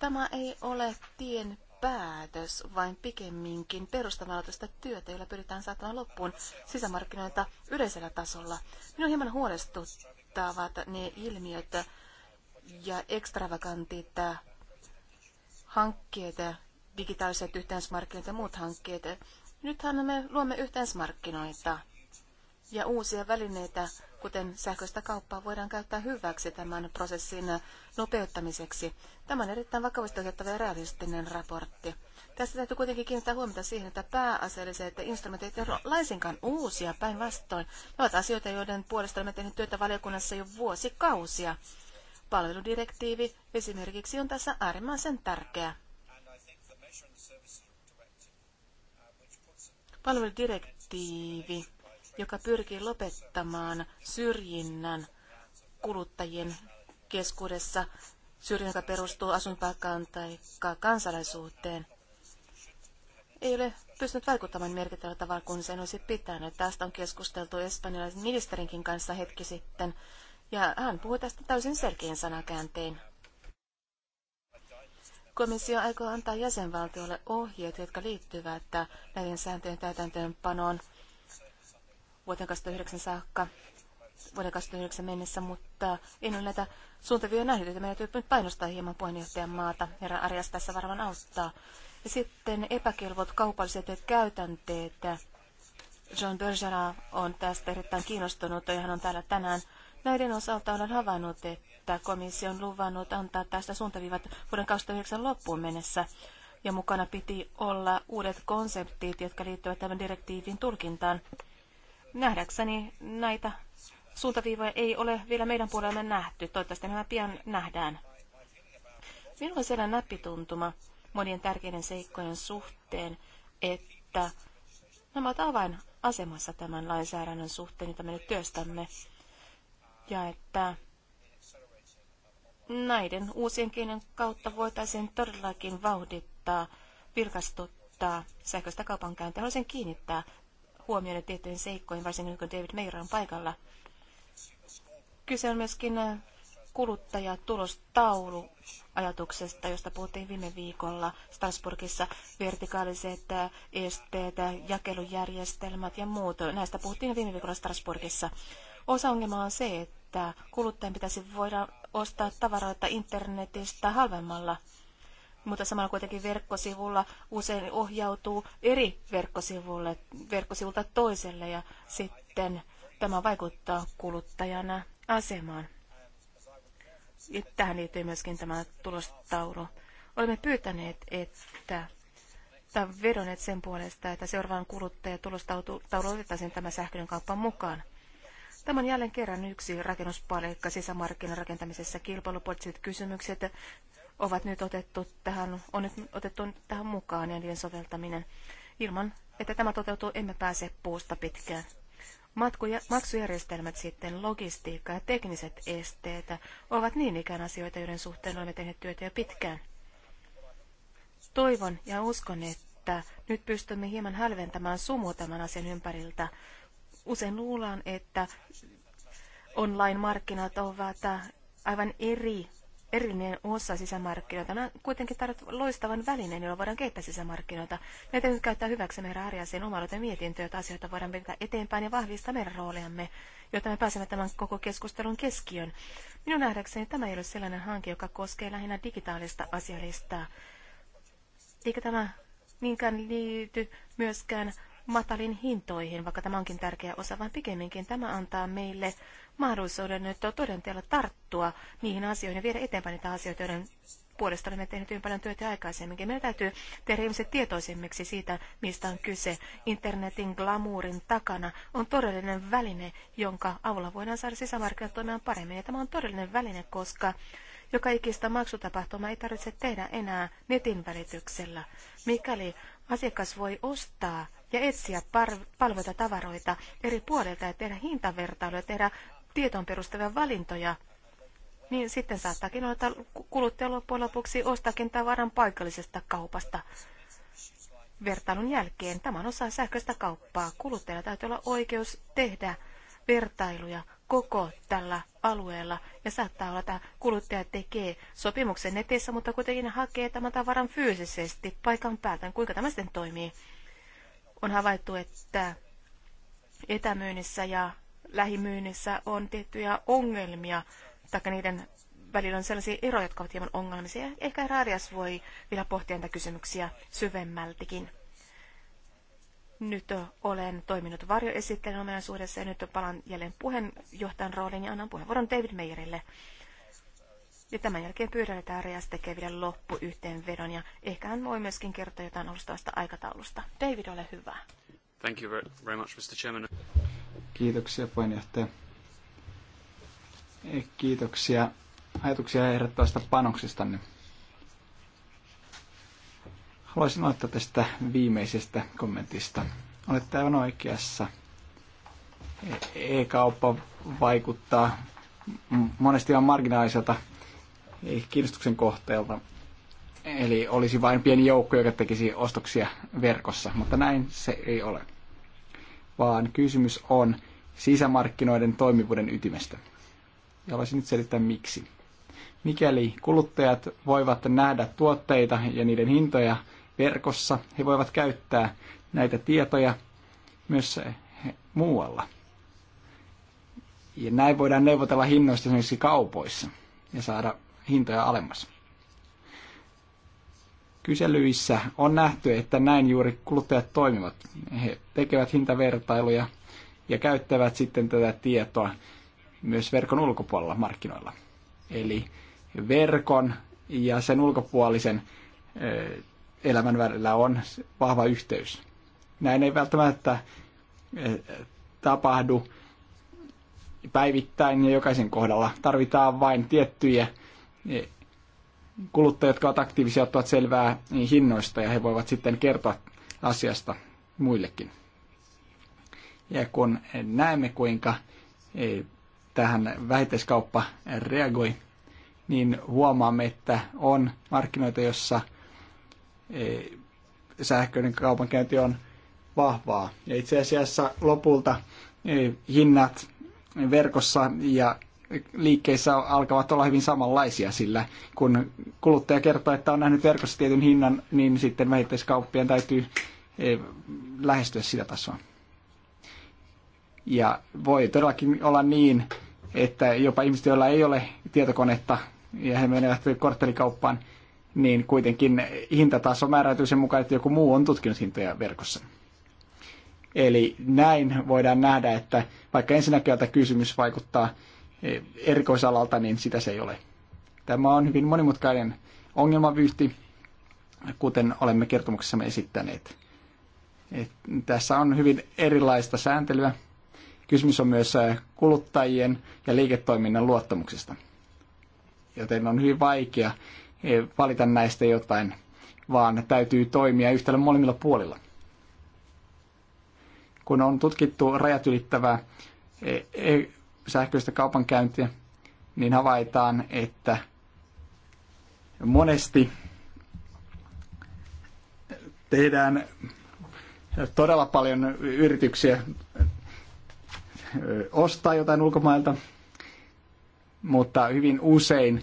tämä ei ole tien päätös, vaan pikemminkin perustavanlaatuista työtä, jolla pyritään saattamaan loppuun sisämarkkinoita yleisellä tasolla. Minun hieman huolestuttavat ne ilmiöt ja ekstravagantit hankkeet, digitaaliset yhteensmarkkinat ja muut hankkeet. Nythän me luomme yhteensmarkkinoita ja uusia välineitä kuten sähköistä kauppaa, voidaan käyttää hyväksi tämän prosessin nopeuttamiseksi. Tämä on erittäin vakavasti otettava ja realistinen raportti. Tässä täytyy kuitenkin kiinnittää huomiota siihen, että pääasialliset instrumentit eivät ole laisinkaan uusia päinvastoin. Ne ovat asioita, joiden puolesta olemme tehneet työtä valiokunnassa jo vuosikausia. Palveludirektiivi esimerkiksi on tässä äärimmäisen tärkeä. Palveludirektiivi joka pyrkii lopettamaan syrjinnän kuluttajien keskuudessa, syrjintä perustuu asuinpaikkaan tai kansalaisuuteen, ei ole pystynyt vaikuttamaan merkittävällä tavalla kuin sen olisi pitänyt. Tästä on keskusteltu espanjalaisen ministerinkin kanssa hetki sitten, ja hän puhui tästä täysin selkein sanakääntein. Komissio aikoo antaa jäsenvaltiolle ohjeet, jotka liittyvät näiden sääntöjen täytäntöönpanoon vuoteen 2009 saakka, vuoden 2009 mennessä, mutta en ole näitä suuntavia nähnyt, että meidän täytyy painostaa hieman puheenjohtajan maata. Herra Arias tässä varmaan auttaa. Ja sitten epäkelvot kaupalliset käytänteet. John Bergera on tästä erittäin kiinnostunut ja hän on täällä tänään. Näiden osalta olen havainnut, että komissio on luvannut antaa tästä suuntaviivat vuoden 2009 loppuun mennessä. Ja mukana piti olla uudet konseptit, jotka liittyvät tämän direktiivin tulkintaan. Nähdäkseni näitä suuntaviivoja ei ole vielä meidän puolellamme nähty. Toivottavasti nämä pian nähdään. Minulla on sellainen näppituntuma monien tärkeiden seikkojen suhteen, että nämä ovat asemassa tämän lainsäädännön suhteen, jota me nyt työstämme. Ja että näiden uusien keinojen kautta voitaisiin todellakin vauhdittaa, vilkastuttaa sähköistä kaupankäyntiä. Haluaisin kiinnittää huomioida tiettyihin seikkoihin, varsinkin kun David Meira on paikalla. Kyse on myöskin äh, kuluttajatulostaulu ajatuksesta, josta puhuttiin viime viikolla Strasbourgissa, vertikaaliset äh, esteet, äh, jakelujärjestelmät ja muut. Näistä puhuttiin viime viikolla Strasbourgissa. Osa ongelmaa on se, että kuluttajan pitäisi voida ostaa tavaroita internetistä halvemmalla mutta samalla kuitenkin verkkosivulla usein ohjautuu eri verkkosivulle, verkkosivulta toiselle ja sitten tämä vaikuttaa kuluttajana asemaan. Ja tähän liittyy myöskin tämä tulostauru. Olemme pyytäneet, että tai vedonneet sen puolesta, että seuraavan kuluttajatulostaulu otettaisiin tämä sähköinen kauppa mukaan. Tämä on jälleen kerran yksi rakennuspalikka sisämarkkinan rakentamisessa kilpailupoliittiset kysymykset, ovat nyt otettu tähän, on nyt otettu tähän mukaan ja niiden soveltaminen. Ilman, että tämä toteutuu, emme pääse puusta pitkään. Matkuja, maksujärjestelmät sitten, logistiikka ja tekniset esteet ovat niin ikään asioita, joiden suhteen olemme tehneet työtä jo pitkään. Toivon ja uskon, että nyt pystymme hieman hälventämään sumua tämän asian ympäriltä. Usein luullaan, että online-markkinat ovat aivan eri erillinen osa sisämarkkinoita. Nämä kuitenkin tarvitsevat loistavan välineen, jolla voidaan kehittää sisämarkkinoita. Meidän nyt käyttää hyväksi meidän Arjasin omaloiden mietintöä, jotta asioita voidaan vetää eteenpäin ja vahvistaa meidän rooliamme, jotta me pääsemme tämän koko keskustelun keskiön. Minun nähdäkseni tämä ei ole sellainen hanke, joka koskee lähinnä digitaalista asialistaa. Eikä tämä niinkään liity myöskään matalin hintoihin, vaikka tämä onkin tärkeä osa, vaan pikemminkin tämä antaa meille mahdollisuuden nyt todenteella tarttua niihin asioihin ja viedä eteenpäin niitä asioita, joiden puolesta olemme tehneet hyvin paljon työtä aikaisemminkin. Meidän täytyy tehdä ihmiset tietoisemmiksi siitä, mistä on kyse. Internetin glamuurin takana on todellinen väline, jonka avulla voidaan saada sisämarkkinat toimimaan paremmin. Ja tämä on todellinen väline, koska joka ikistä maksutapahtumaa ei tarvitse tehdä enää netin välityksellä. Mikäli asiakas voi ostaa ja etsiä palveluita tavaroita eri puolilta ja tehdä hintavertailuja, tehdä tietoon perustuvia valintoja, niin sitten saattaakin olla, että kuluttaja loppujen lopuksi ostakin tavaran paikallisesta kaupasta. Vertailun jälkeen tämä on osa sähköistä kauppaa. Kuluttajalla täytyy olla oikeus tehdä vertailuja koko tällä alueella. Ja saattaa olla, että kuluttaja tekee sopimuksen netissä, mutta kuitenkin hakee tämän tavaran fyysisesti paikan päältä. Kuinka tämä sitten toimii? On havaittu, että etämyynnissä ja lähimyynnissä on tiettyjä ongelmia, tai niiden välillä on sellaisia eroja, jotka ovat hieman ongelmisia. Ehkä Raadias voi vielä pohtia näitä kysymyksiä syvemmältikin. Nyt olen toiminut varjoesittelijän ominaisuudessa ja nyt palaan jälleen puheenjohtajan rooliin ja annan puheenvuoron David Meijerille. Ja tämän jälkeen pyydän, että Arias tekee vielä loppuyhteenvedon ja ehkä hän voi myöskin kertoa jotain alustavasta aikataulusta. David, ole hyvä. Thank you very much, Mr. Chairman. Kiitoksia puheenjohtaja. Eh, kiitoksia ajatuksia ehdottavasta panoksista. Haluaisin aloittaa tästä viimeisestä kommentista. Olette aivan oikeassa. E-kauppa vaikuttaa monesti ihan marginaaliselta eh, kiinnostuksen kohteelta. Eli olisi vain pieni joukko, joka tekisi ostoksia verkossa, mutta näin se ei ole vaan kysymys on sisämarkkinoiden toimivuuden ytimestä. Ja haluaisin nyt selittää miksi. Mikäli kuluttajat voivat nähdä tuotteita ja niiden hintoja verkossa, he voivat käyttää näitä tietoja myös muualla. Ja näin voidaan neuvotella hinnoista esimerkiksi kaupoissa ja saada hintoja alemmas. Kyselyissä on nähty, että näin juuri kuluttajat toimivat. He tekevät hintavertailuja ja käyttävät sitten tätä tietoa myös verkon ulkopuolella markkinoilla. Eli verkon ja sen ulkopuolisen elämän välillä on vahva yhteys. Näin ei välttämättä tapahdu päivittäin ja jokaisen kohdalla. Tarvitaan vain tiettyjä kuluttajat, jotka ovat aktiivisia, ottavat selvää hinnoista ja he voivat sitten kertoa asiasta muillekin. Ja kun näemme, kuinka e, tähän vähittäiskauppa reagoi, niin huomaamme, että on markkinoita, jossa e, sähköinen kaupankäynti on vahvaa. Ja itse asiassa lopulta e, hinnat verkossa ja liikkeissä alkavat olla hyvin samanlaisia, sillä kun kuluttaja kertoo, että on nähnyt verkossa tietyn hinnan, niin sitten vähittäiskauppien täytyy e, lähestyä sitä tasoa. Ja voi todellakin olla niin, että jopa ihmiset, joilla ei ole tietokonetta ja he menevät korttelikauppaan, niin kuitenkin hintataso määräytyy sen mukaan, että joku muu on tutkinut hintoja verkossa. Eli näin voidaan nähdä, että vaikka ensinnäkin kysymys vaikuttaa erikoisalalta, niin sitä se ei ole. Tämä on hyvin monimutkainen ongelmavyyhti, kuten olemme kertomuksessamme esittäneet. Et tässä on hyvin erilaista sääntelyä. Kysymys on myös äh, kuluttajien ja liiketoiminnan luottamuksesta. Joten on hyvin vaikea eh, valita näistä jotain, vaan täytyy toimia yhtälön molemmilla puolilla. Kun on tutkittu rajat ylittävää eh, sähköistä kaupankäyntiä, niin havaitaan, että monesti tehdään todella paljon yrityksiä ostaa jotain ulkomailta, mutta hyvin usein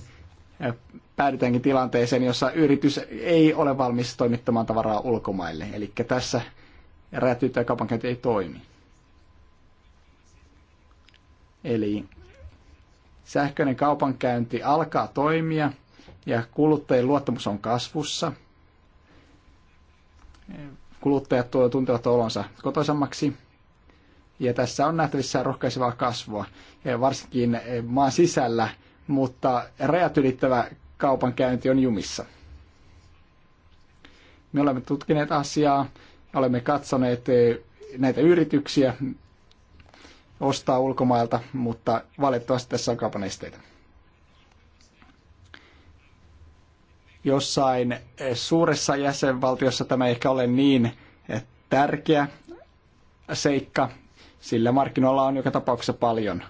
päädytäänkin tilanteeseen, jossa yritys ei ole valmis toimittamaan tavaraa ulkomaille. Eli tässä rajat kaupankäynti ei toimi. Eli sähköinen kaupankäynti alkaa toimia ja kuluttajien luottamus on kasvussa. Kuluttajat tuntevat olonsa kotoisammaksi ja tässä on nähtävissä rohkaisevaa kasvua, ja varsinkin eh, maan sisällä, mutta rajat ylittävä kaupankäynti on jumissa. Me olemme tutkineet asiaa, olemme katsoneet eh, näitä yrityksiä, ostaa ulkomailta, mutta valitettavasti tässä on kaupan esteitä. Jossain suuressa jäsenvaltiossa tämä ei ehkä ole niin tärkeä seikka, sillä markkinoilla on joka tapauksessa paljon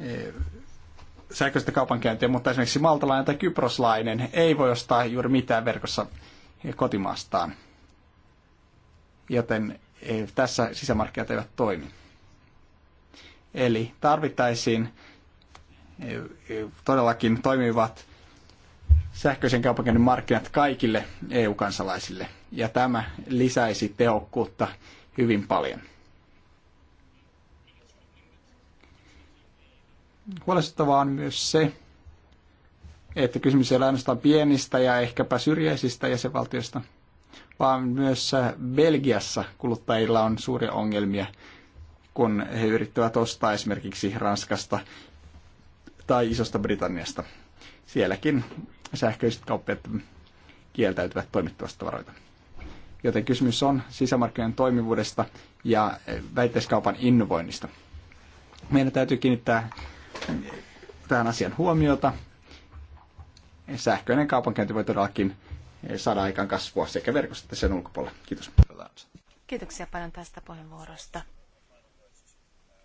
eh, sähköistä kaupankäyntiä, mutta esimerkiksi maltalainen tai kyproslainen ei voi ostaa juuri mitään verkossa kotimaastaan. Joten ei, tässä sisämarkkinat eivät toimi. Eli tarvittaisiin e, e, todellakin toimivat sähköisen kaupankäynnin markkinat kaikille EU-kansalaisille. Ja tämä lisäisi tehokkuutta hyvin paljon. Huolestuttavaa on myös se, että kysymys ei ole ainoastaan pienistä ja ehkäpä syrjäisistä jäsenvaltioista – vaan myös äh, Belgiassa kuluttajilla on suuria ongelmia, kun he yrittävät ostaa esimerkiksi Ranskasta tai Isosta Britanniasta. Sielläkin sähköiset kauppiaat kieltäytyvät toimittavasta tavaroita. Joten kysymys on sisämarkkinoiden toimivuudesta ja äh, väitteiskaupan innovoinnista. Meidän täytyy kiinnittää tähän asian huomiota. Sähköinen kaupankäynti voi todellakin saada aikaan kasvua sekä verkossa että sen ulkopuolella. Kiitos. Kiitoksia paljon tästä puheenvuorosta.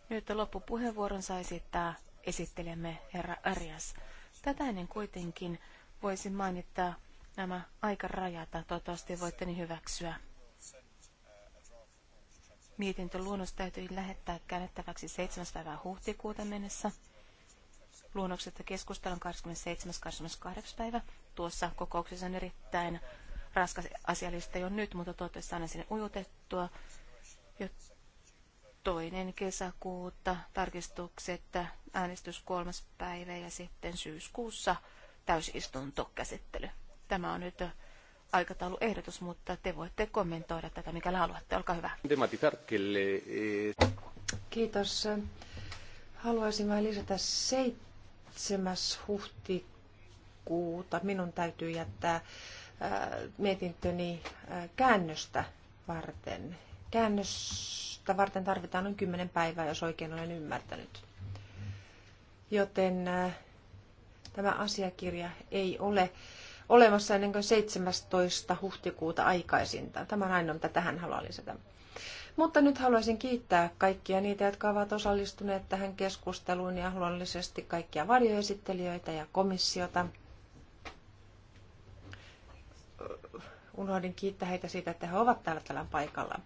Nyt loppupuheenvuoron saa esittää esittelemme herra Arias. Tätä ennen kuitenkin voisin mainita nämä aikarajat. Toivottavasti voitte niin hyväksyä. Mietintö luonnos täytyy lähettää käännettäväksi 7. päivää huhtikuuta mennessä luonnoksesta keskustellaan 27.28. päivä. Tuossa kokouksessa on erittäin raskas asiallista jo nyt, mutta toivottavasti saan sinne ujutettua. Jo toinen kesäkuuta tarkistukset, äänestys kolmas päivä ja sitten syyskuussa täysistuntokäsittely. Tämä on nyt aikatauluehdotus, mutta te voitte kommentoida tätä, mikä haluatte. Olkaa hyvä. Eh. Kiitos. Haluaisin vain lisätä seitsemän 7. huhtikuuta minun täytyy jättää äh, mietintöni äh, käännöstä varten. Käännöstä varten tarvitaan noin 10 päivää, jos oikein olen ymmärtänyt. Joten äh, tämä asiakirja ei ole olemassa ennen kuin 17. huhtikuuta aikaisintaan. Tämä on ainoa, mitä tähän haluan lisätä. Mutta nyt haluaisin kiittää kaikkia niitä, jotka ovat osallistuneet tähän keskusteluun ja luonnollisesti kaikkia varjoesittelijöitä ja komissiota. Unohdin kiittää heitä siitä, että he ovat täällä tällä paikalla.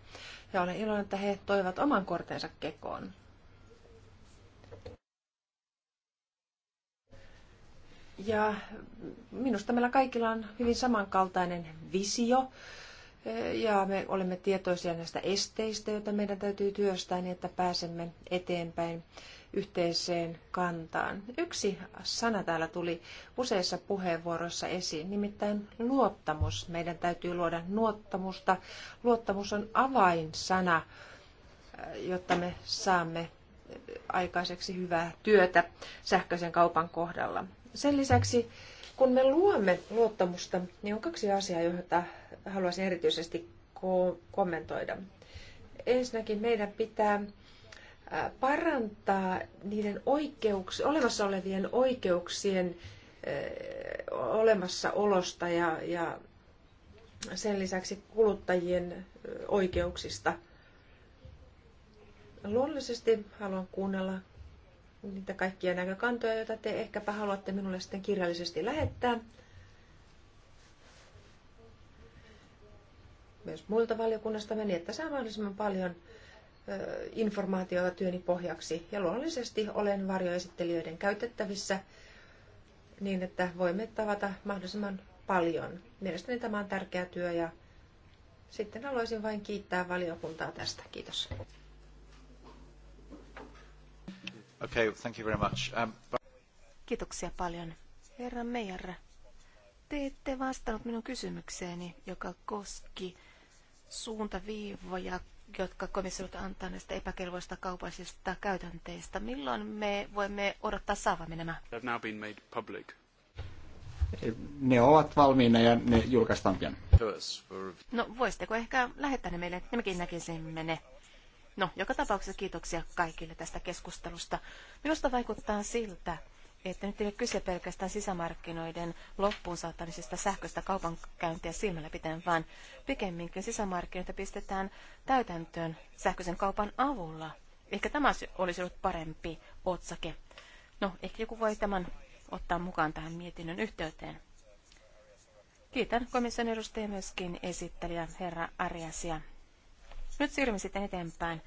Ja olen iloinen, että he toivat oman kortensa kekoon. Ja minusta meillä kaikilla on hyvin samankaltainen visio ja me olemme tietoisia näistä esteistä, joita meidän täytyy työstää niin, että pääsemme eteenpäin yhteiseen kantaan. Yksi sana täällä tuli useissa puheenvuoroissa esiin, nimittäin luottamus. Meidän täytyy luoda luottamusta. Luottamus on avainsana, jotta me saamme aikaiseksi hyvää työtä sähköisen kaupan kohdalla. Sen lisäksi kun me luomme luottamusta, niin on kaksi asiaa, joita haluaisin erityisesti kommentoida. Ensinnäkin meidän pitää parantaa niiden oikeuks, olemassa olevien oikeuksien olemassaolosta ja, ja sen lisäksi kuluttajien oikeuksista. Luonnollisesti haluan kuunnella niitä kaikkia näkökantoja, joita te ehkäpä haluatte minulle sitten kirjallisesti lähettää. Myös muilta valiokunnasta meni, niin että saa mahdollisimman paljon informaatiota työni pohjaksi. Ja luonnollisesti olen varjoesittelijöiden käytettävissä niin, että voimme tavata mahdollisimman paljon. Mielestäni tämä on tärkeä työ ja sitten haluaisin vain kiittää valiokuntaa tästä. Kiitos. Okay, thank you very much. Um, but... Kiitoksia paljon. Herra Meijer, te ette vastannut minun kysymykseeni, joka koski suuntaviivoja, jotka komissiot antaa näistä epäkelvoista kaupallisista käytänteistä. Milloin me voimme odottaa saavamme nämä? Ne ovat valmiina ja ne julkaistaan pian. No voisitteko ehkä lähettää ne meille, että mekin näkisimme ne? No, joka tapauksessa kiitoksia kaikille tästä keskustelusta. Minusta vaikuttaa siltä, että nyt ei ole kyse pelkästään sisämarkkinoiden loppuun saattamisesta sähköistä kaupankäyntiä silmällä pitäen, vaan pikemminkin sisämarkkinoita pistetään täytäntöön sähköisen kaupan avulla. Ehkä tämä olisi ollut parempi otsake. No, ehkä joku voi tämän ottaa mukaan tähän mietinnön yhteyteen. Kiitän komission edustajia myöskin esittelijä herra Ariasia nyt siirrymme sitten eteenpäin.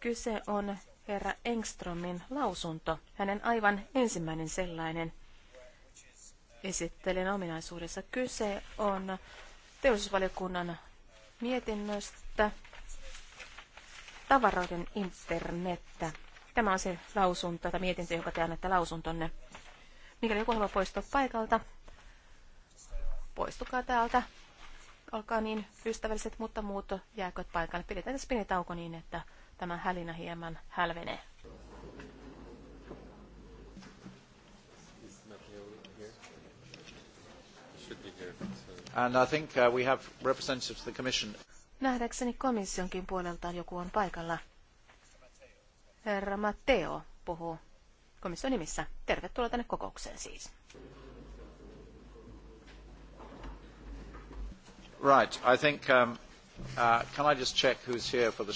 Kyse on herra Engströmin lausunto, hänen aivan ensimmäinen sellainen. Esittelen ominaisuudessa. Kyse on teollisuusvaliokunnan mietinnöstä tavaroiden internettä. Tämä on se lausunto tai mietintö, jonka te annatte lausuntonne. Mikäli joku haluaa poistua paikalta, poistukaa täältä olkaa niin ystävälliset, mutta muut jääköt paikalle. Pidetään tässä pieni tauko niin, että tämä hälinä hieman hälvenee. And I think uh, we have representatives of the commission. Nähdäkseni komissionkin puoleltaan joku on paikalla. Herra Matteo puhuu komission nimissä. Tervetuloa tänne kokoukseen siis. Right, I think, um, uh, can I just check who's here for the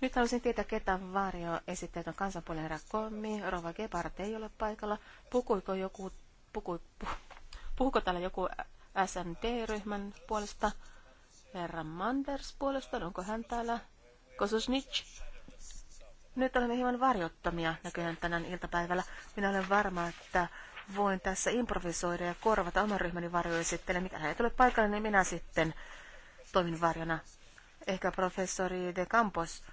Nyt haluaisin tietää, ketä varjo esittää tuon kansanpuolen herra Kommi, Rova Gebhardt ei ole paikalla. Pukuiko joku, puku, pu, puhuko täällä joku SND-ryhmän puolesta? Herra Manders puolesta, onko hän täällä? Kosusnitsch? Nyt olemme hieman varjottomia näköjään tänään iltapäivällä. Minä olen varma, että voin tässä improvisoida ja korvata oman ryhmäni varjoesittelijä. Mikä hän ei tule paikalle, niin minä sitten toimin varjona. Ehkä professori De Campos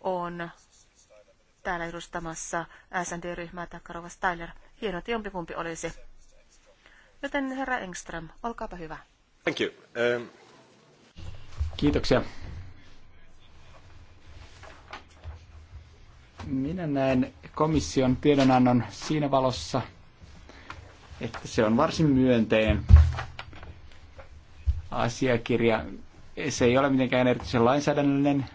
on täällä edustamassa SND-ryhmää Takarova Styler. Hienoa, että jompikumpi olisi. Joten herra Engström, olkaapa hyvä. Thank you. Um... Kiitoksia. Minä näen komission tiedonannon siinä valossa, että se on varsin myönteinen asiakirja. Se ei ole mitenkään erityisen lainsäädännöllinen.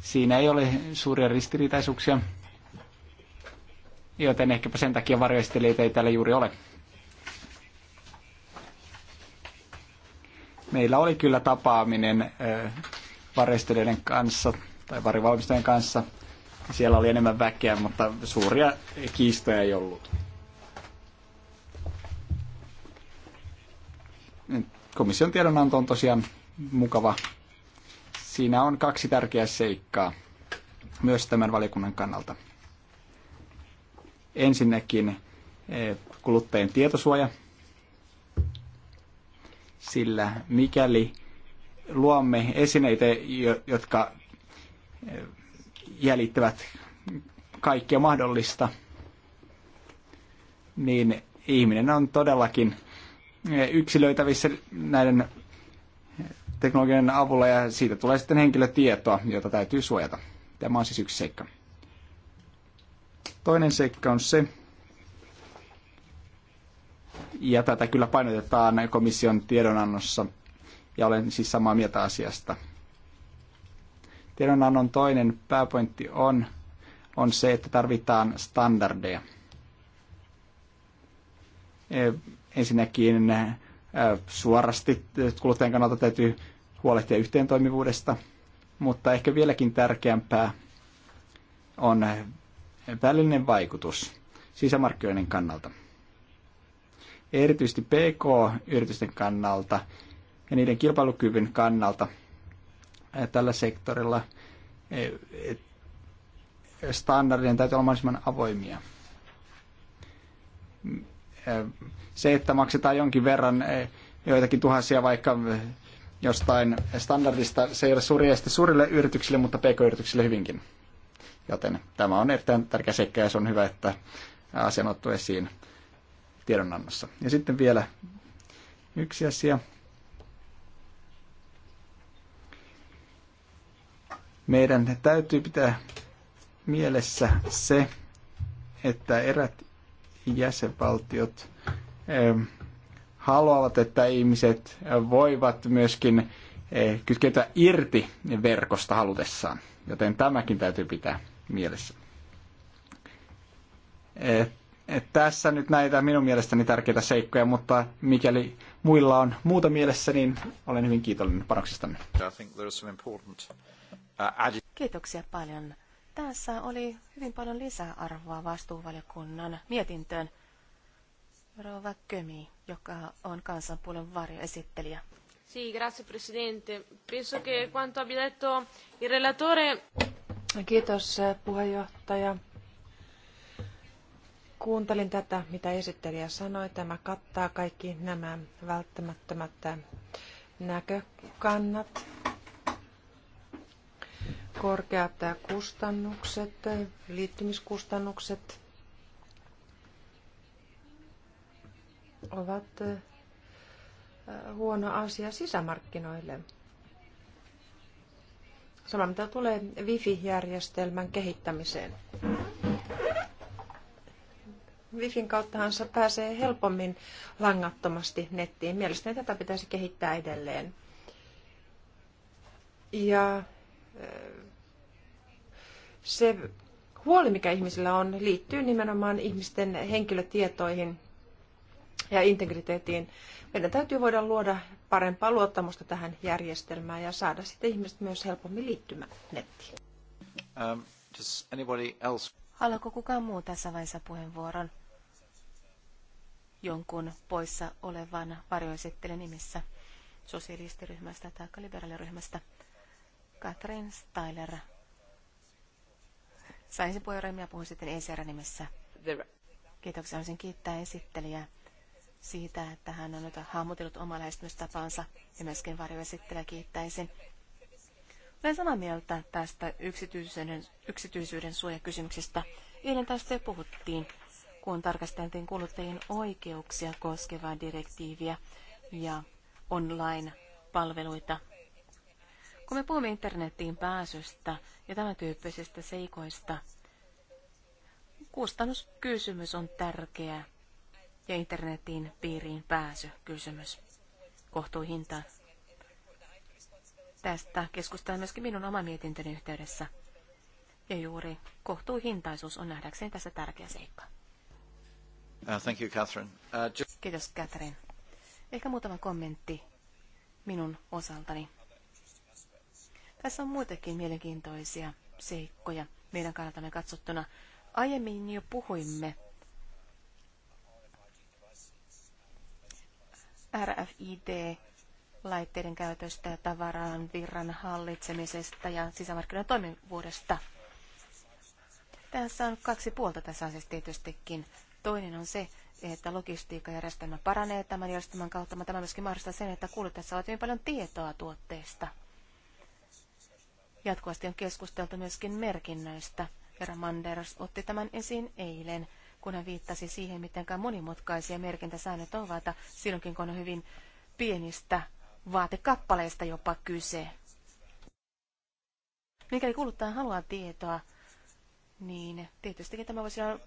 Siinä ei ole suuria ristiriitaisuuksia, joten ehkäpä sen takia varjoistelijoita ei täällä juuri ole. Meillä oli kyllä tapaaminen varjoistelijoiden kanssa tai varivalmistajien kanssa. Siellä oli enemmän väkeä, mutta suuria kiistoja ei ollut. Komission tiedonanto on tosiaan mukava. Siinä on kaksi tärkeää seikkaa myös tämän valiokunnan kannalta. Ensinnäkin eh, kuluttajien tietosuoja, sillä mikäli luomme esineitä, jotka eh, jäljittävät kaikkea mahdollista, niin ihminen on todellakin yksilöitävissä näiden teknologian avulla ja siitä tulee sitten henkilötietoa, jota täytyy suojata. Tämä on siis yksi seikka. Toinen seikka on se, ja tätä kyllä painotetaan komission tiedonannossa, ja olen siis samaa mieltä asiasta. Tiedonannon toinen pääpointti on, on se, että tarvitaan standardeja. E, Ensinnäkin äh, suorasti kuluttajan kannalta täytyy huolehtia yhteentoimivuudesta, mutta ehkä vieläkin tärkeämpää on välinen vaikutus sisämarkkinoiden kannalta. Erityisesti PK-yritysten kannalta ja niiden kilpailukyvyn kannalta äh, tällä sektorilla äh, standardien täytyy olla mahdollisimman avoimia. Mm, se, että maksetaan jonkin verran eh, joitakin tuhansia vaikka eh, jostain standardista, se ei ole suuri este suurille yrityksille, mutta pk-yrityksille hyvinkin. Joten tämä on erittäin tärkeä seikka ja se on hyvä, että asia on otettu esiin tiedonannossa. Ja sitten vielä yksi asia. Meidän täytyy pitää mielessä se, että erät jäsenvaltiot haluavat, että ihmiset voivat myöskin e, kytkeytyä irti verkosta halutessaan. Joten tämäkin täytyy pitää mielessä. Et, et tässä nyt näitä minun mielestäni tärkeitä seikkoja, mutta mikäli muilla on muuta mielessä, niin olen hyvin kiitollinen panoksistanne. Uh, Kiitoksia paljon. Tässä oli hyvin paljon lisäarvoa vastuuvaliokunnan mietintöön. Rova Kömi, joka on kansanpuolen varjoesittelijä. Sì, grazie Presidente. Penso che quanto abbia detto il relatore... Kiitos puheenjohtaja. Kuuntelin tätä, mitä esittelijä sanoi. Tämä kattaa kaikki nämä välttämättömät näkökannat, korkeat kustannukset, liittymiskustannukset, ovat huono asia sisämarkkinoille. Sama mitä tulee wifi-järjestelmän kehittämiseen. Wifin kauttahan se pääsee helpommin langattomasti nettiin. Mielestäni tätä pitäisi kehittää edelleen. Ja se huoli, mikä ihmisillä on, liittyy nimenomaan ihmisten henkilötietoihin ja integriteettiin. Meidän täytyy voida luoda parempaa luottamusta tähän järjestelmään ja saada sitten ihmiset myös helpommin liittymään nettiin. Um, does anybody else? Haluaako kukaan muu tässä vaiheessa puheenvuoron? jonkun poissa olevan varjoesittelijän nimissä sosialistiryhmästä tai liberaaliryhmästä. Katrin Styler. Saisin puheenvuoron ja puhun sitten ECR-nimessä. Kiitoksia. Haluaisin kiittää esittelijää siitä, että hän on nyt hahmotellut oma lähestymistapansa ja myöskin varjoesittelijä kiittäisin. Olen samaa mieltä tästä yksityisyyden, yksityisyyden suojakysymyksestä. Eilen tästä jo puhuttiin, kun tarkasteltiin kuluttajien oikeuksia koskevaa direktiiviä ja online-palveluita. Kun me puhumme internetiin pääsystä ja tämän tyyppisistä seikoista, kustannuskysymys on tärkeä ja internetin piiriin pääsy kysymys kohtuuhintaan. Tästä keskustellaan myöskin minun oma mietintöni yhteydessä. Ja juuri kohtuuhintaisuus on nähdäkseni tässä tärkeä seikka. Uh, thank you, Catherine. Uh, just... Kiitos, Catherine. Ehkä muutama kommentti minun osaltani. Tässä on muitakin mielenkiintoisia seikkoja meidän kannaltamme katsottuna. Aiemmin jo puhuimme RFID laitteiden käytöstä ja tavaraan virran hallitsemisesta ja sisämarkkinoiden toimivuudesta. Tässä on kaksi puolta tässä asiassa tietystikin. Toinen on se, että logistiikkajärjestelmä paranee tämän järjestelmän kautta, mutta tämä myöskin mahdollistaa sen, että kuluttajat saavat hyvin paljon tietoa tuotteesta. Jatkuvasti on keskusteltu myöskin merkinnöistä. Herra Manders otti tämän esiin eilen kun hän viittasi siihen, miten monimutkaisia merkintäsäännöt ovat, silloinkin kun on hyvin pienistä vaatekappaleista jopa kyse. Mikäli kuluttaja haluaa tietoa, niin tietystikin tämä voisi olla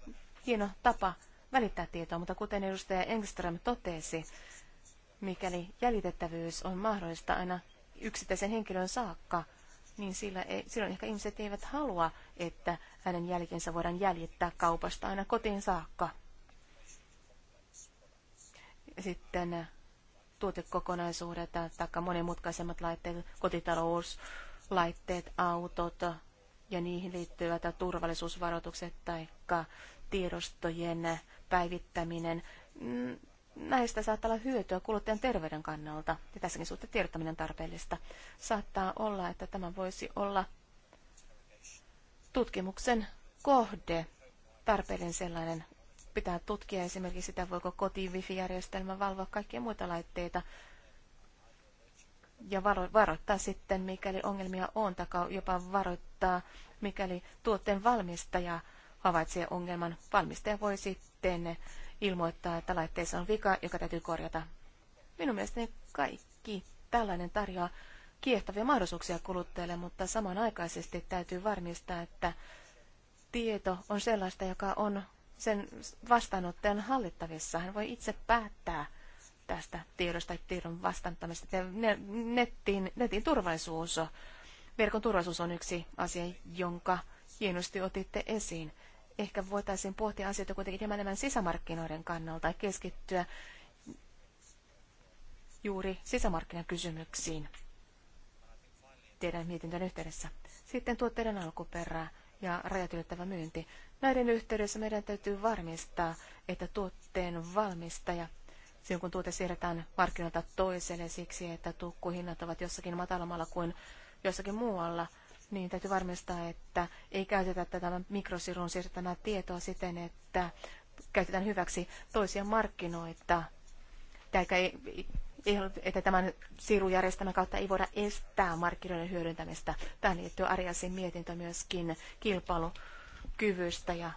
hieno tapa välittää tietoa, mutta kuten edustaja Engström totesi, mikäli jäljitettävyys on mahdollista aina yksittäisen henkilön saakka, niin sillä ei, silloin ehkä ihmiset eivät halua, että hänen jälkensä voidaan jäljittää kaupasta aina kotiin saakka. Sitten äh, tuotekokonaisuudet äh, tai monimutkaisemmat laitteet, kotitalouslaitteet, autot äh, ja niihin liittyvät turvallisuusvaroitukset tai tiedostojen päivittäminen. Mm, näistä saattaa olla hyötyä kuluttajan terveyden kannalta, ja tässäkin suhteen tiedottaminen tarpeellista. Saattaa olla, että tämä voisi olla tutkimuksen kohde, tarpeellinen sellainen. Pitää tutkia esimerkiksi sitä, voiko kotiin wifi-järjestelmä valvoa kaikkia muita laitteita, ja varoittaa sitten, mikäli ongelmia on, tai jopa varoittaa, mikäli tuotteen valmistaja havaitsee ongelman. Valmistaja voi sitten ilmoittaa, että laitteessa on vika, joka täytyy korjata. Minun mielestäni kaikki tällainen tarjoaa kiehtovia mahdollisuuksia kuluttajalle, mutta samanaikaisesti täytyy varmistaa, että tieto on sellaista, joka on sen vastaanottajan hallittavissa. Hän voi itse päättää tästä tiedosta ja tiedon vastaanottamista. Nettiin, netin turvallisuus, verkon turvallisuus on yksi asia, jonka hienosti otitte esiin ehkä voitaisiin pohtia asioita kuitenkin hieman enemmän sisämarkkinoiden kannalta ja keskittyä juuri sisämarkkinakysymyksiin teidän mietintön yhteydessä. Sitten tuotteiden alkuperä ja rajat ylittävä myynti. Näiden yhteydessä meidän täytyy varmistaa, että tuotteen valmistaja, silloin kun tuote siirretään markkinoilta toiselle siksi, että tukkuhinnat ovat jossakin matalammalla kuin jossakin muualla, niin täytyy varmistaa, että ei käytetä tätä mikrosirun siirtämää tietoa siten, että käytetään hyväksi toisia markkinoita. tämä ei, että tämän sirujärjestelmän kautta ei voida estää markkinoiden hyödyntämistä. Tämä liittyy Ariasin mietintö myöskin kilpailukyvystä ja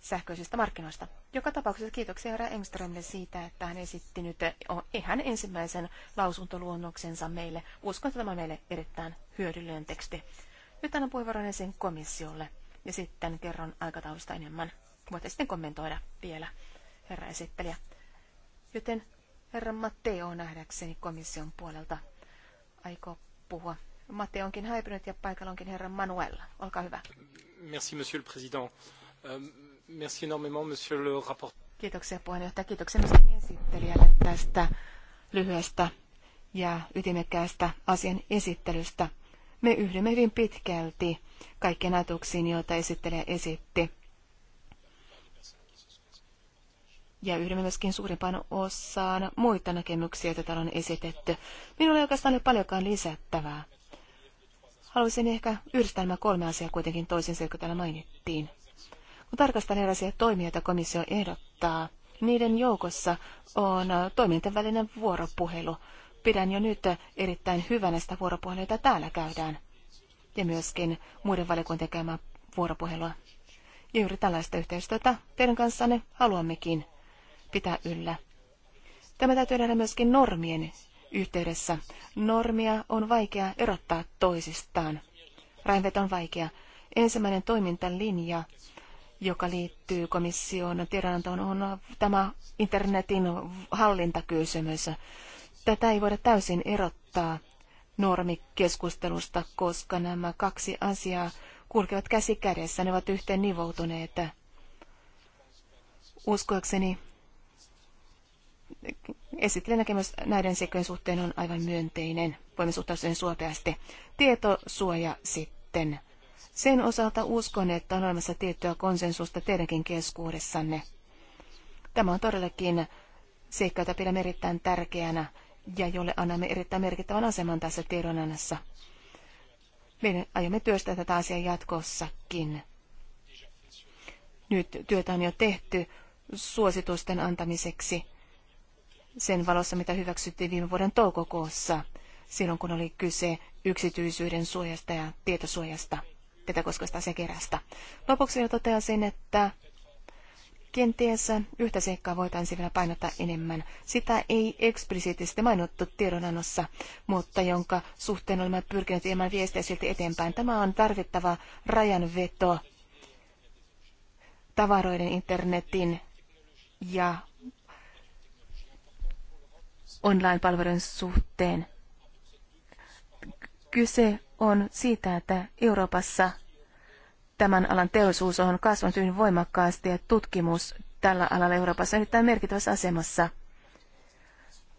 sähköisistä markkinoista. Joka tapauksessa kiitoksia herra Engströmille siitä, että hän esitti nyt ihan ensimmäisen lausuntoluonnoksensa meille. Uskon, että tämä on meille erittäin hyödyllinen teksti. Nyt annan puheenvuoron ensin komissiolle ja sitten kerron aikataulusta enemmän. Voitte sitten kommentoida vielä, herra esittelijä. Joten herra Matteo nähdäkseni komission puolelta aikoo puhua. Matteo onkin häipynyt ja paikalla onkin herra Manuel. Olkaa hyvä. Merci, monsieur le président. Um... Merci énormément, monsieur le rapporteur. Kiitoksia puheenjohtaja. Kiitoksia myös esittelijälle tästä lyhyestä ja ytimekkäästä asian esittelystä. Me yhdymme hyvin pitkälti kaikkien ajatuksiin, joita esittelijä esitti. Ja yhdymme myöskin suurimpaan osaan muita näkemyksiä, joita täällä on esitetty. Minulla ei oikeastaan ole paljonkaan lisättävää. Haluaisin ehkä yhdistää nämä kolme asiaa kuitenkin toisinsa, jotka täällä mainittiin. Kun tarkastellaan erilaisia toimia, joita komissio ehdottaa, niiden joukossa on äh, toimintavälinen vuoropuhelu. Pidän jo nyt erittäin hyvänä sitä vuoropuhelua, jota täällä käydään, ja myöskin muiden valiokuntien käymää vuoropuhelua. Ja juuri tällaista yhteistyötä teidän kanssanne haluammekin pitää yllä. Tämä täytyy nähdä myöskin normien yhteydessä. Normia on vaikea erottaa toisistaan. Rainvet on vaikea. Ensimmäinen toimintalinja joka liittyy komission tiedonantoon, on tämä internetin hallintakysymys. Tätä ei voida täysin erottaa normikeskustelusta, koska nämä kaksi asiaa kulkevat käsi kädessä, ne ovat yhteen nivoutuneet. Uskoakseni esittelen näkemys näiden seikkojen suhteen on aivan myönteinen. Voimme suhtautua sen suopeasti. Tietosuoja sitten. Sen osalta uskon, että on olemassa tiettyä konsensusta teidänkin keskuudessanne. Tämä on todellakin seikka, jota pidän erittäin tärkeänä ja jolle annamme erittäin merkittävän aseman tässä tiedonannassa. Me aiomme työstää tätä asiaa jatkossakin. Nyt työtä on jo tehty suositusten antamiseksi sen valossa, mitä hyväksyttiin viime vuoden toukokuussa, silloin kun oli kyse yksityisyyden suojasta ja tietosuojasta tätä koskevasta kerästä. Lopuksi jo toteaisin, että kenties yhtä seikkaa voitaisiin vielä painottaa enemmän. Sitä ei eksplisiittisesti mainittu tiedonannossa, mutta jonka suhteen olemme pyrkineet viemään viestiä silti eteenpäin. Tämä on tarvittava rajanveto tavaroiden internetin ja online palvelujen suhteen Kyse on siitä, että Euroopassa tämän alan teollisuus on kasvanut hyvin voimakkaasti ja tutkimus tällä alalla Euroopassa on erittäin merkittävässä asemassa.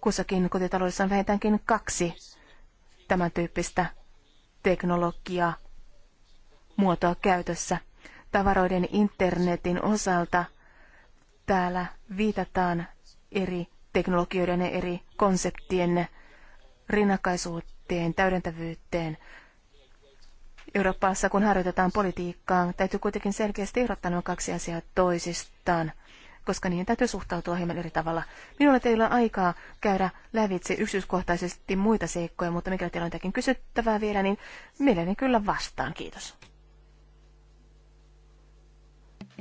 Kussakin kotitaloudessa on vähintäänkin kaksi tämän tyyppistä teknologiaa muotoa käytössä. Tavaroiden internetin osalta täällä viitataan eri teknologioiden ja eri konseptien rinnakkaisuutta yhteen täydentävyyteen. Euroopassa, kun harjoitetaan politiikkaa, täytyy kuitenkin selkeästi erottaa nuo kaksi asiaa toisistaan, koska niihin täytyy suhtautua hieman eri tavalla. Minulla teillä on aikaa käydä lävitse yksityiskohtaisesti muita seikkoja, mutta mikäli teillä on jotakin kysyttävää vielä, niin mielelläni kyllä vastaan. Kiitos.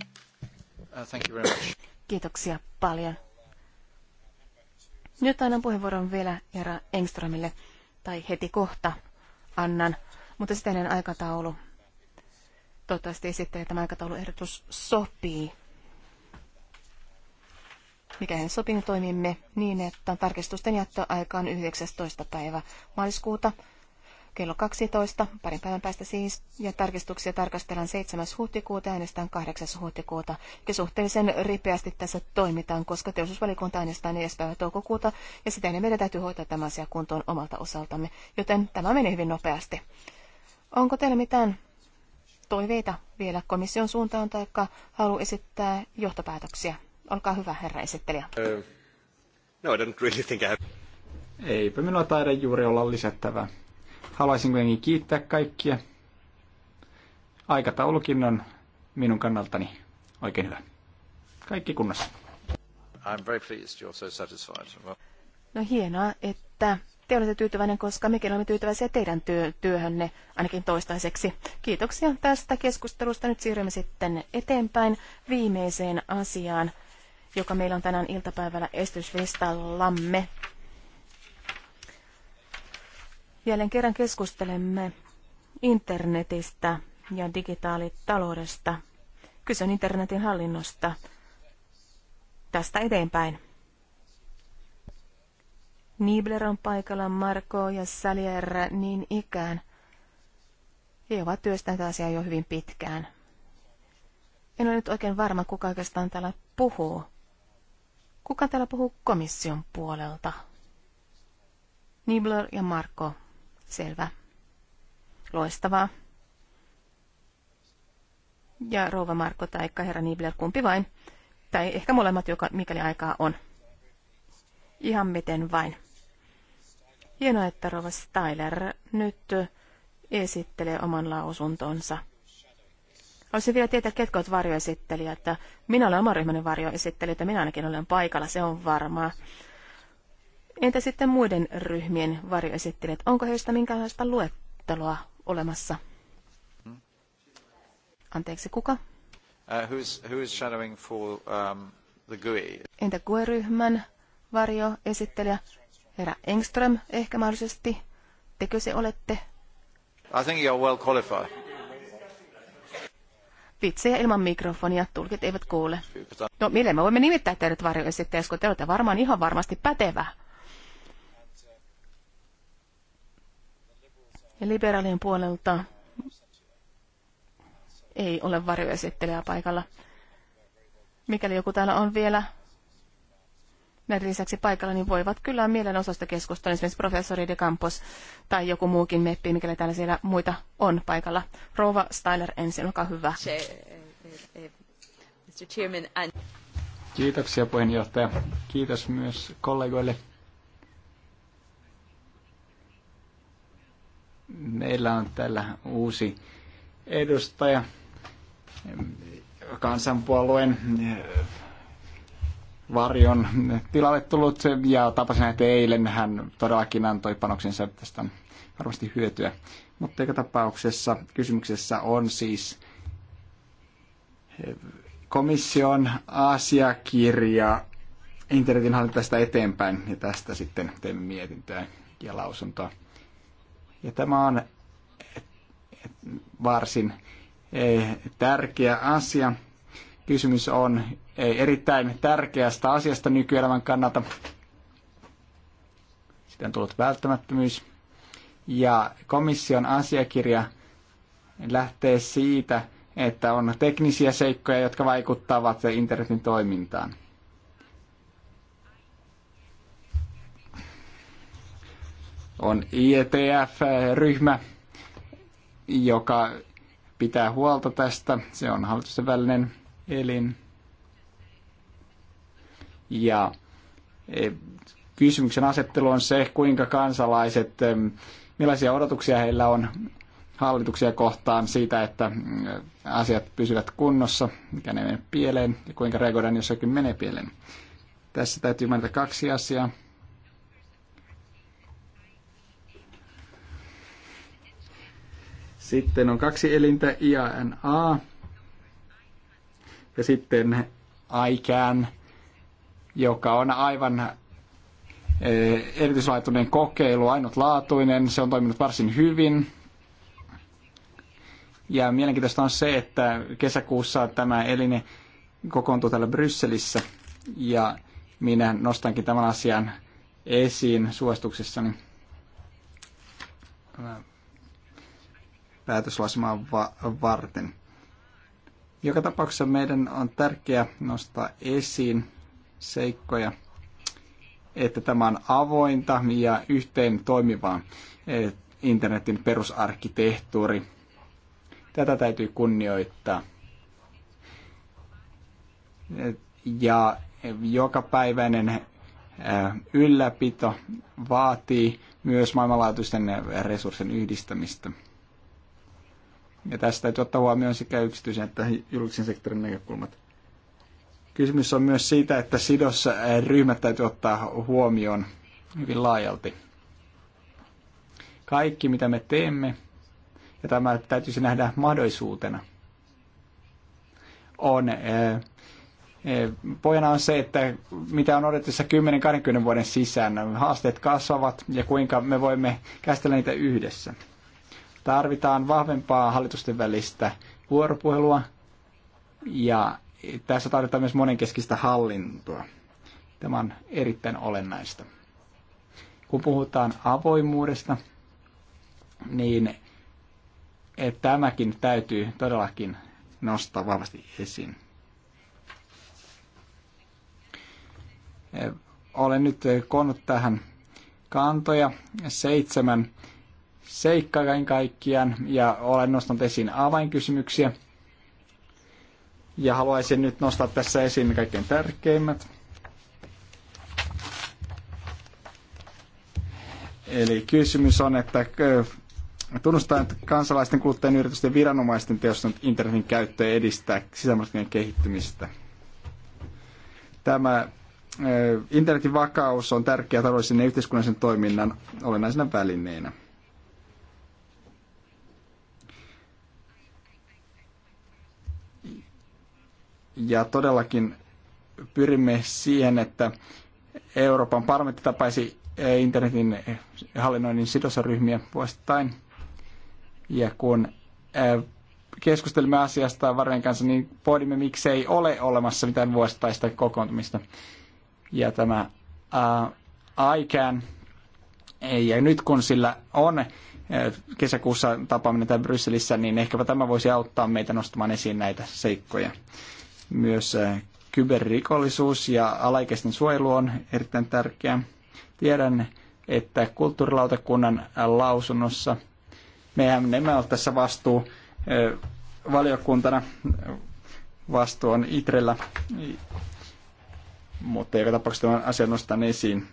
Uh, thank you very much. Kiitoksia paljon. Nyt annan puheenvuoron vielä Jara Engströmille tai heti kohta annan, mutta sitten ennen aikataulu. Toivottavasti esittelee tämä aikatauluehdotus sopii. Mikä hän sopii, toimimme niin, että tarkistusten jättöaika on 19. päivä maaliskuuta kello 12, parin päivän päästä siis, ja tarkistuksia tarkastellaan 7. huhtikuuta, äänestään 8. huhtikuuta. Ja suhteellisen ripeästi tässä toimitaan, koska teollisuusvalikunta äänestää 4. päivä toukokuuta, ja sitä ennen meidän täytyy hoitaa tämä asia kuntoon omalta osaltamme, joten tämä meni hyvin nopeasti. Onko teillä mitään toiveita vielä komission suuntaan, tai halu esittää johtopäätöksiä? Olkaa hyvä, herra esittelijä. Uh, no, I don't really think I have... Eipä minua taida juuri olla lisättävää. Haluaisin kuitenkin kiittää kaikkia. Aikataulukin on minun kannaltani oikein hyvä. Kaikki kunnossa. I'm very pleased you're so satisfied. No hienoa, että te olette tyytyväinen, koska mekin olemme tyytyväisiä teidän työ, työhönne ainakin toistaiseksi. Kiitoksia tästä keskustelusta. Nyt siirrymme sitten eteenpäin viimeiseen asiaan, joka meillä on tänään iltapäivällä estyslistallamme. Jälleen kerran keskustelemme internetistä ja digitaalitaloudesta. Kyse on internetin hallinnosta tästä eteenpäin. Niebler on paikalla, Marko ja Salier niin ikään. He ovat työstäneet asiaa jo hyvin pitkään. En ole nyt oikein varma, kuka oikeastaan täällä puhuu. Kuka täällä puhuu komission puolelta? Nibler ja Marko, Selvä. Loistavaa. Ja rouva Marko tai herra Nibler, kumpi vain. Tai ehkä molemmat, joka, mikäli aikaa on. Ihan miten vain. Hienoa, että rouva Styler nyt esittelee oman lausuntonsa. Olisin vielä tietää, ketkä ovat että Minä olen oman ryhmäni varjoesittelijä, että minä ainakin olen paikalla, se on varmaa. Entä sitten muiden ryhmien varjoesittelijät? Onko heistä minkäänlaista luetteloa olemassa? Anteeksi, kuka? Uh, who's, who's shadowing for, um, the GUI? Entä GUE-ryhmän varjoesittelijä? Herra Engström ehkä mahdollisesti. Tekö se olette? I think you're well qualified. Vitsejä ilman mikrofonia, tulkit eivät kuule. No millä me voimme nimittää teidät varjoesittäjäksi, kun te olette varmaan ihan varmasti pätevä. Liberaalien puolelta ei ole varjoesittelijää paikalla. Mikäli joku täällä on vielä näiden lisäksi paikalla, niin voivat kyllä mielenosoista keskustella esimerkiksi professori De Campos tai joku muukin meppi, mikäli täällä siellä muita on paikalla. Rova Steiner ensin, olkaa hyvä. Eh, eh, eh, Kiitoksia puheenjohtaja. Kiitos myös kollegoille Meillä on täällä uusi edustaja kansanpuolueen eh, varjon tilalle tullut ja tapasin hänet eilen. Hän todellakin antoi panoksensa tästä on varmasti hyötyä. Mutta joka tapauksessa kysymyksessä on siis eh, komission asiakirja internetin tästä eteenpäin ja tästä sitten teemme mietintöä ja lausuntoa. Ja tämä on varsin eh, tärkeä asia. Kysymys on erittäin tärkeästä asiasta nykyelämän kannalta. Sitten on tullut välttämättömyys. Ja komission asiakirja lähtee siitä, että on teknisiä seikkoja, jotka vaikuttavat internetin toimintaan. on IETF-ryhmä, joka pitää huolta tästä. Se on hallitusten välinen elin. Ja e, kysymyksen asettelu on se, kuinka kansalaiset, e, millaisia odotuksia heillä on hallituksia kohtaan siitä, että e, asiat pysyvät kunnossa, mikä ne menee pieleen ja kuinka reagoidaan, jos jokin menee pieleen. Tässä täytyy mainita kaksi asiaa. Sitten on kaksi elintä, IANA ja sitten ICAN, joka on aivan eh, erityislaatuinen kokeilu, ainutlaatuinen, se on toiminut varsin hyvin. Ja mielenkiintoista on se, että kesäkuussa tämä eline kokoontuu täällä Brysselissä ja minä nostankin tämän asian esiin suosituksessani päätöslasmaa va- varten. Joka tapauksessa meidän on tärkeää nostaa esiin seikkoja, että tämä on avointa ja yhteen toimivaa eh, internetin perusarkkitehtuuri. Tätä täytyy kunnioittaa. Eh, ja jokapäiväinen eh, ylläpito vaatii myös maailmanlaajuisten resurssien yhdistämistä. Ja tästä täytyy ottaa huomioon sekä yksityisen että julkisen sektorin näkökulmat. Kysymys on myös siitä, että sidossa ryhmät täytyy ottaa huomioon hyvin laajalti. Kaikki, mitä me teemme, ja tämä täytyisi nähdä mahdollisuutena, on eh, eh, Pojana on se, että mitä on odotettavissa 10-20 vuoden sisään. Haasteet kasvavat ja kuinka me voimme käsitellä niitä yhdessä. Tarvitaan vahvempaa hallitusten välistä vuoropuhelua ja tässä tarvitaan myös monenkeskistä hallintoa. Tämä on erittäin olennaista. Kun puhutaan avoimuudesta, niin eh, tämäkin täytyy todellakin nostaa vahvasti esiin. Eh, olen nyt eh, koonnut tähän kantoja seitsemän seikka kaiken kaikkiaan ja olen nostanut esiin avainkysymyksiä. Ja haluaisin nyt nostaa tässä esiin kaikkein tärkeimmät. Eli kysymys on, että tunnustetaan, että kansalaisten kuluttajien yritysten viranomaisten teostunut internetin käyttöä edistää sisämarkkinoiden kehittymistä. Tämä internetin vakaus on tärkeä taloudellisen ja yhteiskunnallisen toiminnan olennaisena välineenä. Ja todellakin pyrimme siihen, että Euroopan parlamentti tapaisi eh, internetin hallinnoinnin sidosryhmiä vuosittain. Ja kun eh, keskustelimme asiasta varojen kanssa, niin pohdimme, miksei ole olemassa mitään vuosittaista kokoontumista. Ja tämä uh, ICAN, ja nyt kun sillä on kesäkuussa tapaaminen täällä Brysselissä, niin ehkäpä tämä voisi auttaa meitä nostamaan esiin näitä seikkoja. Myös kyberrikollisuus ja alaikäisten suojelu on erittäin tärkeää. Tiedän, että kulttuurilautakunnan lausunnossa, mehän emme ole tässä vastuu valiokuntana, vastuu on Itrellä, mutta joka tapauksessa tämän asian nostan esiin.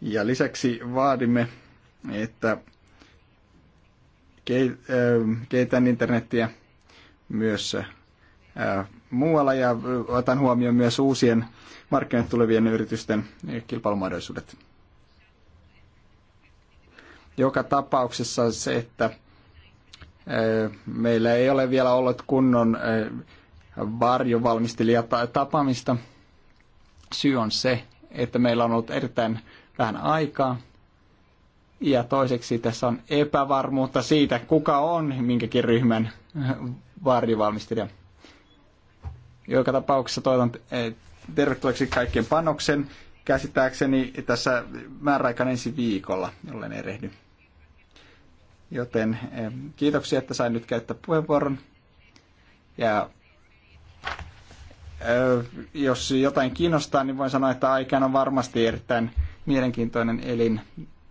Ja lisäksi vaadimme, että keitän internettiä myös muualla ja otan huomioon myös uusien markkinoille tulevien yritysten kilpailumahdollisuudet. Joka tapauksessa se, että meillä ei ole vielä ollut kunnon varjovalmistelijatapaamista. Syy on se, että meillä on ollut erittäin vähän aikaa ja toiseksi tässä on epävarmuutta siitä, kuka on minkäkin ryhmän vaarivalmistelija. Joka tapauksessa toivon eh, tervetulleeksi kaikkien panoksen. Käsittääkseni tässä määräaikainen ensi viikolla, jollen erehdy. Joten eh, kiitoksia, että sain nyt käyttää puheenvuoron. Ja eh, jos jotain kiinnostaa, niin voin sanoa, että aikana on varmasti erittäin mielenkiintoinen elin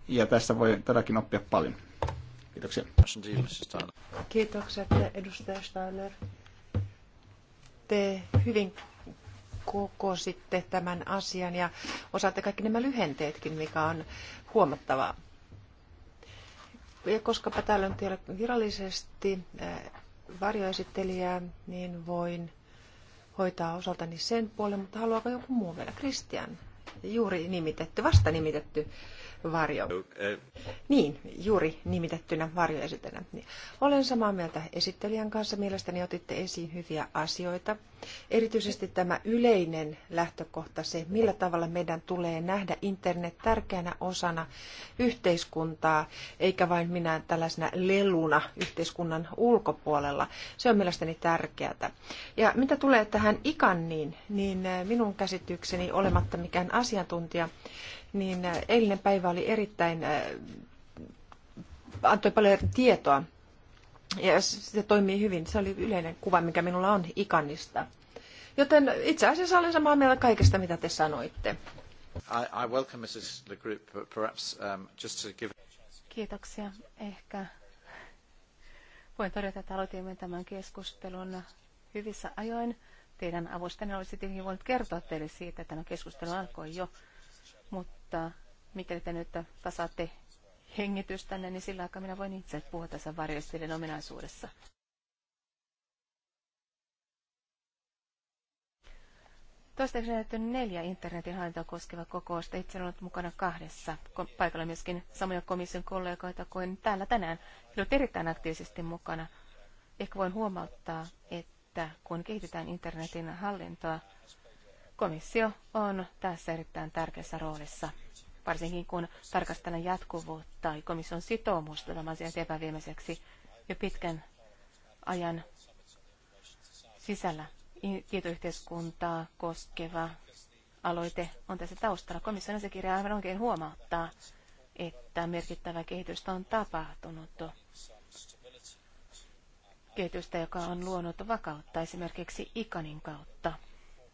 ja tässä voi todellakin oppia paljon. Kiitoksia. Kiitokset edustaja Steiner. Te hyvin koko sitten tämän asian ja osaatte kaikki nämä lyhenteetkin, mikä on huomattavaa. Ja koska täällä on virallisesti eh, varjoesittelijää, niin voin hoitaa osaltani sen puolen, mutta haluaako joku muu vielä? Kristian, juuri nimitetty, vasta nimitetty varjo. Niin, juuri nimitettynä varjoesitänä. Niin. Olen samaa mieltä esittelijän kanssa. Mielestäni otitte esiin hyviä asioita. Erityisesti tämä yleinen lähtökohta, se millä tavalla meidän tulee nähdä internet tärkeänä osana yhteiskuntaa, eikä vain minä tällaisena leluna yhteiskunnan ulkopuolella. Se on mielestäni tärkeää. Ja mitä tulee tähän ikanniin, niin minun käsitykseni olematta mikään asiantuntija, niin äh, eilinen päivä oli erittäin, äh, antoi paljon tietoa ja se toimii hyvin. Se oli yleinen kuva, mikä minulla on ikanista. Joten itse asiassa olen samaa mieltä kaikesta, mitä te sanoitte. I, I welcome Mrs. Le Group, perhaps um, just to give... Kiitoksia. Ehkä voin todeta, että aloitimme tämän keskustelun hyvissä ajoin. Teidän avustanne olisi tietenkin voinut kertoa teille siitä, että tämä keskustelu alkoi jo, mutta mutta mikäli te nyt tasaatte hengitystänne, niin sillä aikaa minä voin itse puhua tässä varjostilin ominaisuudessa. Toistaiseksi näytetty neljä internetin hallintoa koskeva kokousta. Itse olen ollut mukana kahdessa. Paikalla myöskin samoja komission kollegoita kuin täällä tänään. He ovat erittäin aktiivisesti mukana. Ehkä voin huomauttaa, että kun kehitetään internetin hallintoa, Komissio on tässä erittäin tärkeässä roolissa, varsinkin kun tarkastellaan jatkuvuutta tai komission sitoumusta tämän asian epäviimeiseksi jo pitkän ajan sisällä. Tietoyhteiskuntaa koskeva aloite on tässä taustalla. Komission asiakirja aivan oikein huomauttaa, että merkittävää kehitystä on tapahtunut. Kehitystä, joka on luonut vakautta esimerkiksi ikanin kautta.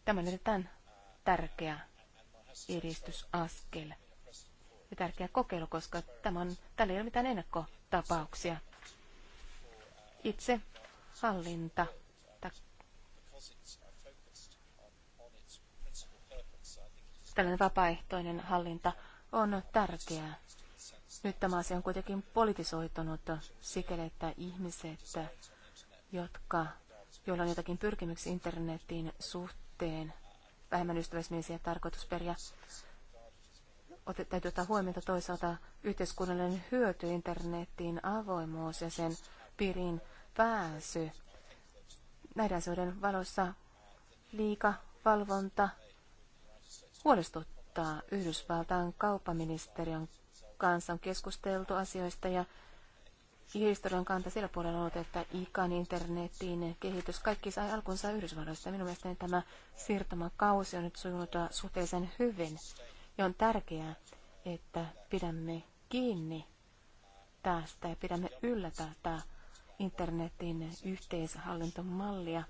Tämä on erittäin tärkeä edistysaskel ja tärkeä kokeilu, koska tämä on, täällä ei ole mitään ennakkotapauksia. Itse hallinta tällainen vapaaehtoinen hallinta on tärkeää. Nyt tämä asia on kuitenkin politisoitunut sikäli, että ihmiset, jotka, joilla on jotakin pyrkimyksiä internetin suhteen, suhteen vähemmän ystävällismielisiä tarkoitusperiä. Ot, täytyy ottaa huomiota toisaalta yhteiskunnallinen hyöty internetin avoimuus ja sen piirin pääsy. Näiden asioiden valossa liika valvonta huolestuttaa Yhdysvaltain kauppaministeriön kanssa on keskusteltu asioista ja historian kanta sillä puolella on, että ikan, internetin kehitys, kaikki sai alkunsa Yhdysvalloissa. Minun mielestäni tämä siirtymäkausi on nyt sujunut suhteellisen hyvin. Ja on tärkeää, että pidämme kiinni tästä ja pidämme yllä tätä internetin yhteishallintomallia,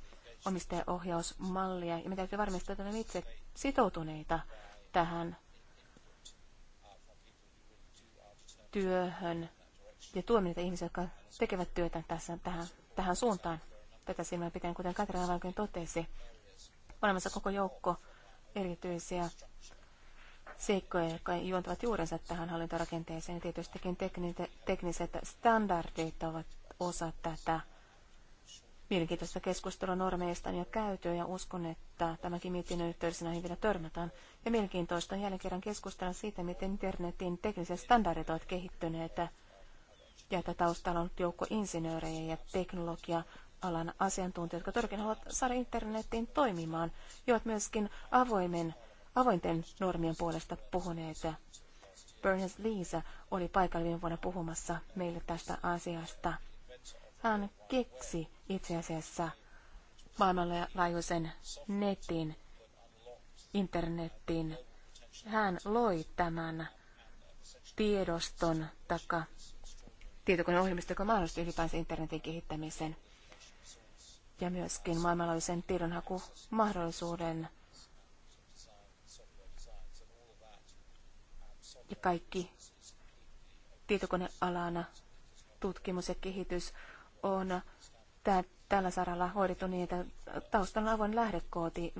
omistajaohjausmallia. Ja me täytyy varmistaa, että olemme itse sitoutuneita tähän työhön ja tuomme niitä ihmisiä, jotka tekevät työtä tässä, tähän, tähän suuntaan. Tätä silmää pitää, kuten Katrina Valkoinen totesi, olemassa koko joukko erityisiä seikkoja, jotka juontavat juurensa tähän hallintorakenteeseen. Tietystikin tekniset standardit ovat osa tätä mielenkiintoista keskustelua normeista on jo käyty ja uskon, että tämäkin mietinnön yhteydessä näihin vielä törmätään. Ja mielenkiintoista on jälleen kerran keskustella siitä, miten internetin tekniset standardit ovat kehittyneet ja että taustalla on joukko insinöörejä ja teknologia-alan asiantuntijoita, jotka todellakin haluavat saada internetin toimimaan, ja ovat myöskin avoimen, avointen normien puolesta puhuneet. berners Lisa oli paikalla viime vuonna puhumassa meille tästä asiasta. Hän keksi itse asiassa maailmanlaajuisen netin, internetin. Hän loi tämän tiedoston taka tietokoneohjelmisto, joka mahdollisti ylipäänsä internetin kehittämisen ja myöskin maailmanlaajuisen tiedonhakumahdollisuuden. Ja kaikki tietokonealana tutkimus ja kehitys on tällä saralla hoidettu niin, että taustalla on avoin lähdekoodi,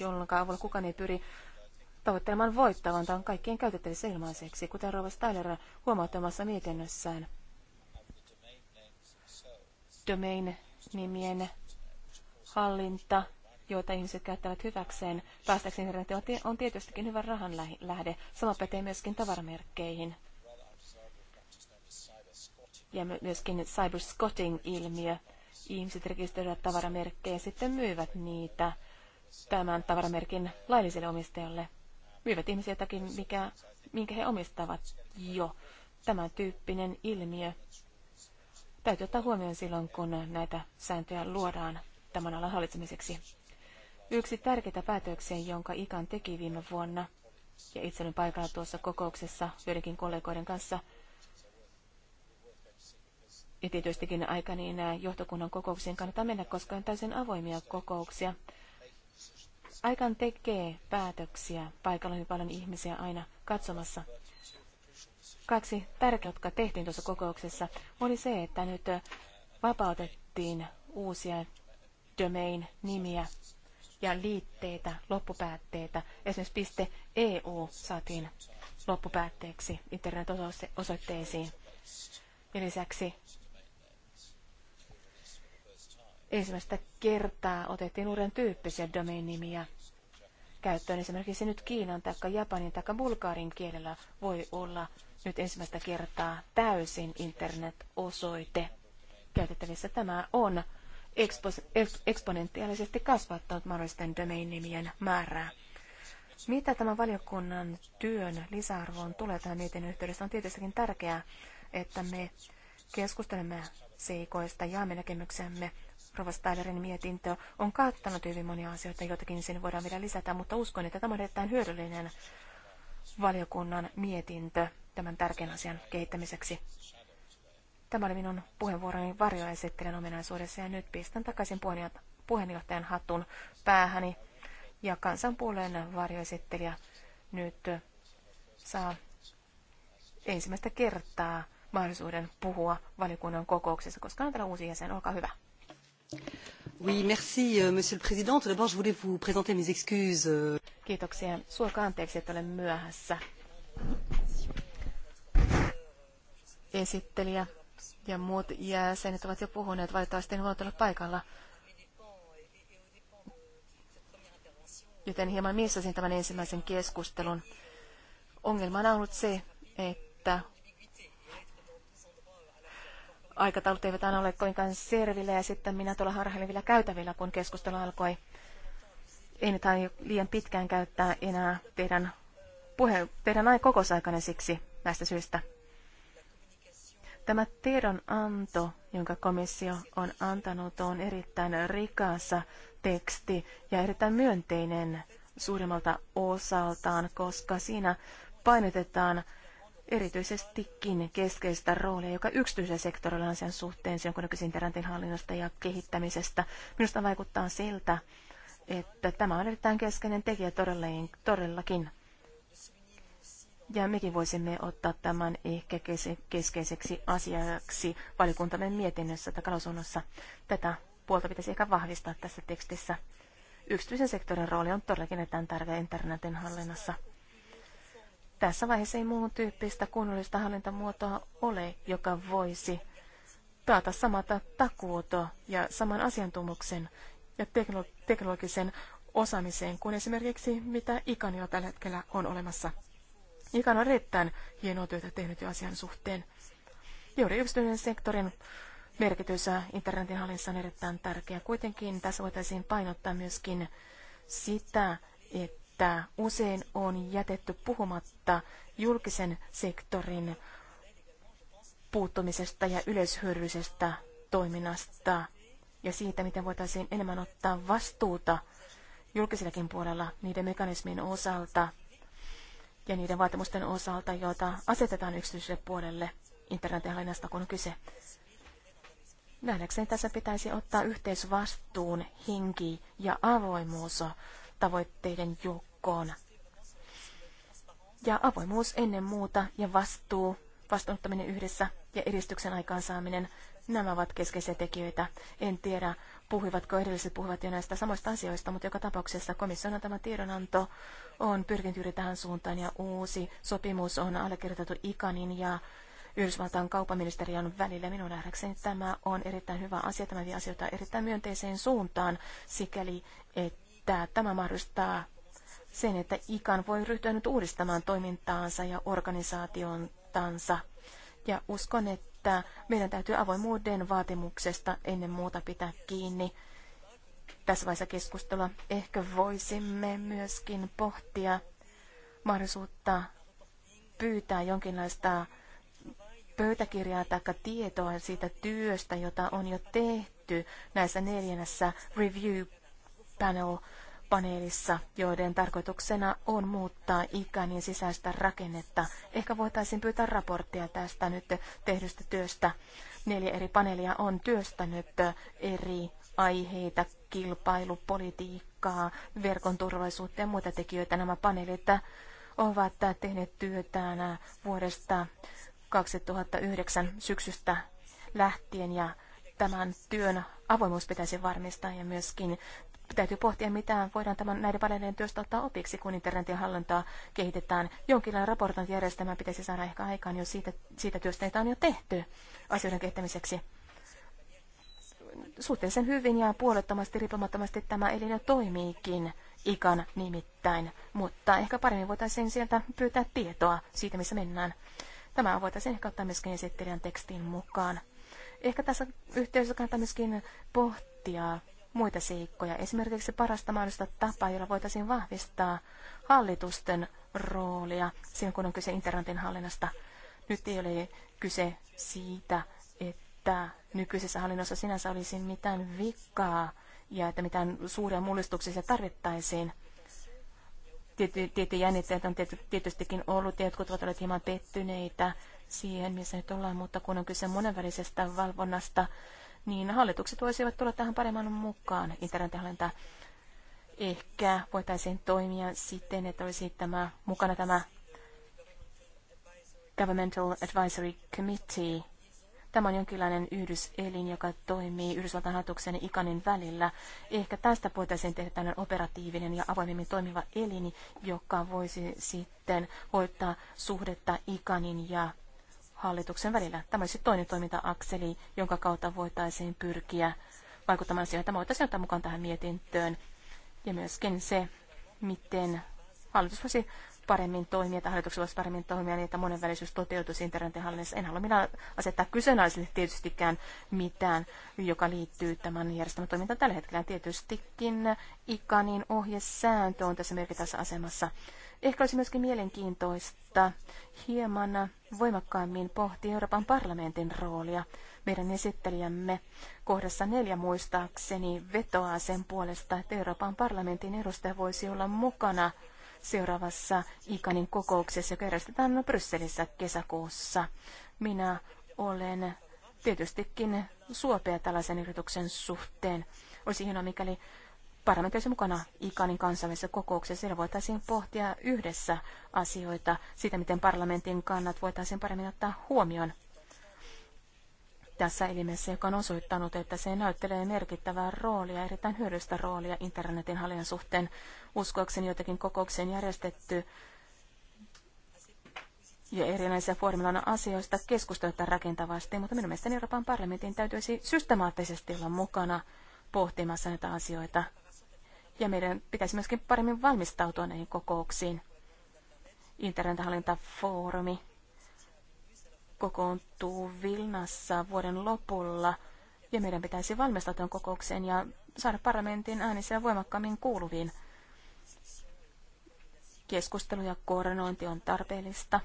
jolloin avulla kukaan ei pyri tavoittelemaan voittavan on kaikkien käytettävissä ilmaiseksi, kuten Rova huomautti omassa mietinnössään. Domain-nimien hallinta, joita ihmiset käyttävät hyväkseen päästäkseen internetiin, on tietystikin hyvä rahan lähde. Sama pätee myöskin tavaramerkkeihin. Ja myöskin cyberscotting-ilmiö. Ihmiset rekisteröivät tavaramerkkejä ja sitten myyvät niitä tämän tavaramerkin lailliselle omistajalle myyvät ihmisiä jotakin, mikä, minkä he omistavat jo. Tämän tyyppinen ilmiö täytyy ottaa huomioon silloin, kun näitä sääntöjä luodaan tämän alan hallitsemiseksi. Yksi tärkeitä päätöksiä, jonka Ikan teki viime vuonna, ja itse olin paikalla tuossa kokouksessa joidenkin kollegoiden kanssa, ja tietystikin aika niin johtokunnan kokouksiin kannattaa mennä, koska on täysin avoimia kokouksia. Aikaan tekee päätöksiä. Paikalla on paljon ihmisiä aina katsomassa. Kaksi tärkeää, jotka tehtiin tuossa kokouksessa, oli se, että nyt vapautettiin uusia domain-nimiä ja liitteitä, loppupäätteitä. Esimerkiksi .eu e saatiin loppupäätteeksi internet-osoitteisiin. Ja lisäksi ensimmäistä kertaa otettiin uuden tyyppisiä domain-nimiä käyttöön. Esimerkiksi nyt Kiinan tai Japanin tai Bulgaarin kielellä voi olla nyt ensimmäistä kertaa täysin internet-osoite käytettävissä. Tämä on eksponentiaalisesti kasvattanut mahdollisten domain-nimien määrää. Mitä tämän valiokunnan työn lisäarvoon tulee tämän mietinnön yhteydessä, on tietystikin tärkeää, että me keskustelemme seikoista ja näkemyksemme Rova Stylerin mietintö on kattanut hyvin monia asioita, jotakin sen voidaan vielä lisätä, mutta uskon, että tämä on erittäin hyödyllinen valiokunnan mietintö tämän tärkeän asian kehittämiseksi. Tämä oli minun puheenvuoroni varjoesittelen ominaisuudessa ja nyt pistän takaisin puheenjohtajan hatun päähäni ja kansanpuolueen varjoesittelijä nyt saa ensimmäistä kertaa mahdollisuuden puhua valiokunnan kokouksessa, koska on täällä uusi jäsen. Olkaa hyvä. Euh, monsieur le président. Tout d'abord, je voulais vous présenter mes excuses. Euh. Kiitoksia. Suokaa anteeksi, että olen myöhässä. Esittelijä ja muut jäsenet ovat jo puhuneet. Valitettavasti en voinut olla paikalla. Joten hieman missasin tämän ensimmäisen keskustelun. Ongelmana on ollut se, että aikataulut eivät aina ole kovinkaan servillä ja sitten minä tuolla harhailevilla käytävillä, kun keskustelu alkoi. Ei nyt liian pitkään käyttää enää teidän, puhe, teidän kokosaikanne siksi näistä syistä. Tämä tiedonanto, jonka komissio on antanut, on erittäin rikassa teksti ja erittäin myönteinen suurimmalta osaltaan, koska siinä painotetaan erityisestikin keskeistä roolia, joka yksityisen sektorilla on sen suhteen jonkunnäköisen internetin hallinnasta ja kehittämisestä. Minusta vaikuttaa siltä, että tämä on erittäin keskeinen tekijä todellakin. Ja mekin voisimme ottaa tämän ehkä keskeiseksi asiaksi valikuntamme mietinnössä tai kalosuunnossa. Tätä puolta pitäisi ehkä vahvistaa tässä tekstissä. Yksityisen sektorin rooli on todellakin erittäin tärkeä internetin hallinnassa. Tässä vaiheessa ei muun tyyppistä kunnollista hallintamuotoa ole, joka voisi taata samata takuuto ja saman asiantumuksen ja teknologisen osaamiseen kuin esimerkiksi mitä Ikanilla tällä hetkellä on olemassa. Ikan on erittäin hienoa työtä tehnyt jo asian suhteen. Juuri yksityisen sektorin merkitys internetin hallinnassa on erittäin tärkeä. Kuitenkin tässä voitaisiin painottaa myöskin sitä, että että usein on jätetty puhumatta julkisen sektorin puuttumisesta ja yleishyödyllisestä toiminnasta ja siitä, miten voitaisiin enemmän ottaa vastuuta julkisellakin puolella niiden mekanismin osalta ja niiden vaatimusten osalta, joita asetetaan yksityiselle puolelle internetin kun on kyse. Nähdäkseni tässä pitäisi ottaa yhteisvastuun henki ja avoimuus tavoitteiden joukkoon. Ja avoimuus ennen muuta ja vastuu, vastuuttaminen yhdessä ja edistyksen aikaansaaminen, nämä ovat keskeisiä tekijöitä. En tiedä, puhuivatko edelliset puhuvat jo näistä samoista asioista, mutta joka tapauksessa komission tämä tiedonanto on pyrkinyt juuri tähän suuntaan ja uusi sopimus on allekirjoitettu Ikanin ja Yhdysvaltain kaupaministeriön välillä. Minun nähdäkseni tämä on erittäin hyvä asia. Tämä vie asioita erittäin myönteiseen suuntaan, sikäli että että tämä mahdollistaa sen, että ikan voi ryhtyä nyt uudistamaan toimintaansa ja organisaationtansa. Ja uskon, että meidän täytyy avoimuuden vaatimuksesta ennen muuta pitää kiinni. Tässä vaiheessa keskustelua ehkä voisimme myöskin pohtia mahdollisuutta pyytää jonkinlaista pöytäkirjaa tai tietoa siitä työstä, jota on jo tehty näissä neljännessä review panel, paneelissa, joiden tarkoituksena on muuttaa ikanin sisäistä rakennetta. Ehkä voitaisiin pyytää raporttia tästä nyt tehdystä työstä. Neljä eri paneelia on työstänyt eri aiheita, kilpailupolitiikkaa, verkon turvallisuutta ja muita tekijöitä. Nämä paneelit ovat tehneet työtään vuodesta 2009 syksystä lähtien ja tämän työn avoimuus pitäisi varmistaa ja myöskin täytyy pohtia, mitä voidaan tämän, näiden paneelien työstä ottaa opiksi, kun internetin hallintaa kehitetään. Jonkinlainen raportointijärjestelmä pitäisi saada ehkä aikaan jo siitä, siitä työstä, jota on jo tehty asioiden kehittämiseksi. Suhteellisen hyvin ja puolettomasti, riippumattomasti tämä elin jo toimiikin, ikan nimittäin, mutta ehkä paremmin voitaisiin sieltä pyytää tietoa siitä, missä mennään. Tämä voitaisiin ehkä ottaa myöskin esittelijän tekstin mukaan. Ehkä tässä yhteydessä kannattaa myöskin pohtia muita seikkoja, esimerkiksi parasta mahdollista tapaa, jolla voitaisiin vahvistaa hallitusten roolia silloin, kun on kyse internetin hallinnasta. Nyt ei ole kyse siitä, että nykyisessä hallinnossa sinänsä olisi mitään vikaa ja että mitään suuria mullistuksia tarvittaisiin. Tietyt jännitteet on tietystikin ollut ja jotkut ovat olleet hieman pettyneitä siihen, missä nyt ollaan, mutta kun on kyse monenvälisestä valvonnasta, niin hallitukset voisivat tulla tähän paremman mukaan internethallinta. Ehkä voitaisiin toimia siten, että olisi tämä, mukana tämä Governmental Advisory Committee. Tämä on jonkinlainen yhdyselin, joka toimii Yhdysvaltain hallituksen ja ikanin välillä. Ehkä tästä voitaisiin tehdä tämmöinen operatiivinen ja avoimemmin toimiva elin, joka voisi sitten hoitaa suhdetta ikanin ja hallituksen välillä. Tämä olisi toinen toiminta-akseli, jonka kautta voitaisiin pyrkiä vaikuttamaan siihen, että voitaisiin ottaa mukaan tähän mietintöön. Ja myöskin se, miten hallitus voisi paremmin toimia, että hallitukset voisi paremmin toimia niin, että monenvälisyys toteutuisi internetin hallinnassa. En halua minä asettaa kyseenalaisille tietystikään mitään, joka liittyy tämän järjestelmän toimintaan tällä hetkellä. Tietystikin ICANin ohjesääntö on tässä merkittävässä asemassa. Ehkä olisi myöskin mielenkiintoista hieman voimakkaammin pohtia Euroopan parlamentin roolia. Meidän esittelijämme kohdassa neljä muistaakseni vetoaa sen puolesta, että Euroopan parlamentin edustaja voisi olla mukana seuraavassa Ikanin kokouksessa, joka järjestetään Brysselissä kesäkuussa. Minä olen tietystikin suopea tällaisen yrityksen suhteen. Olisi hienoa, mikäli parlamentaarisen mukana ICANin kansainvälisessä kokouksessa. Siellä voitaisiin pohtia yhdessä asioita siitä, miten parlamentin kannat voitaisiin paremmin ottaa huomioon tässä elimessä, joka on osoittanut, että se näyttelee merkittävää roolia, erittäin hyödyllistä roolia internetin hallinnan suhteen. Uskoakseni jotakin kokoukseen järjestetty ja erinäisiä foorumilla on asioista keskustelutta rakentavasti, mutta minun mielestäni Euroopan parlamentin täytyisi systemaattisesti olla mukana pohtimassa näitä asioita. Ja meidän pitäisi myöskin paremmin valmistautua näihin kokouksiin. Internethallintafoorumi kokoontuu Vilnassa vuoden lopulla ja meidän pitäisi valmistautua kokoukseen ja saada parlamentin äänisiä voimakkaammin kuuluviin. Keskustelu ja koordinointi on tarpeellista.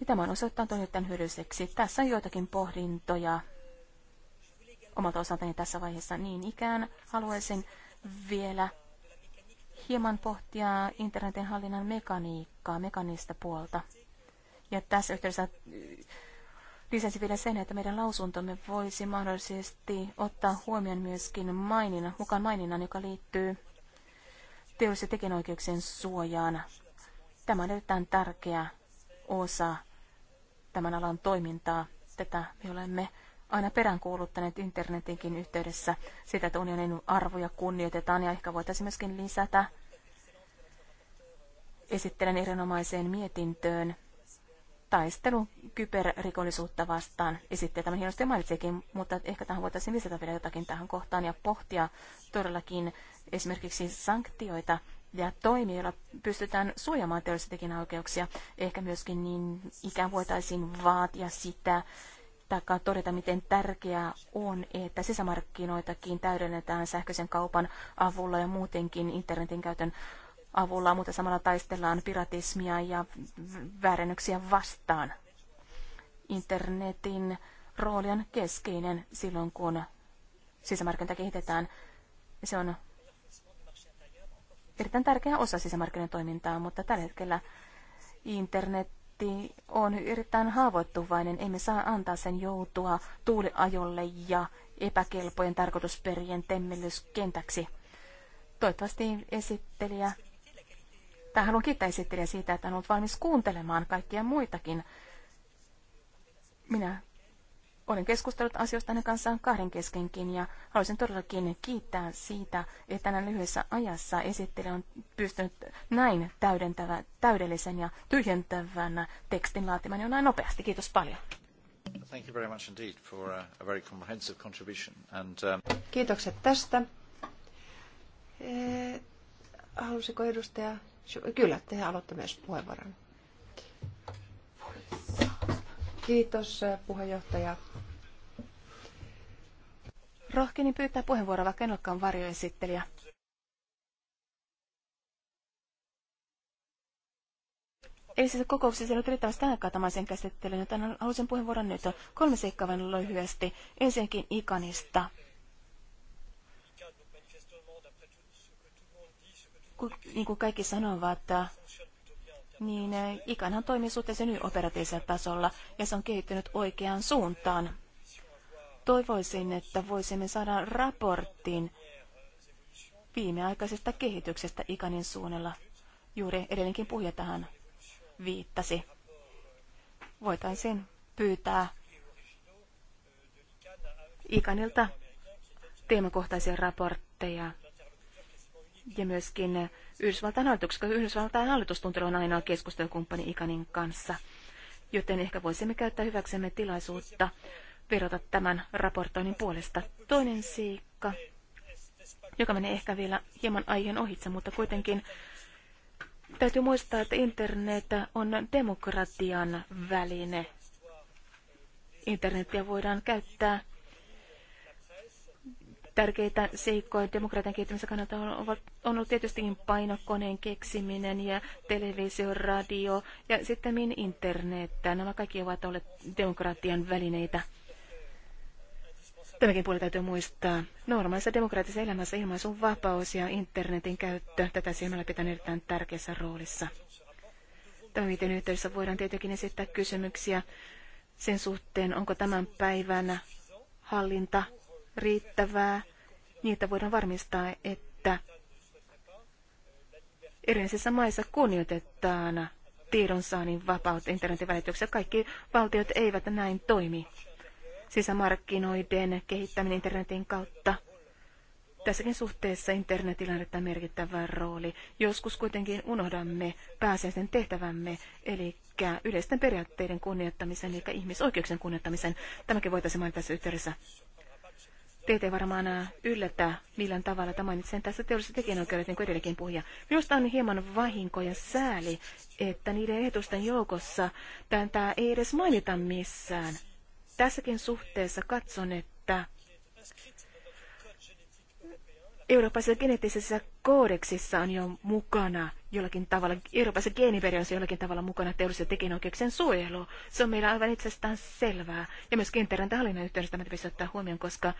Ja tämä on osoittautunut tämän hyödylliseksi. Tässä on joitakin pohdintoja omalta osaltani tässä vaiheessa niin ikään. Haluaisin vielä hieman pohtia internetin hallinnan mekaniikkaa, mekanista puolta. Ja tässä yhteydessä äh, lisäsi vielä sen, että meidän lausuntomme voisi mahdollisesti ottaa huomioon myöskin maininnan, mukaan maininnan, joka liittyy teollis- ja tekijänoikeuksien suojaan. Tämä on erittäin tärkeä osa tämän alan toimintaa. Tätä me olemme aina peräänkuuluttaneet internetinkin yhteydessä sitä, että unionin arvoja kunnioitetaan ja ehkä voitaisiin myöskin lisätä esittelen erinomaiseen mietintöön taistelu kyberrikollisuutta vastaan. Esittelen tämän hienosti mainitsikin, mutta ehkä tähän voitaisiin lisätä vielä jotakin tähän kohtaan ja pohtia todellakin esimerkiksi sanktioita ja toimia, joilla pystytään suojamaan teollisia oikeuksia. Ehkä myöskin niin ikään voitaisiin vaatia sitä, tai todeta, miten tärkeää on, että sisämarkkinoitakin täydennetään sähköisen kaupan avulla ja muutenkin internetin käytön avulla, mutta samalla taistellaan piratismia ja väärennöksiä vastaan. Internetin rooli on keskeinen silloin, kun sisämarkkinoita kehitetään. Se on erittäin tärkeä osa sisämarkkinoiden toimintaa, mutta tällä hetkellä internet parlamentti on erittäin haavoittuvainen. Emme saa antaa sen joutua tuuliajolle ja epäkelpojen tarkoitusperien temmelyskentäksi. Toivottavasti esittelijä, tai haluan kiittää esittelijä siitä, että hän on ollut valmis kuuntelemaan kaikkia muitakin. Minä olen keskustellut asioista hänen kanssaan kahden keskenkin ja haluaisin todellakin kiittää siitä, että tänä lyhyessä ajassa esittelijä on pystynyt näin täydentävän, täydellisen ja tyhjentävän tekstin laatimaan jo näin nopeasti. Kiitos paljon. Thank you very much indeed for uh, a very comprehensive contribution. And, um... Kiitokset tästä. Eh, halusiko edustaja? Kyllä, te aloitte myös puheenvuoron. Kiitos eh, puheenjohtaja. Rohkeni pyytää puheenvuoroa, vaikka en olekaan varjoesittelijä. Eilisessä siis kokouksessa ei ollut riittävästi aikaa tämän sen käsittelyyn, joten haluaisin puheenvuoron nyt. Kolme seikkaa vain lyhyesti. Ensinnäkin ikanista. Kun, niin kuin kaikki sanovat, niin eh, ikanhan toimii suhteessa nyt operatiivisella tasolla ja se on kehittynyt oikeaan suuntaan. Toivoisin, että voisimme saada raportin viimeaikaisesta kehityksestä ikanin suunnella. Juuri edellinkin puhuja tähän viittasi. Voitaisiin pyytää ikanilta teemakohtaisia raportteja ja myöskin Yhdysvaltain hallitus, koska Yhdysvaltain hallitus on ainoa keskustelukumppani Ikanin kanssa. Joten ehkä voisimme käyttää hyväksemme tilaisuutta verota tämän raportoinnin puolesta. Toinen siikka, joka menee ehkä vielä hieman aiheen ohitse, mutta kuitenkin täytyy muistaa, että internet on demokratian väline. Internetiä voidaan käyttää Tärkeitä seikkoja demokratian kehittämisen kannalta on, on ollut tietystikin painokoneen keksiminen ja televisio, radio ja sitten internet. Nämä kaikki ovat olleet demokratian välineitä. Tämäkin puoli täytyy muistaa. Normaalissa demokraattisessa elämässä ilmaisun vapaus ja internetin käyttö tätä silmällä pitää erittäin tärkeässä roolissa. miten yhteydessä voidaan tietenkin esittää kysymyksiä sen suhteen, onko tämän päivänä hallinta riittävää, niitä voidaan varmistaa, että erillisissä maissa kunnioitetaan tiedonsaannin vapautta internetin välityksessä. Kaikki valtiot eivät näin toimi. Sisämarkkinoiden kehittäminen internetin kautta. Tässäkin suhteessa internetillä on merkittävä rooli. Joskus kuitenkin unohdamme pääsiäisen tehtävämme, eli yleisten periaatteiden kunnioittamisen, eli ihmisoikeuksien kunnioittamisen. Tämäkin voitaisiin mainita tässä yhteydessä. Teitä ei varmaan yllätä, millään tavalla tämä mainitsen tässä teolliset tekijänoikeudet, niin kuin edelleenkin puhuja. Minusta on hieman vahinko ja sääli, että niiden ehdotusten joukossa tämä ei edes mainita missään. Tässäkin suhteessa katson, että eurooppalaisessa geneettisessä koodeksissa on jo mukana jollakin tavalla, eurooppalaisessa geeniperiössä jollakin tavalla mukana teollisen tekijänoikeuksien suojelu. Se on meillä aivan itsestään selvää. Ja myös kenttäräntä hallinnan yhteydessä tämä pitäisi ottaa huomioon, koska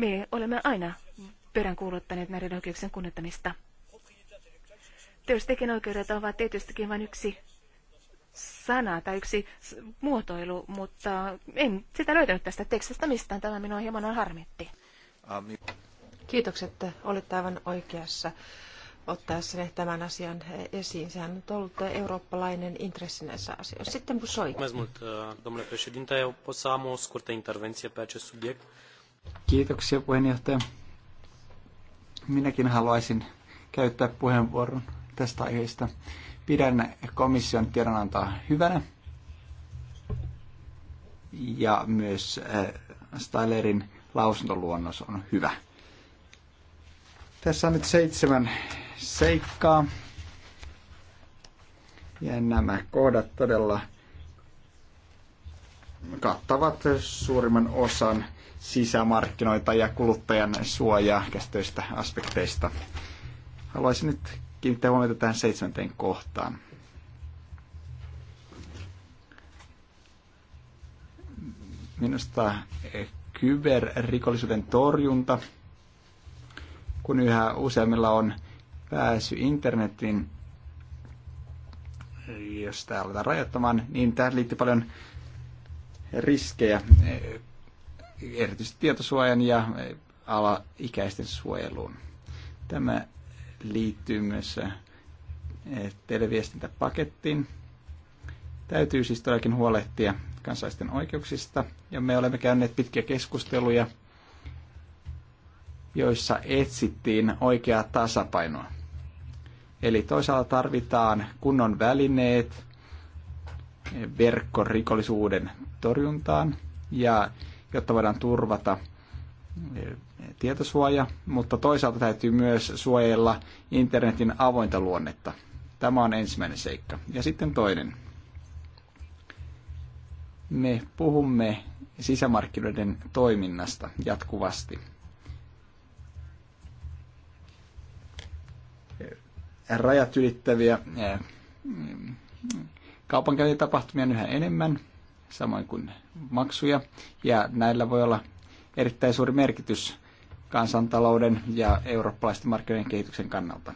me olemme aina peräänkuuluttaneet näiden oikeuksien kunnioittamista. Teostekijänoikeudet ovat tietystikin vain yksi sana tai yksi muotoilu, mutta en sitä löytänyt tästä tekstistä mistään. Tämä minua hieman on harmitti. Kiitokset, olette aivan oikeassa ottaessanne tämän asian esiin. Sehän on ollut eurooppalainen intressi näissä asioissa. Sitten Busoi. Mulțumesc mult, domnule președinte. pot să am o scurtă intervenție pe acest subiect. Kiitoksia puheenjohtaja. Minäkin haluaisin käyttää puheenvuoron tästä aiheesta. Pidän komission tiedonantoa hyvänä ja myös eh, Stylerin lausuntoluonnos on hyvä. Tässä on nyt seitsemän seikkaa. Ja nämä kohdat todella kattavat suurimman osan sisämarkkinoita ja kuluttajan suojaa käsitöistä aspekteista. Haluaisin nyt kiinnittää huomiota tähän seitsemänteen kohtaan. Minusta eh, kyberrikollisuuden torjunta, kun yhä useammilla on pääsy internetin, eh, jos täällä aletaan rajoittamaan, niin tähän liittyy paljon riskejä eh, erityisesti tietosuojan ja alaikäisten suojeluun. Tämä liittyy myös eh, televiestintäpakettiin. Täytyy siis todellakin huolehtia kansalaisten oikeuksista, ja me olemme käyneet pitkiä keskusteluja, joissa etsittiin oikeaa tasapainoa. Eli toisaalta tarvitaan kunnon välineet eh, verkkorikollisuuden torjuntaan, ja jotta voidaan turvata eh, tietosuoja, mutta toisaalta täytyy myös suojella internetin avointa luonnetta. Tämä on ensimmäinen seikka. Ja sitten toinen. Me puhumme sisämarkkinoiden toiminnasta jatkuvasti. Rajat ylittäviä eh, kaupankäyntitapahtumia on yhä enemmän – samoin kuin maksuja. Ja näillä voi olla erittäin suuri merkitys kansantalouden ja eurooppalaisten markkinoiden kehityksen kannalta.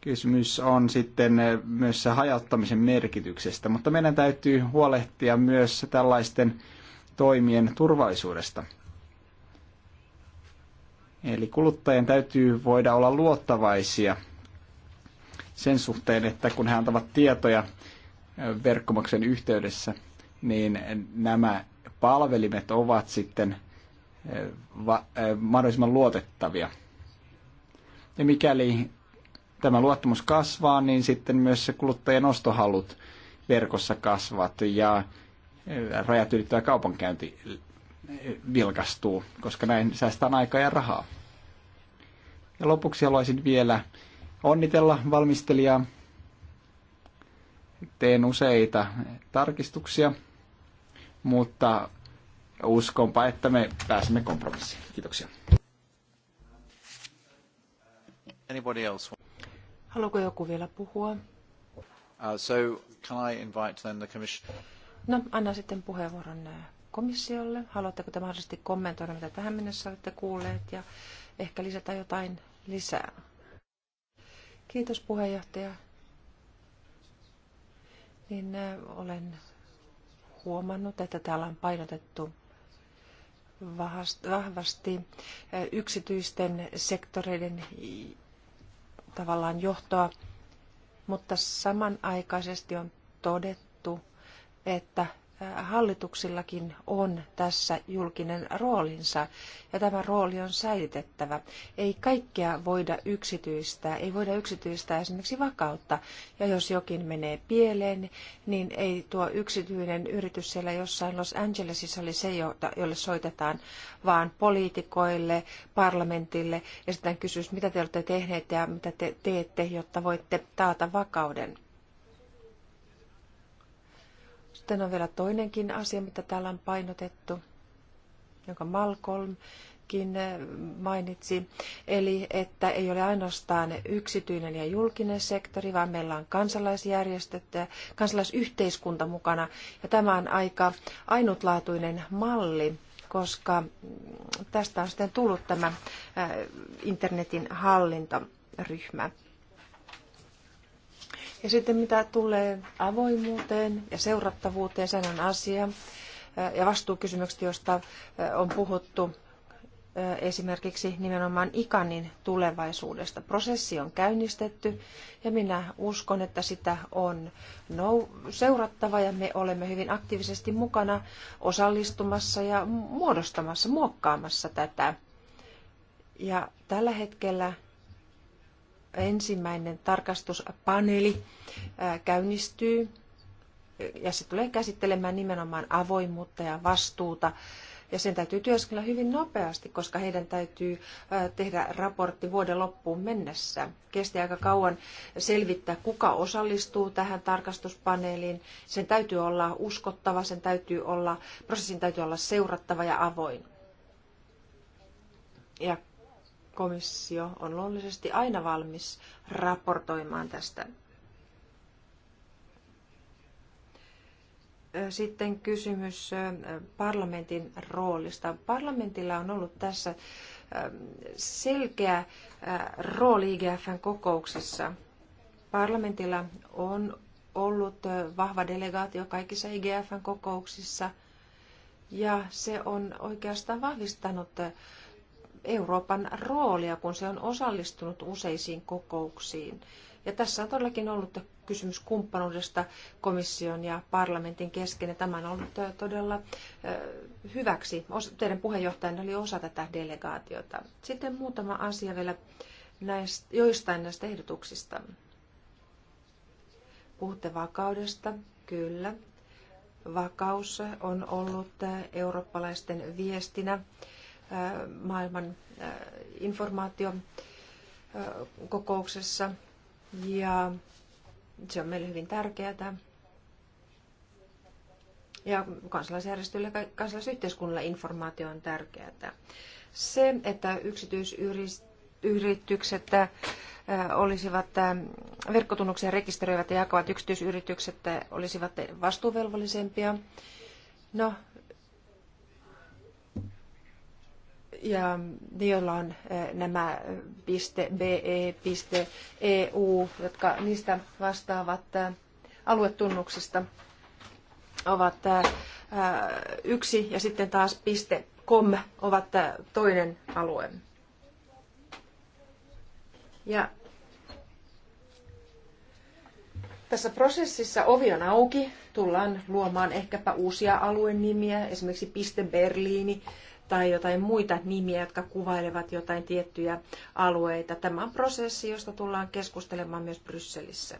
Kysymys on sitten myös hajauttamisen merkityksestä, mutta meidän täytyy huolehtia myös tällaisten toimien turvallisuudesta. Eli kuluttajien täytyy voida olla luottavaisia – sen suhteen, että kun he antavat tietoja verkkomaksen yhteydessä, niin nämä palvelimet ovat sitten mahdollisimman luotettavia. Ja mikäli tämä luottamus kasvaa, niin sitten myös se kuluttajien ostohalut verkossa kasvat ja rajat ylittävä kaupankäynti vilkastuu, koska näin säästään aikaa ja rahaa. Ja lopuksi haluaisin vielä onnitella valmistelijaa. Teen useita tarkistuksia, mutta uskonpa, että me pääsemme kompromissiin. Kiitoksia. Anybody else? Haluaako joku vielä puhua? Uh, so can I invite then the commission? No, anna sitten puheenvuoron äh, komissiolle. Haluatteko te mahdollisesti kommentoida, mitä tähän mennessä olette kuulleet ja ehkä lisätä jotain lisää? Kiitos puheenjohtaja. Niin äh, olen huomannut, että täällä on painotettu vahvasti äh, yksityisten sektoreiden tavallaan johtoa, mutta samanaikaisesti on todettu, että hallituksillakin on tässä julkinen roolinsa ja tämä rooli on säilytettävä. Ei kaikkea voida yksityistää, ei voida yksityistää esimerkiksi vakautta. Ja jos jokin menee pieleen, niin ei tuo yksityinen yritys siellä jossain Los Angelesissa oli se, jolle soitetaan, vaan poliitikoille, parlamentille ja sitten kysyisi, mitä te olette tehneet ja mitä te teette, jotta voitte taata vakauden sitten on vielä toinenkin asia, mitä täällä on painotettu, jonka Malcolm eh, mainitsi, eli että ei ole ainoastaan yksityinen ja julkinen sektori, vaan meillä on kansalaisjärjestöt ja kansalaisyhteiskunta mukana. Ja tämä on aika ainutlaatuinen malli, koska tästä on sitten tullut tämä eh, internetin hallintaryhmä. Ja sitten mitä tulee avoimuuteen ja seurattavuuteen, sen on asia. Ja vastuukysymykset, joista on puhuttu esimerkiksi nimenomaan ikanin tulevaisuudesta. Prosessi on käynnistetty ja minä uskon, että sitä on seurattava ja me olemme hyvin aktiivisesti mukana osallistumassa ja muodostamassa, muokkaamassa tätä. Ja tällä hetkellä ensimmäinen tarkastuspaneeli käynnistyy ja se tulee käsittelemään nimenomaan avoimuutta ja vastuuta. Ja sen täytyy työskennellä hyvin nopeasti, koska heidän täytyy tehdä raportti vuoden loppuun mennessä. Kesti aika kauan selvittää, kuka osallistuu tähän tarkastuspaneeliin. Sen täytyy olla uskottava, sen täytyy olla, prosessin täytyy olla seurattava ja avoin. Ja komissio on luonnollisesti aina valmis raportoimaan tästä. Sitten kysymys parlamentin roolista. Parlamentilla on ollut tässä selkeä rooli IGFn kokouksissa. Parlamentilla on ollut vahva delegaatio kaikissa IGFn kokouksissa ja se on oikeastaan vahvistanut Euroopan roolia, kun se on osallistunut useisiin kokouksiin. Ja tässä on todellakin ollut kysymys kumppanuudesta komission ja parlamentin kesken, ja tämä on ollut todella hyväksi. Teidän puheenjohtajanne oli osa tätä delegaatiota. Sitten muutama asia vielä näistä, joistain näistä ehdotuksista. Puhutte vakaudesta, kyllä. Vakaus on ollut eurooppalaisten viestinä maailman informaatiokokouksessa ja se on meille hyvin tärkeää. Ja kansalaisjärjestöille ja kansalaisyhteiskunnalle informaatio on tärkeää. Se, että yksityisyritykset olisivat verkkotunnuksia rekisteröivät ja jakavat yksityisyritykset olisivat vastuuvelvollisempia. No, ja ne, joilla on eh, nämä eh, .be, e, .eu, jotka niistä vastaavat eh, aluetunnuksista, ovat yksi ja sitten taas .com ovat toinen alue. Ja tässä prosessissa ovi on auki, tullaan luomaan ehkäpä uusia aluenimiä, esimerkiksi Piste Berliini tai jotain muita nimiä, jotka kuvailevat jotain tiettyjä alueita. Tämä on prosessi, josta tullaan keskustelemaan myös Brysselissä.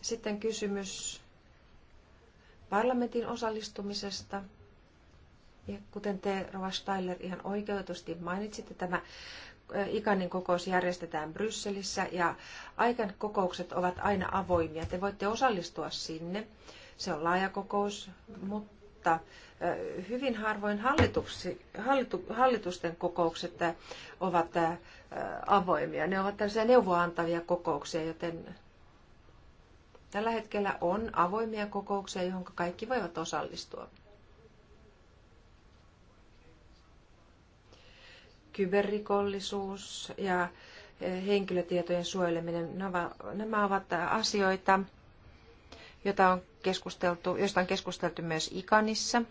Sitten kysymys parlamentin osallistumisesta. Ja kuten te, Rova Steiler, ihan oikeutusti mainitsitte, tämä Ikanin kokous järjestetään Brysselissä ja aikan kokoukset ovat aina avoimia. Te voitte osallistua sinne. Se on laaja kokous, mutta mutta hyvin harvoin hallitu, hallitusten kokoukset ovat avoimia. Ne ovat tällaisia neuvoantavia kokouksia, joten tällä hetkellä on avoimia kokouksia, johon kaikki voivat osallistua. Kyberrikollisuus ja henkilötietojen suojeleminen, nämä ovat asioita, jota on keskusteltu, josta on keskusteltu myös Ikanissa.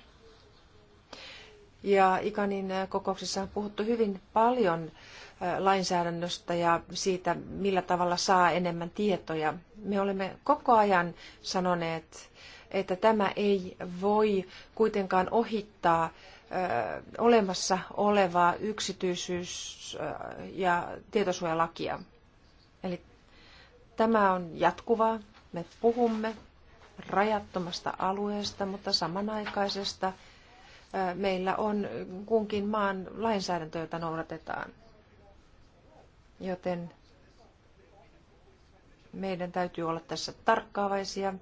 Ja Ikanin kokouksissa on puhuttu hyvin paljon lainsäädännöstä ja siitä, millä tavalla saa enemmän tietoja. Me olemme koko ajan sanoneet, että tämä ei voi kuitenkaan ohittaa olemassa olevaa yksityisyys- ja tietosuojalakia. Eli tämä on jatkuvaa. Me puhumme rajattomasta alueesta, mutta samanaikaisesta meillä on kunkin maan lainsäädäntö, jota noudatetaan. Joten meidän täytyy olla tässä tarkkaavaisia,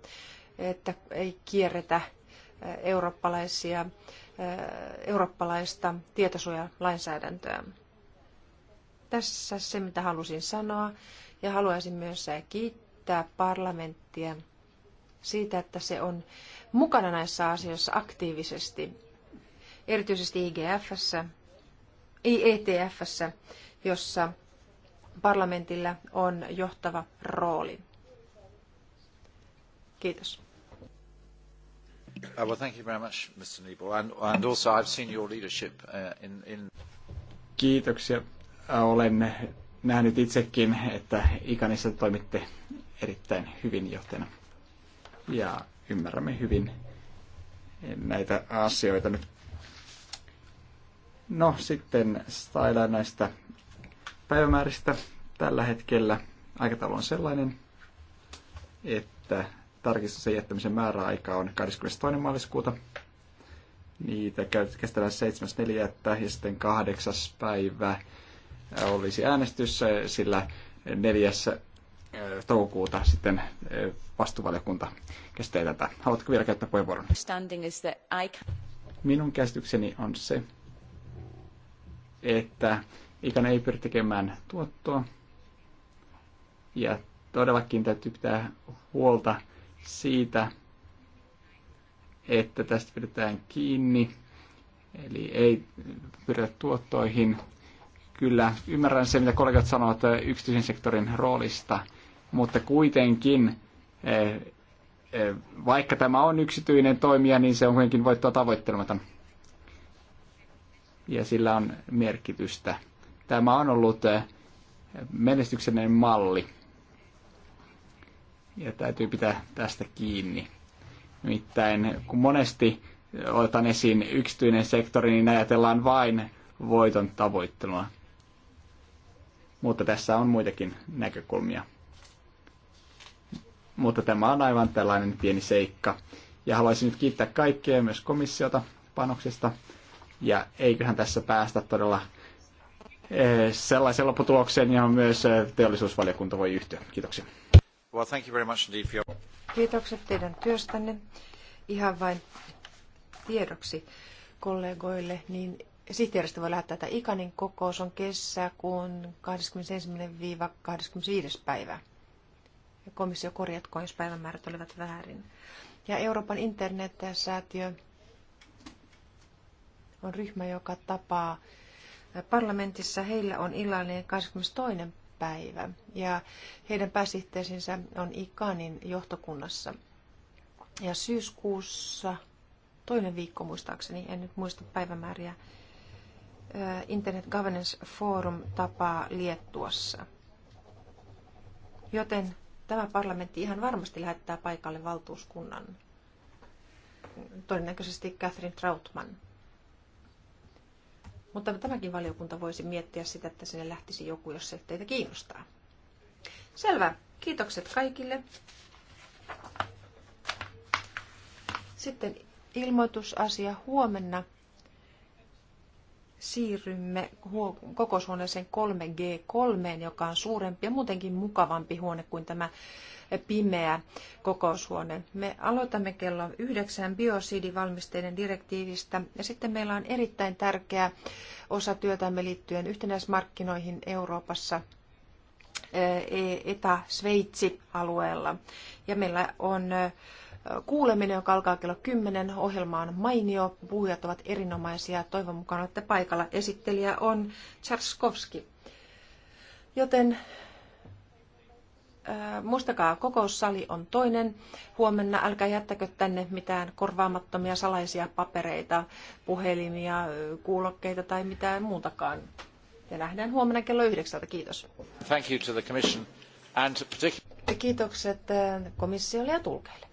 että ei kierretä eurooppalaisia, eurooppalaista tietosuojalainsäädäntöä. Tässä se, mitä halusin sanoa, ja haluaisin myös kiittää parlamenttia siitä, että se on mukana näissä asioissa aktiivisesti, erityisesti IGFssä, IETFssä, jossa parlamentilla on johtava rooli. Kiitos. Uh, well, thank you very much, Mr. Niebel. And, and also I've seen your leadership uh, in, in... Kiitoksia. Uh, olen nähnyt itsekin, että Ikanissa toimitte erittäin hyvin johtajana ja ymmärrämme hyvin näitä asioita nyt. No sitten stylaan näistä päivämääristä tällä hetkellä. Aikataulu on sellainen, että tarkistuksen jättämisen määräaika on 22. maaliskuuta. Niitä käsitellään 7.4. ja sitten 8. päivä olisi äänestys, sillä neljässä toukokuuta sitten vastuvaliokunta käsittelee tätä. Haluatko vielä käyttää puheenvuoron? Minun käsitykseni on se, että ikään ei pyri tekemään tuottoa ja todellakin täytyy pitää huolta siitä, että tästä pidetään kiinni, eli ei pyritä tuottoihin. Kyllä ymmärrän se, mitä kollegat sanovat yksityisen sektorin roolista – mutta kuitenkin eh, eh, vaikka tämä on yksityinen toimija, niin se on kuitenkin voittoa tavoittelematon. Ja sillä on merkitystä. Tämä on ollut eh, menestyksellinen malli. Ja täytyy pitää tästä kiinni. Nimittäin kun monesti otan esiin yksityinen sektori, niin ajatellaan vain voiton tavoittelua. Mutta tässä on muitakin näkökulmia mutta tämä on aivan tällainen pieni seikka. Ja haluaisin nyt kiittää kaikkia, myös komissiota panoksista. Ja eiköhän tässä päästä todella eh, sellaisen lopputulokseen, johon myös eh, teollisuusvaliokunta voi yhtyä. Kiitoksia. Well, thank you very much indeed for your... Kiitokset teidän työstänne. Ihan vain tiedoksi kollegoille, niin sihteeristö voi lähettää, että Ikanin kokous on kesäkuun 21-25. päivä ja komissio korjatkoon, jos päivämäärät olivat väärin. Ja Euroopan Säätiö on ryhmä, joka tapaa parlamentissa. Heillä on illallinen 22. päivä ja heidän pääsihteisinsä on Ikanin johtokunnassa. Ja syyskuussa toinen viikko muistaakseni, en nyt muista päivämääriä, Internet Governance Forum tapaa Liettuassa. Joten tämä parlamentti ihan varmasti lähettää paikalle valtuuskunnan. Todennäköisesti Catherine Trautman. Mutta tämäkin valiokunta voisi miettiä sitä, että sinne lähtisi joku, jos se teitä kiinnostaa. Selvä. Kiitokset kaikille. Sitten ilmoitusasia huomenna siirrymme kokoushuoneeseen 3G3, joka on suurempi ja muutenkin mukavampi huone kuin tämä pimeä kokoushuone. Me aloitamme kello yhdeksän biosidivalmisteiden direktiivistä ja sitten meillä on erittäin tärkeä osa työtämme liittyen yhtenäismarkkinoihin Euroopassa e- etä-Sveitsi-alueella. Ja meillä on kuuleminen, joka alkaa kello 10. Ohjelma on mainio, puhujat ovat erinomaisia. Toivon mukaan olette paikalla. Esittelijä on Tcharskovski. Joten muistakaa, kokoussali on toinen huomenna. Älkää jättäkö tänne mitään korvaamattomia salaisia papereita, puhelimia, kuulokkeita tai mitään muutakaan. Ja nähdään huomenna kello yhdeksältä. Kiitos. Thank you to the commission and particularly... Kiitokset komissiolle ja tulkeille.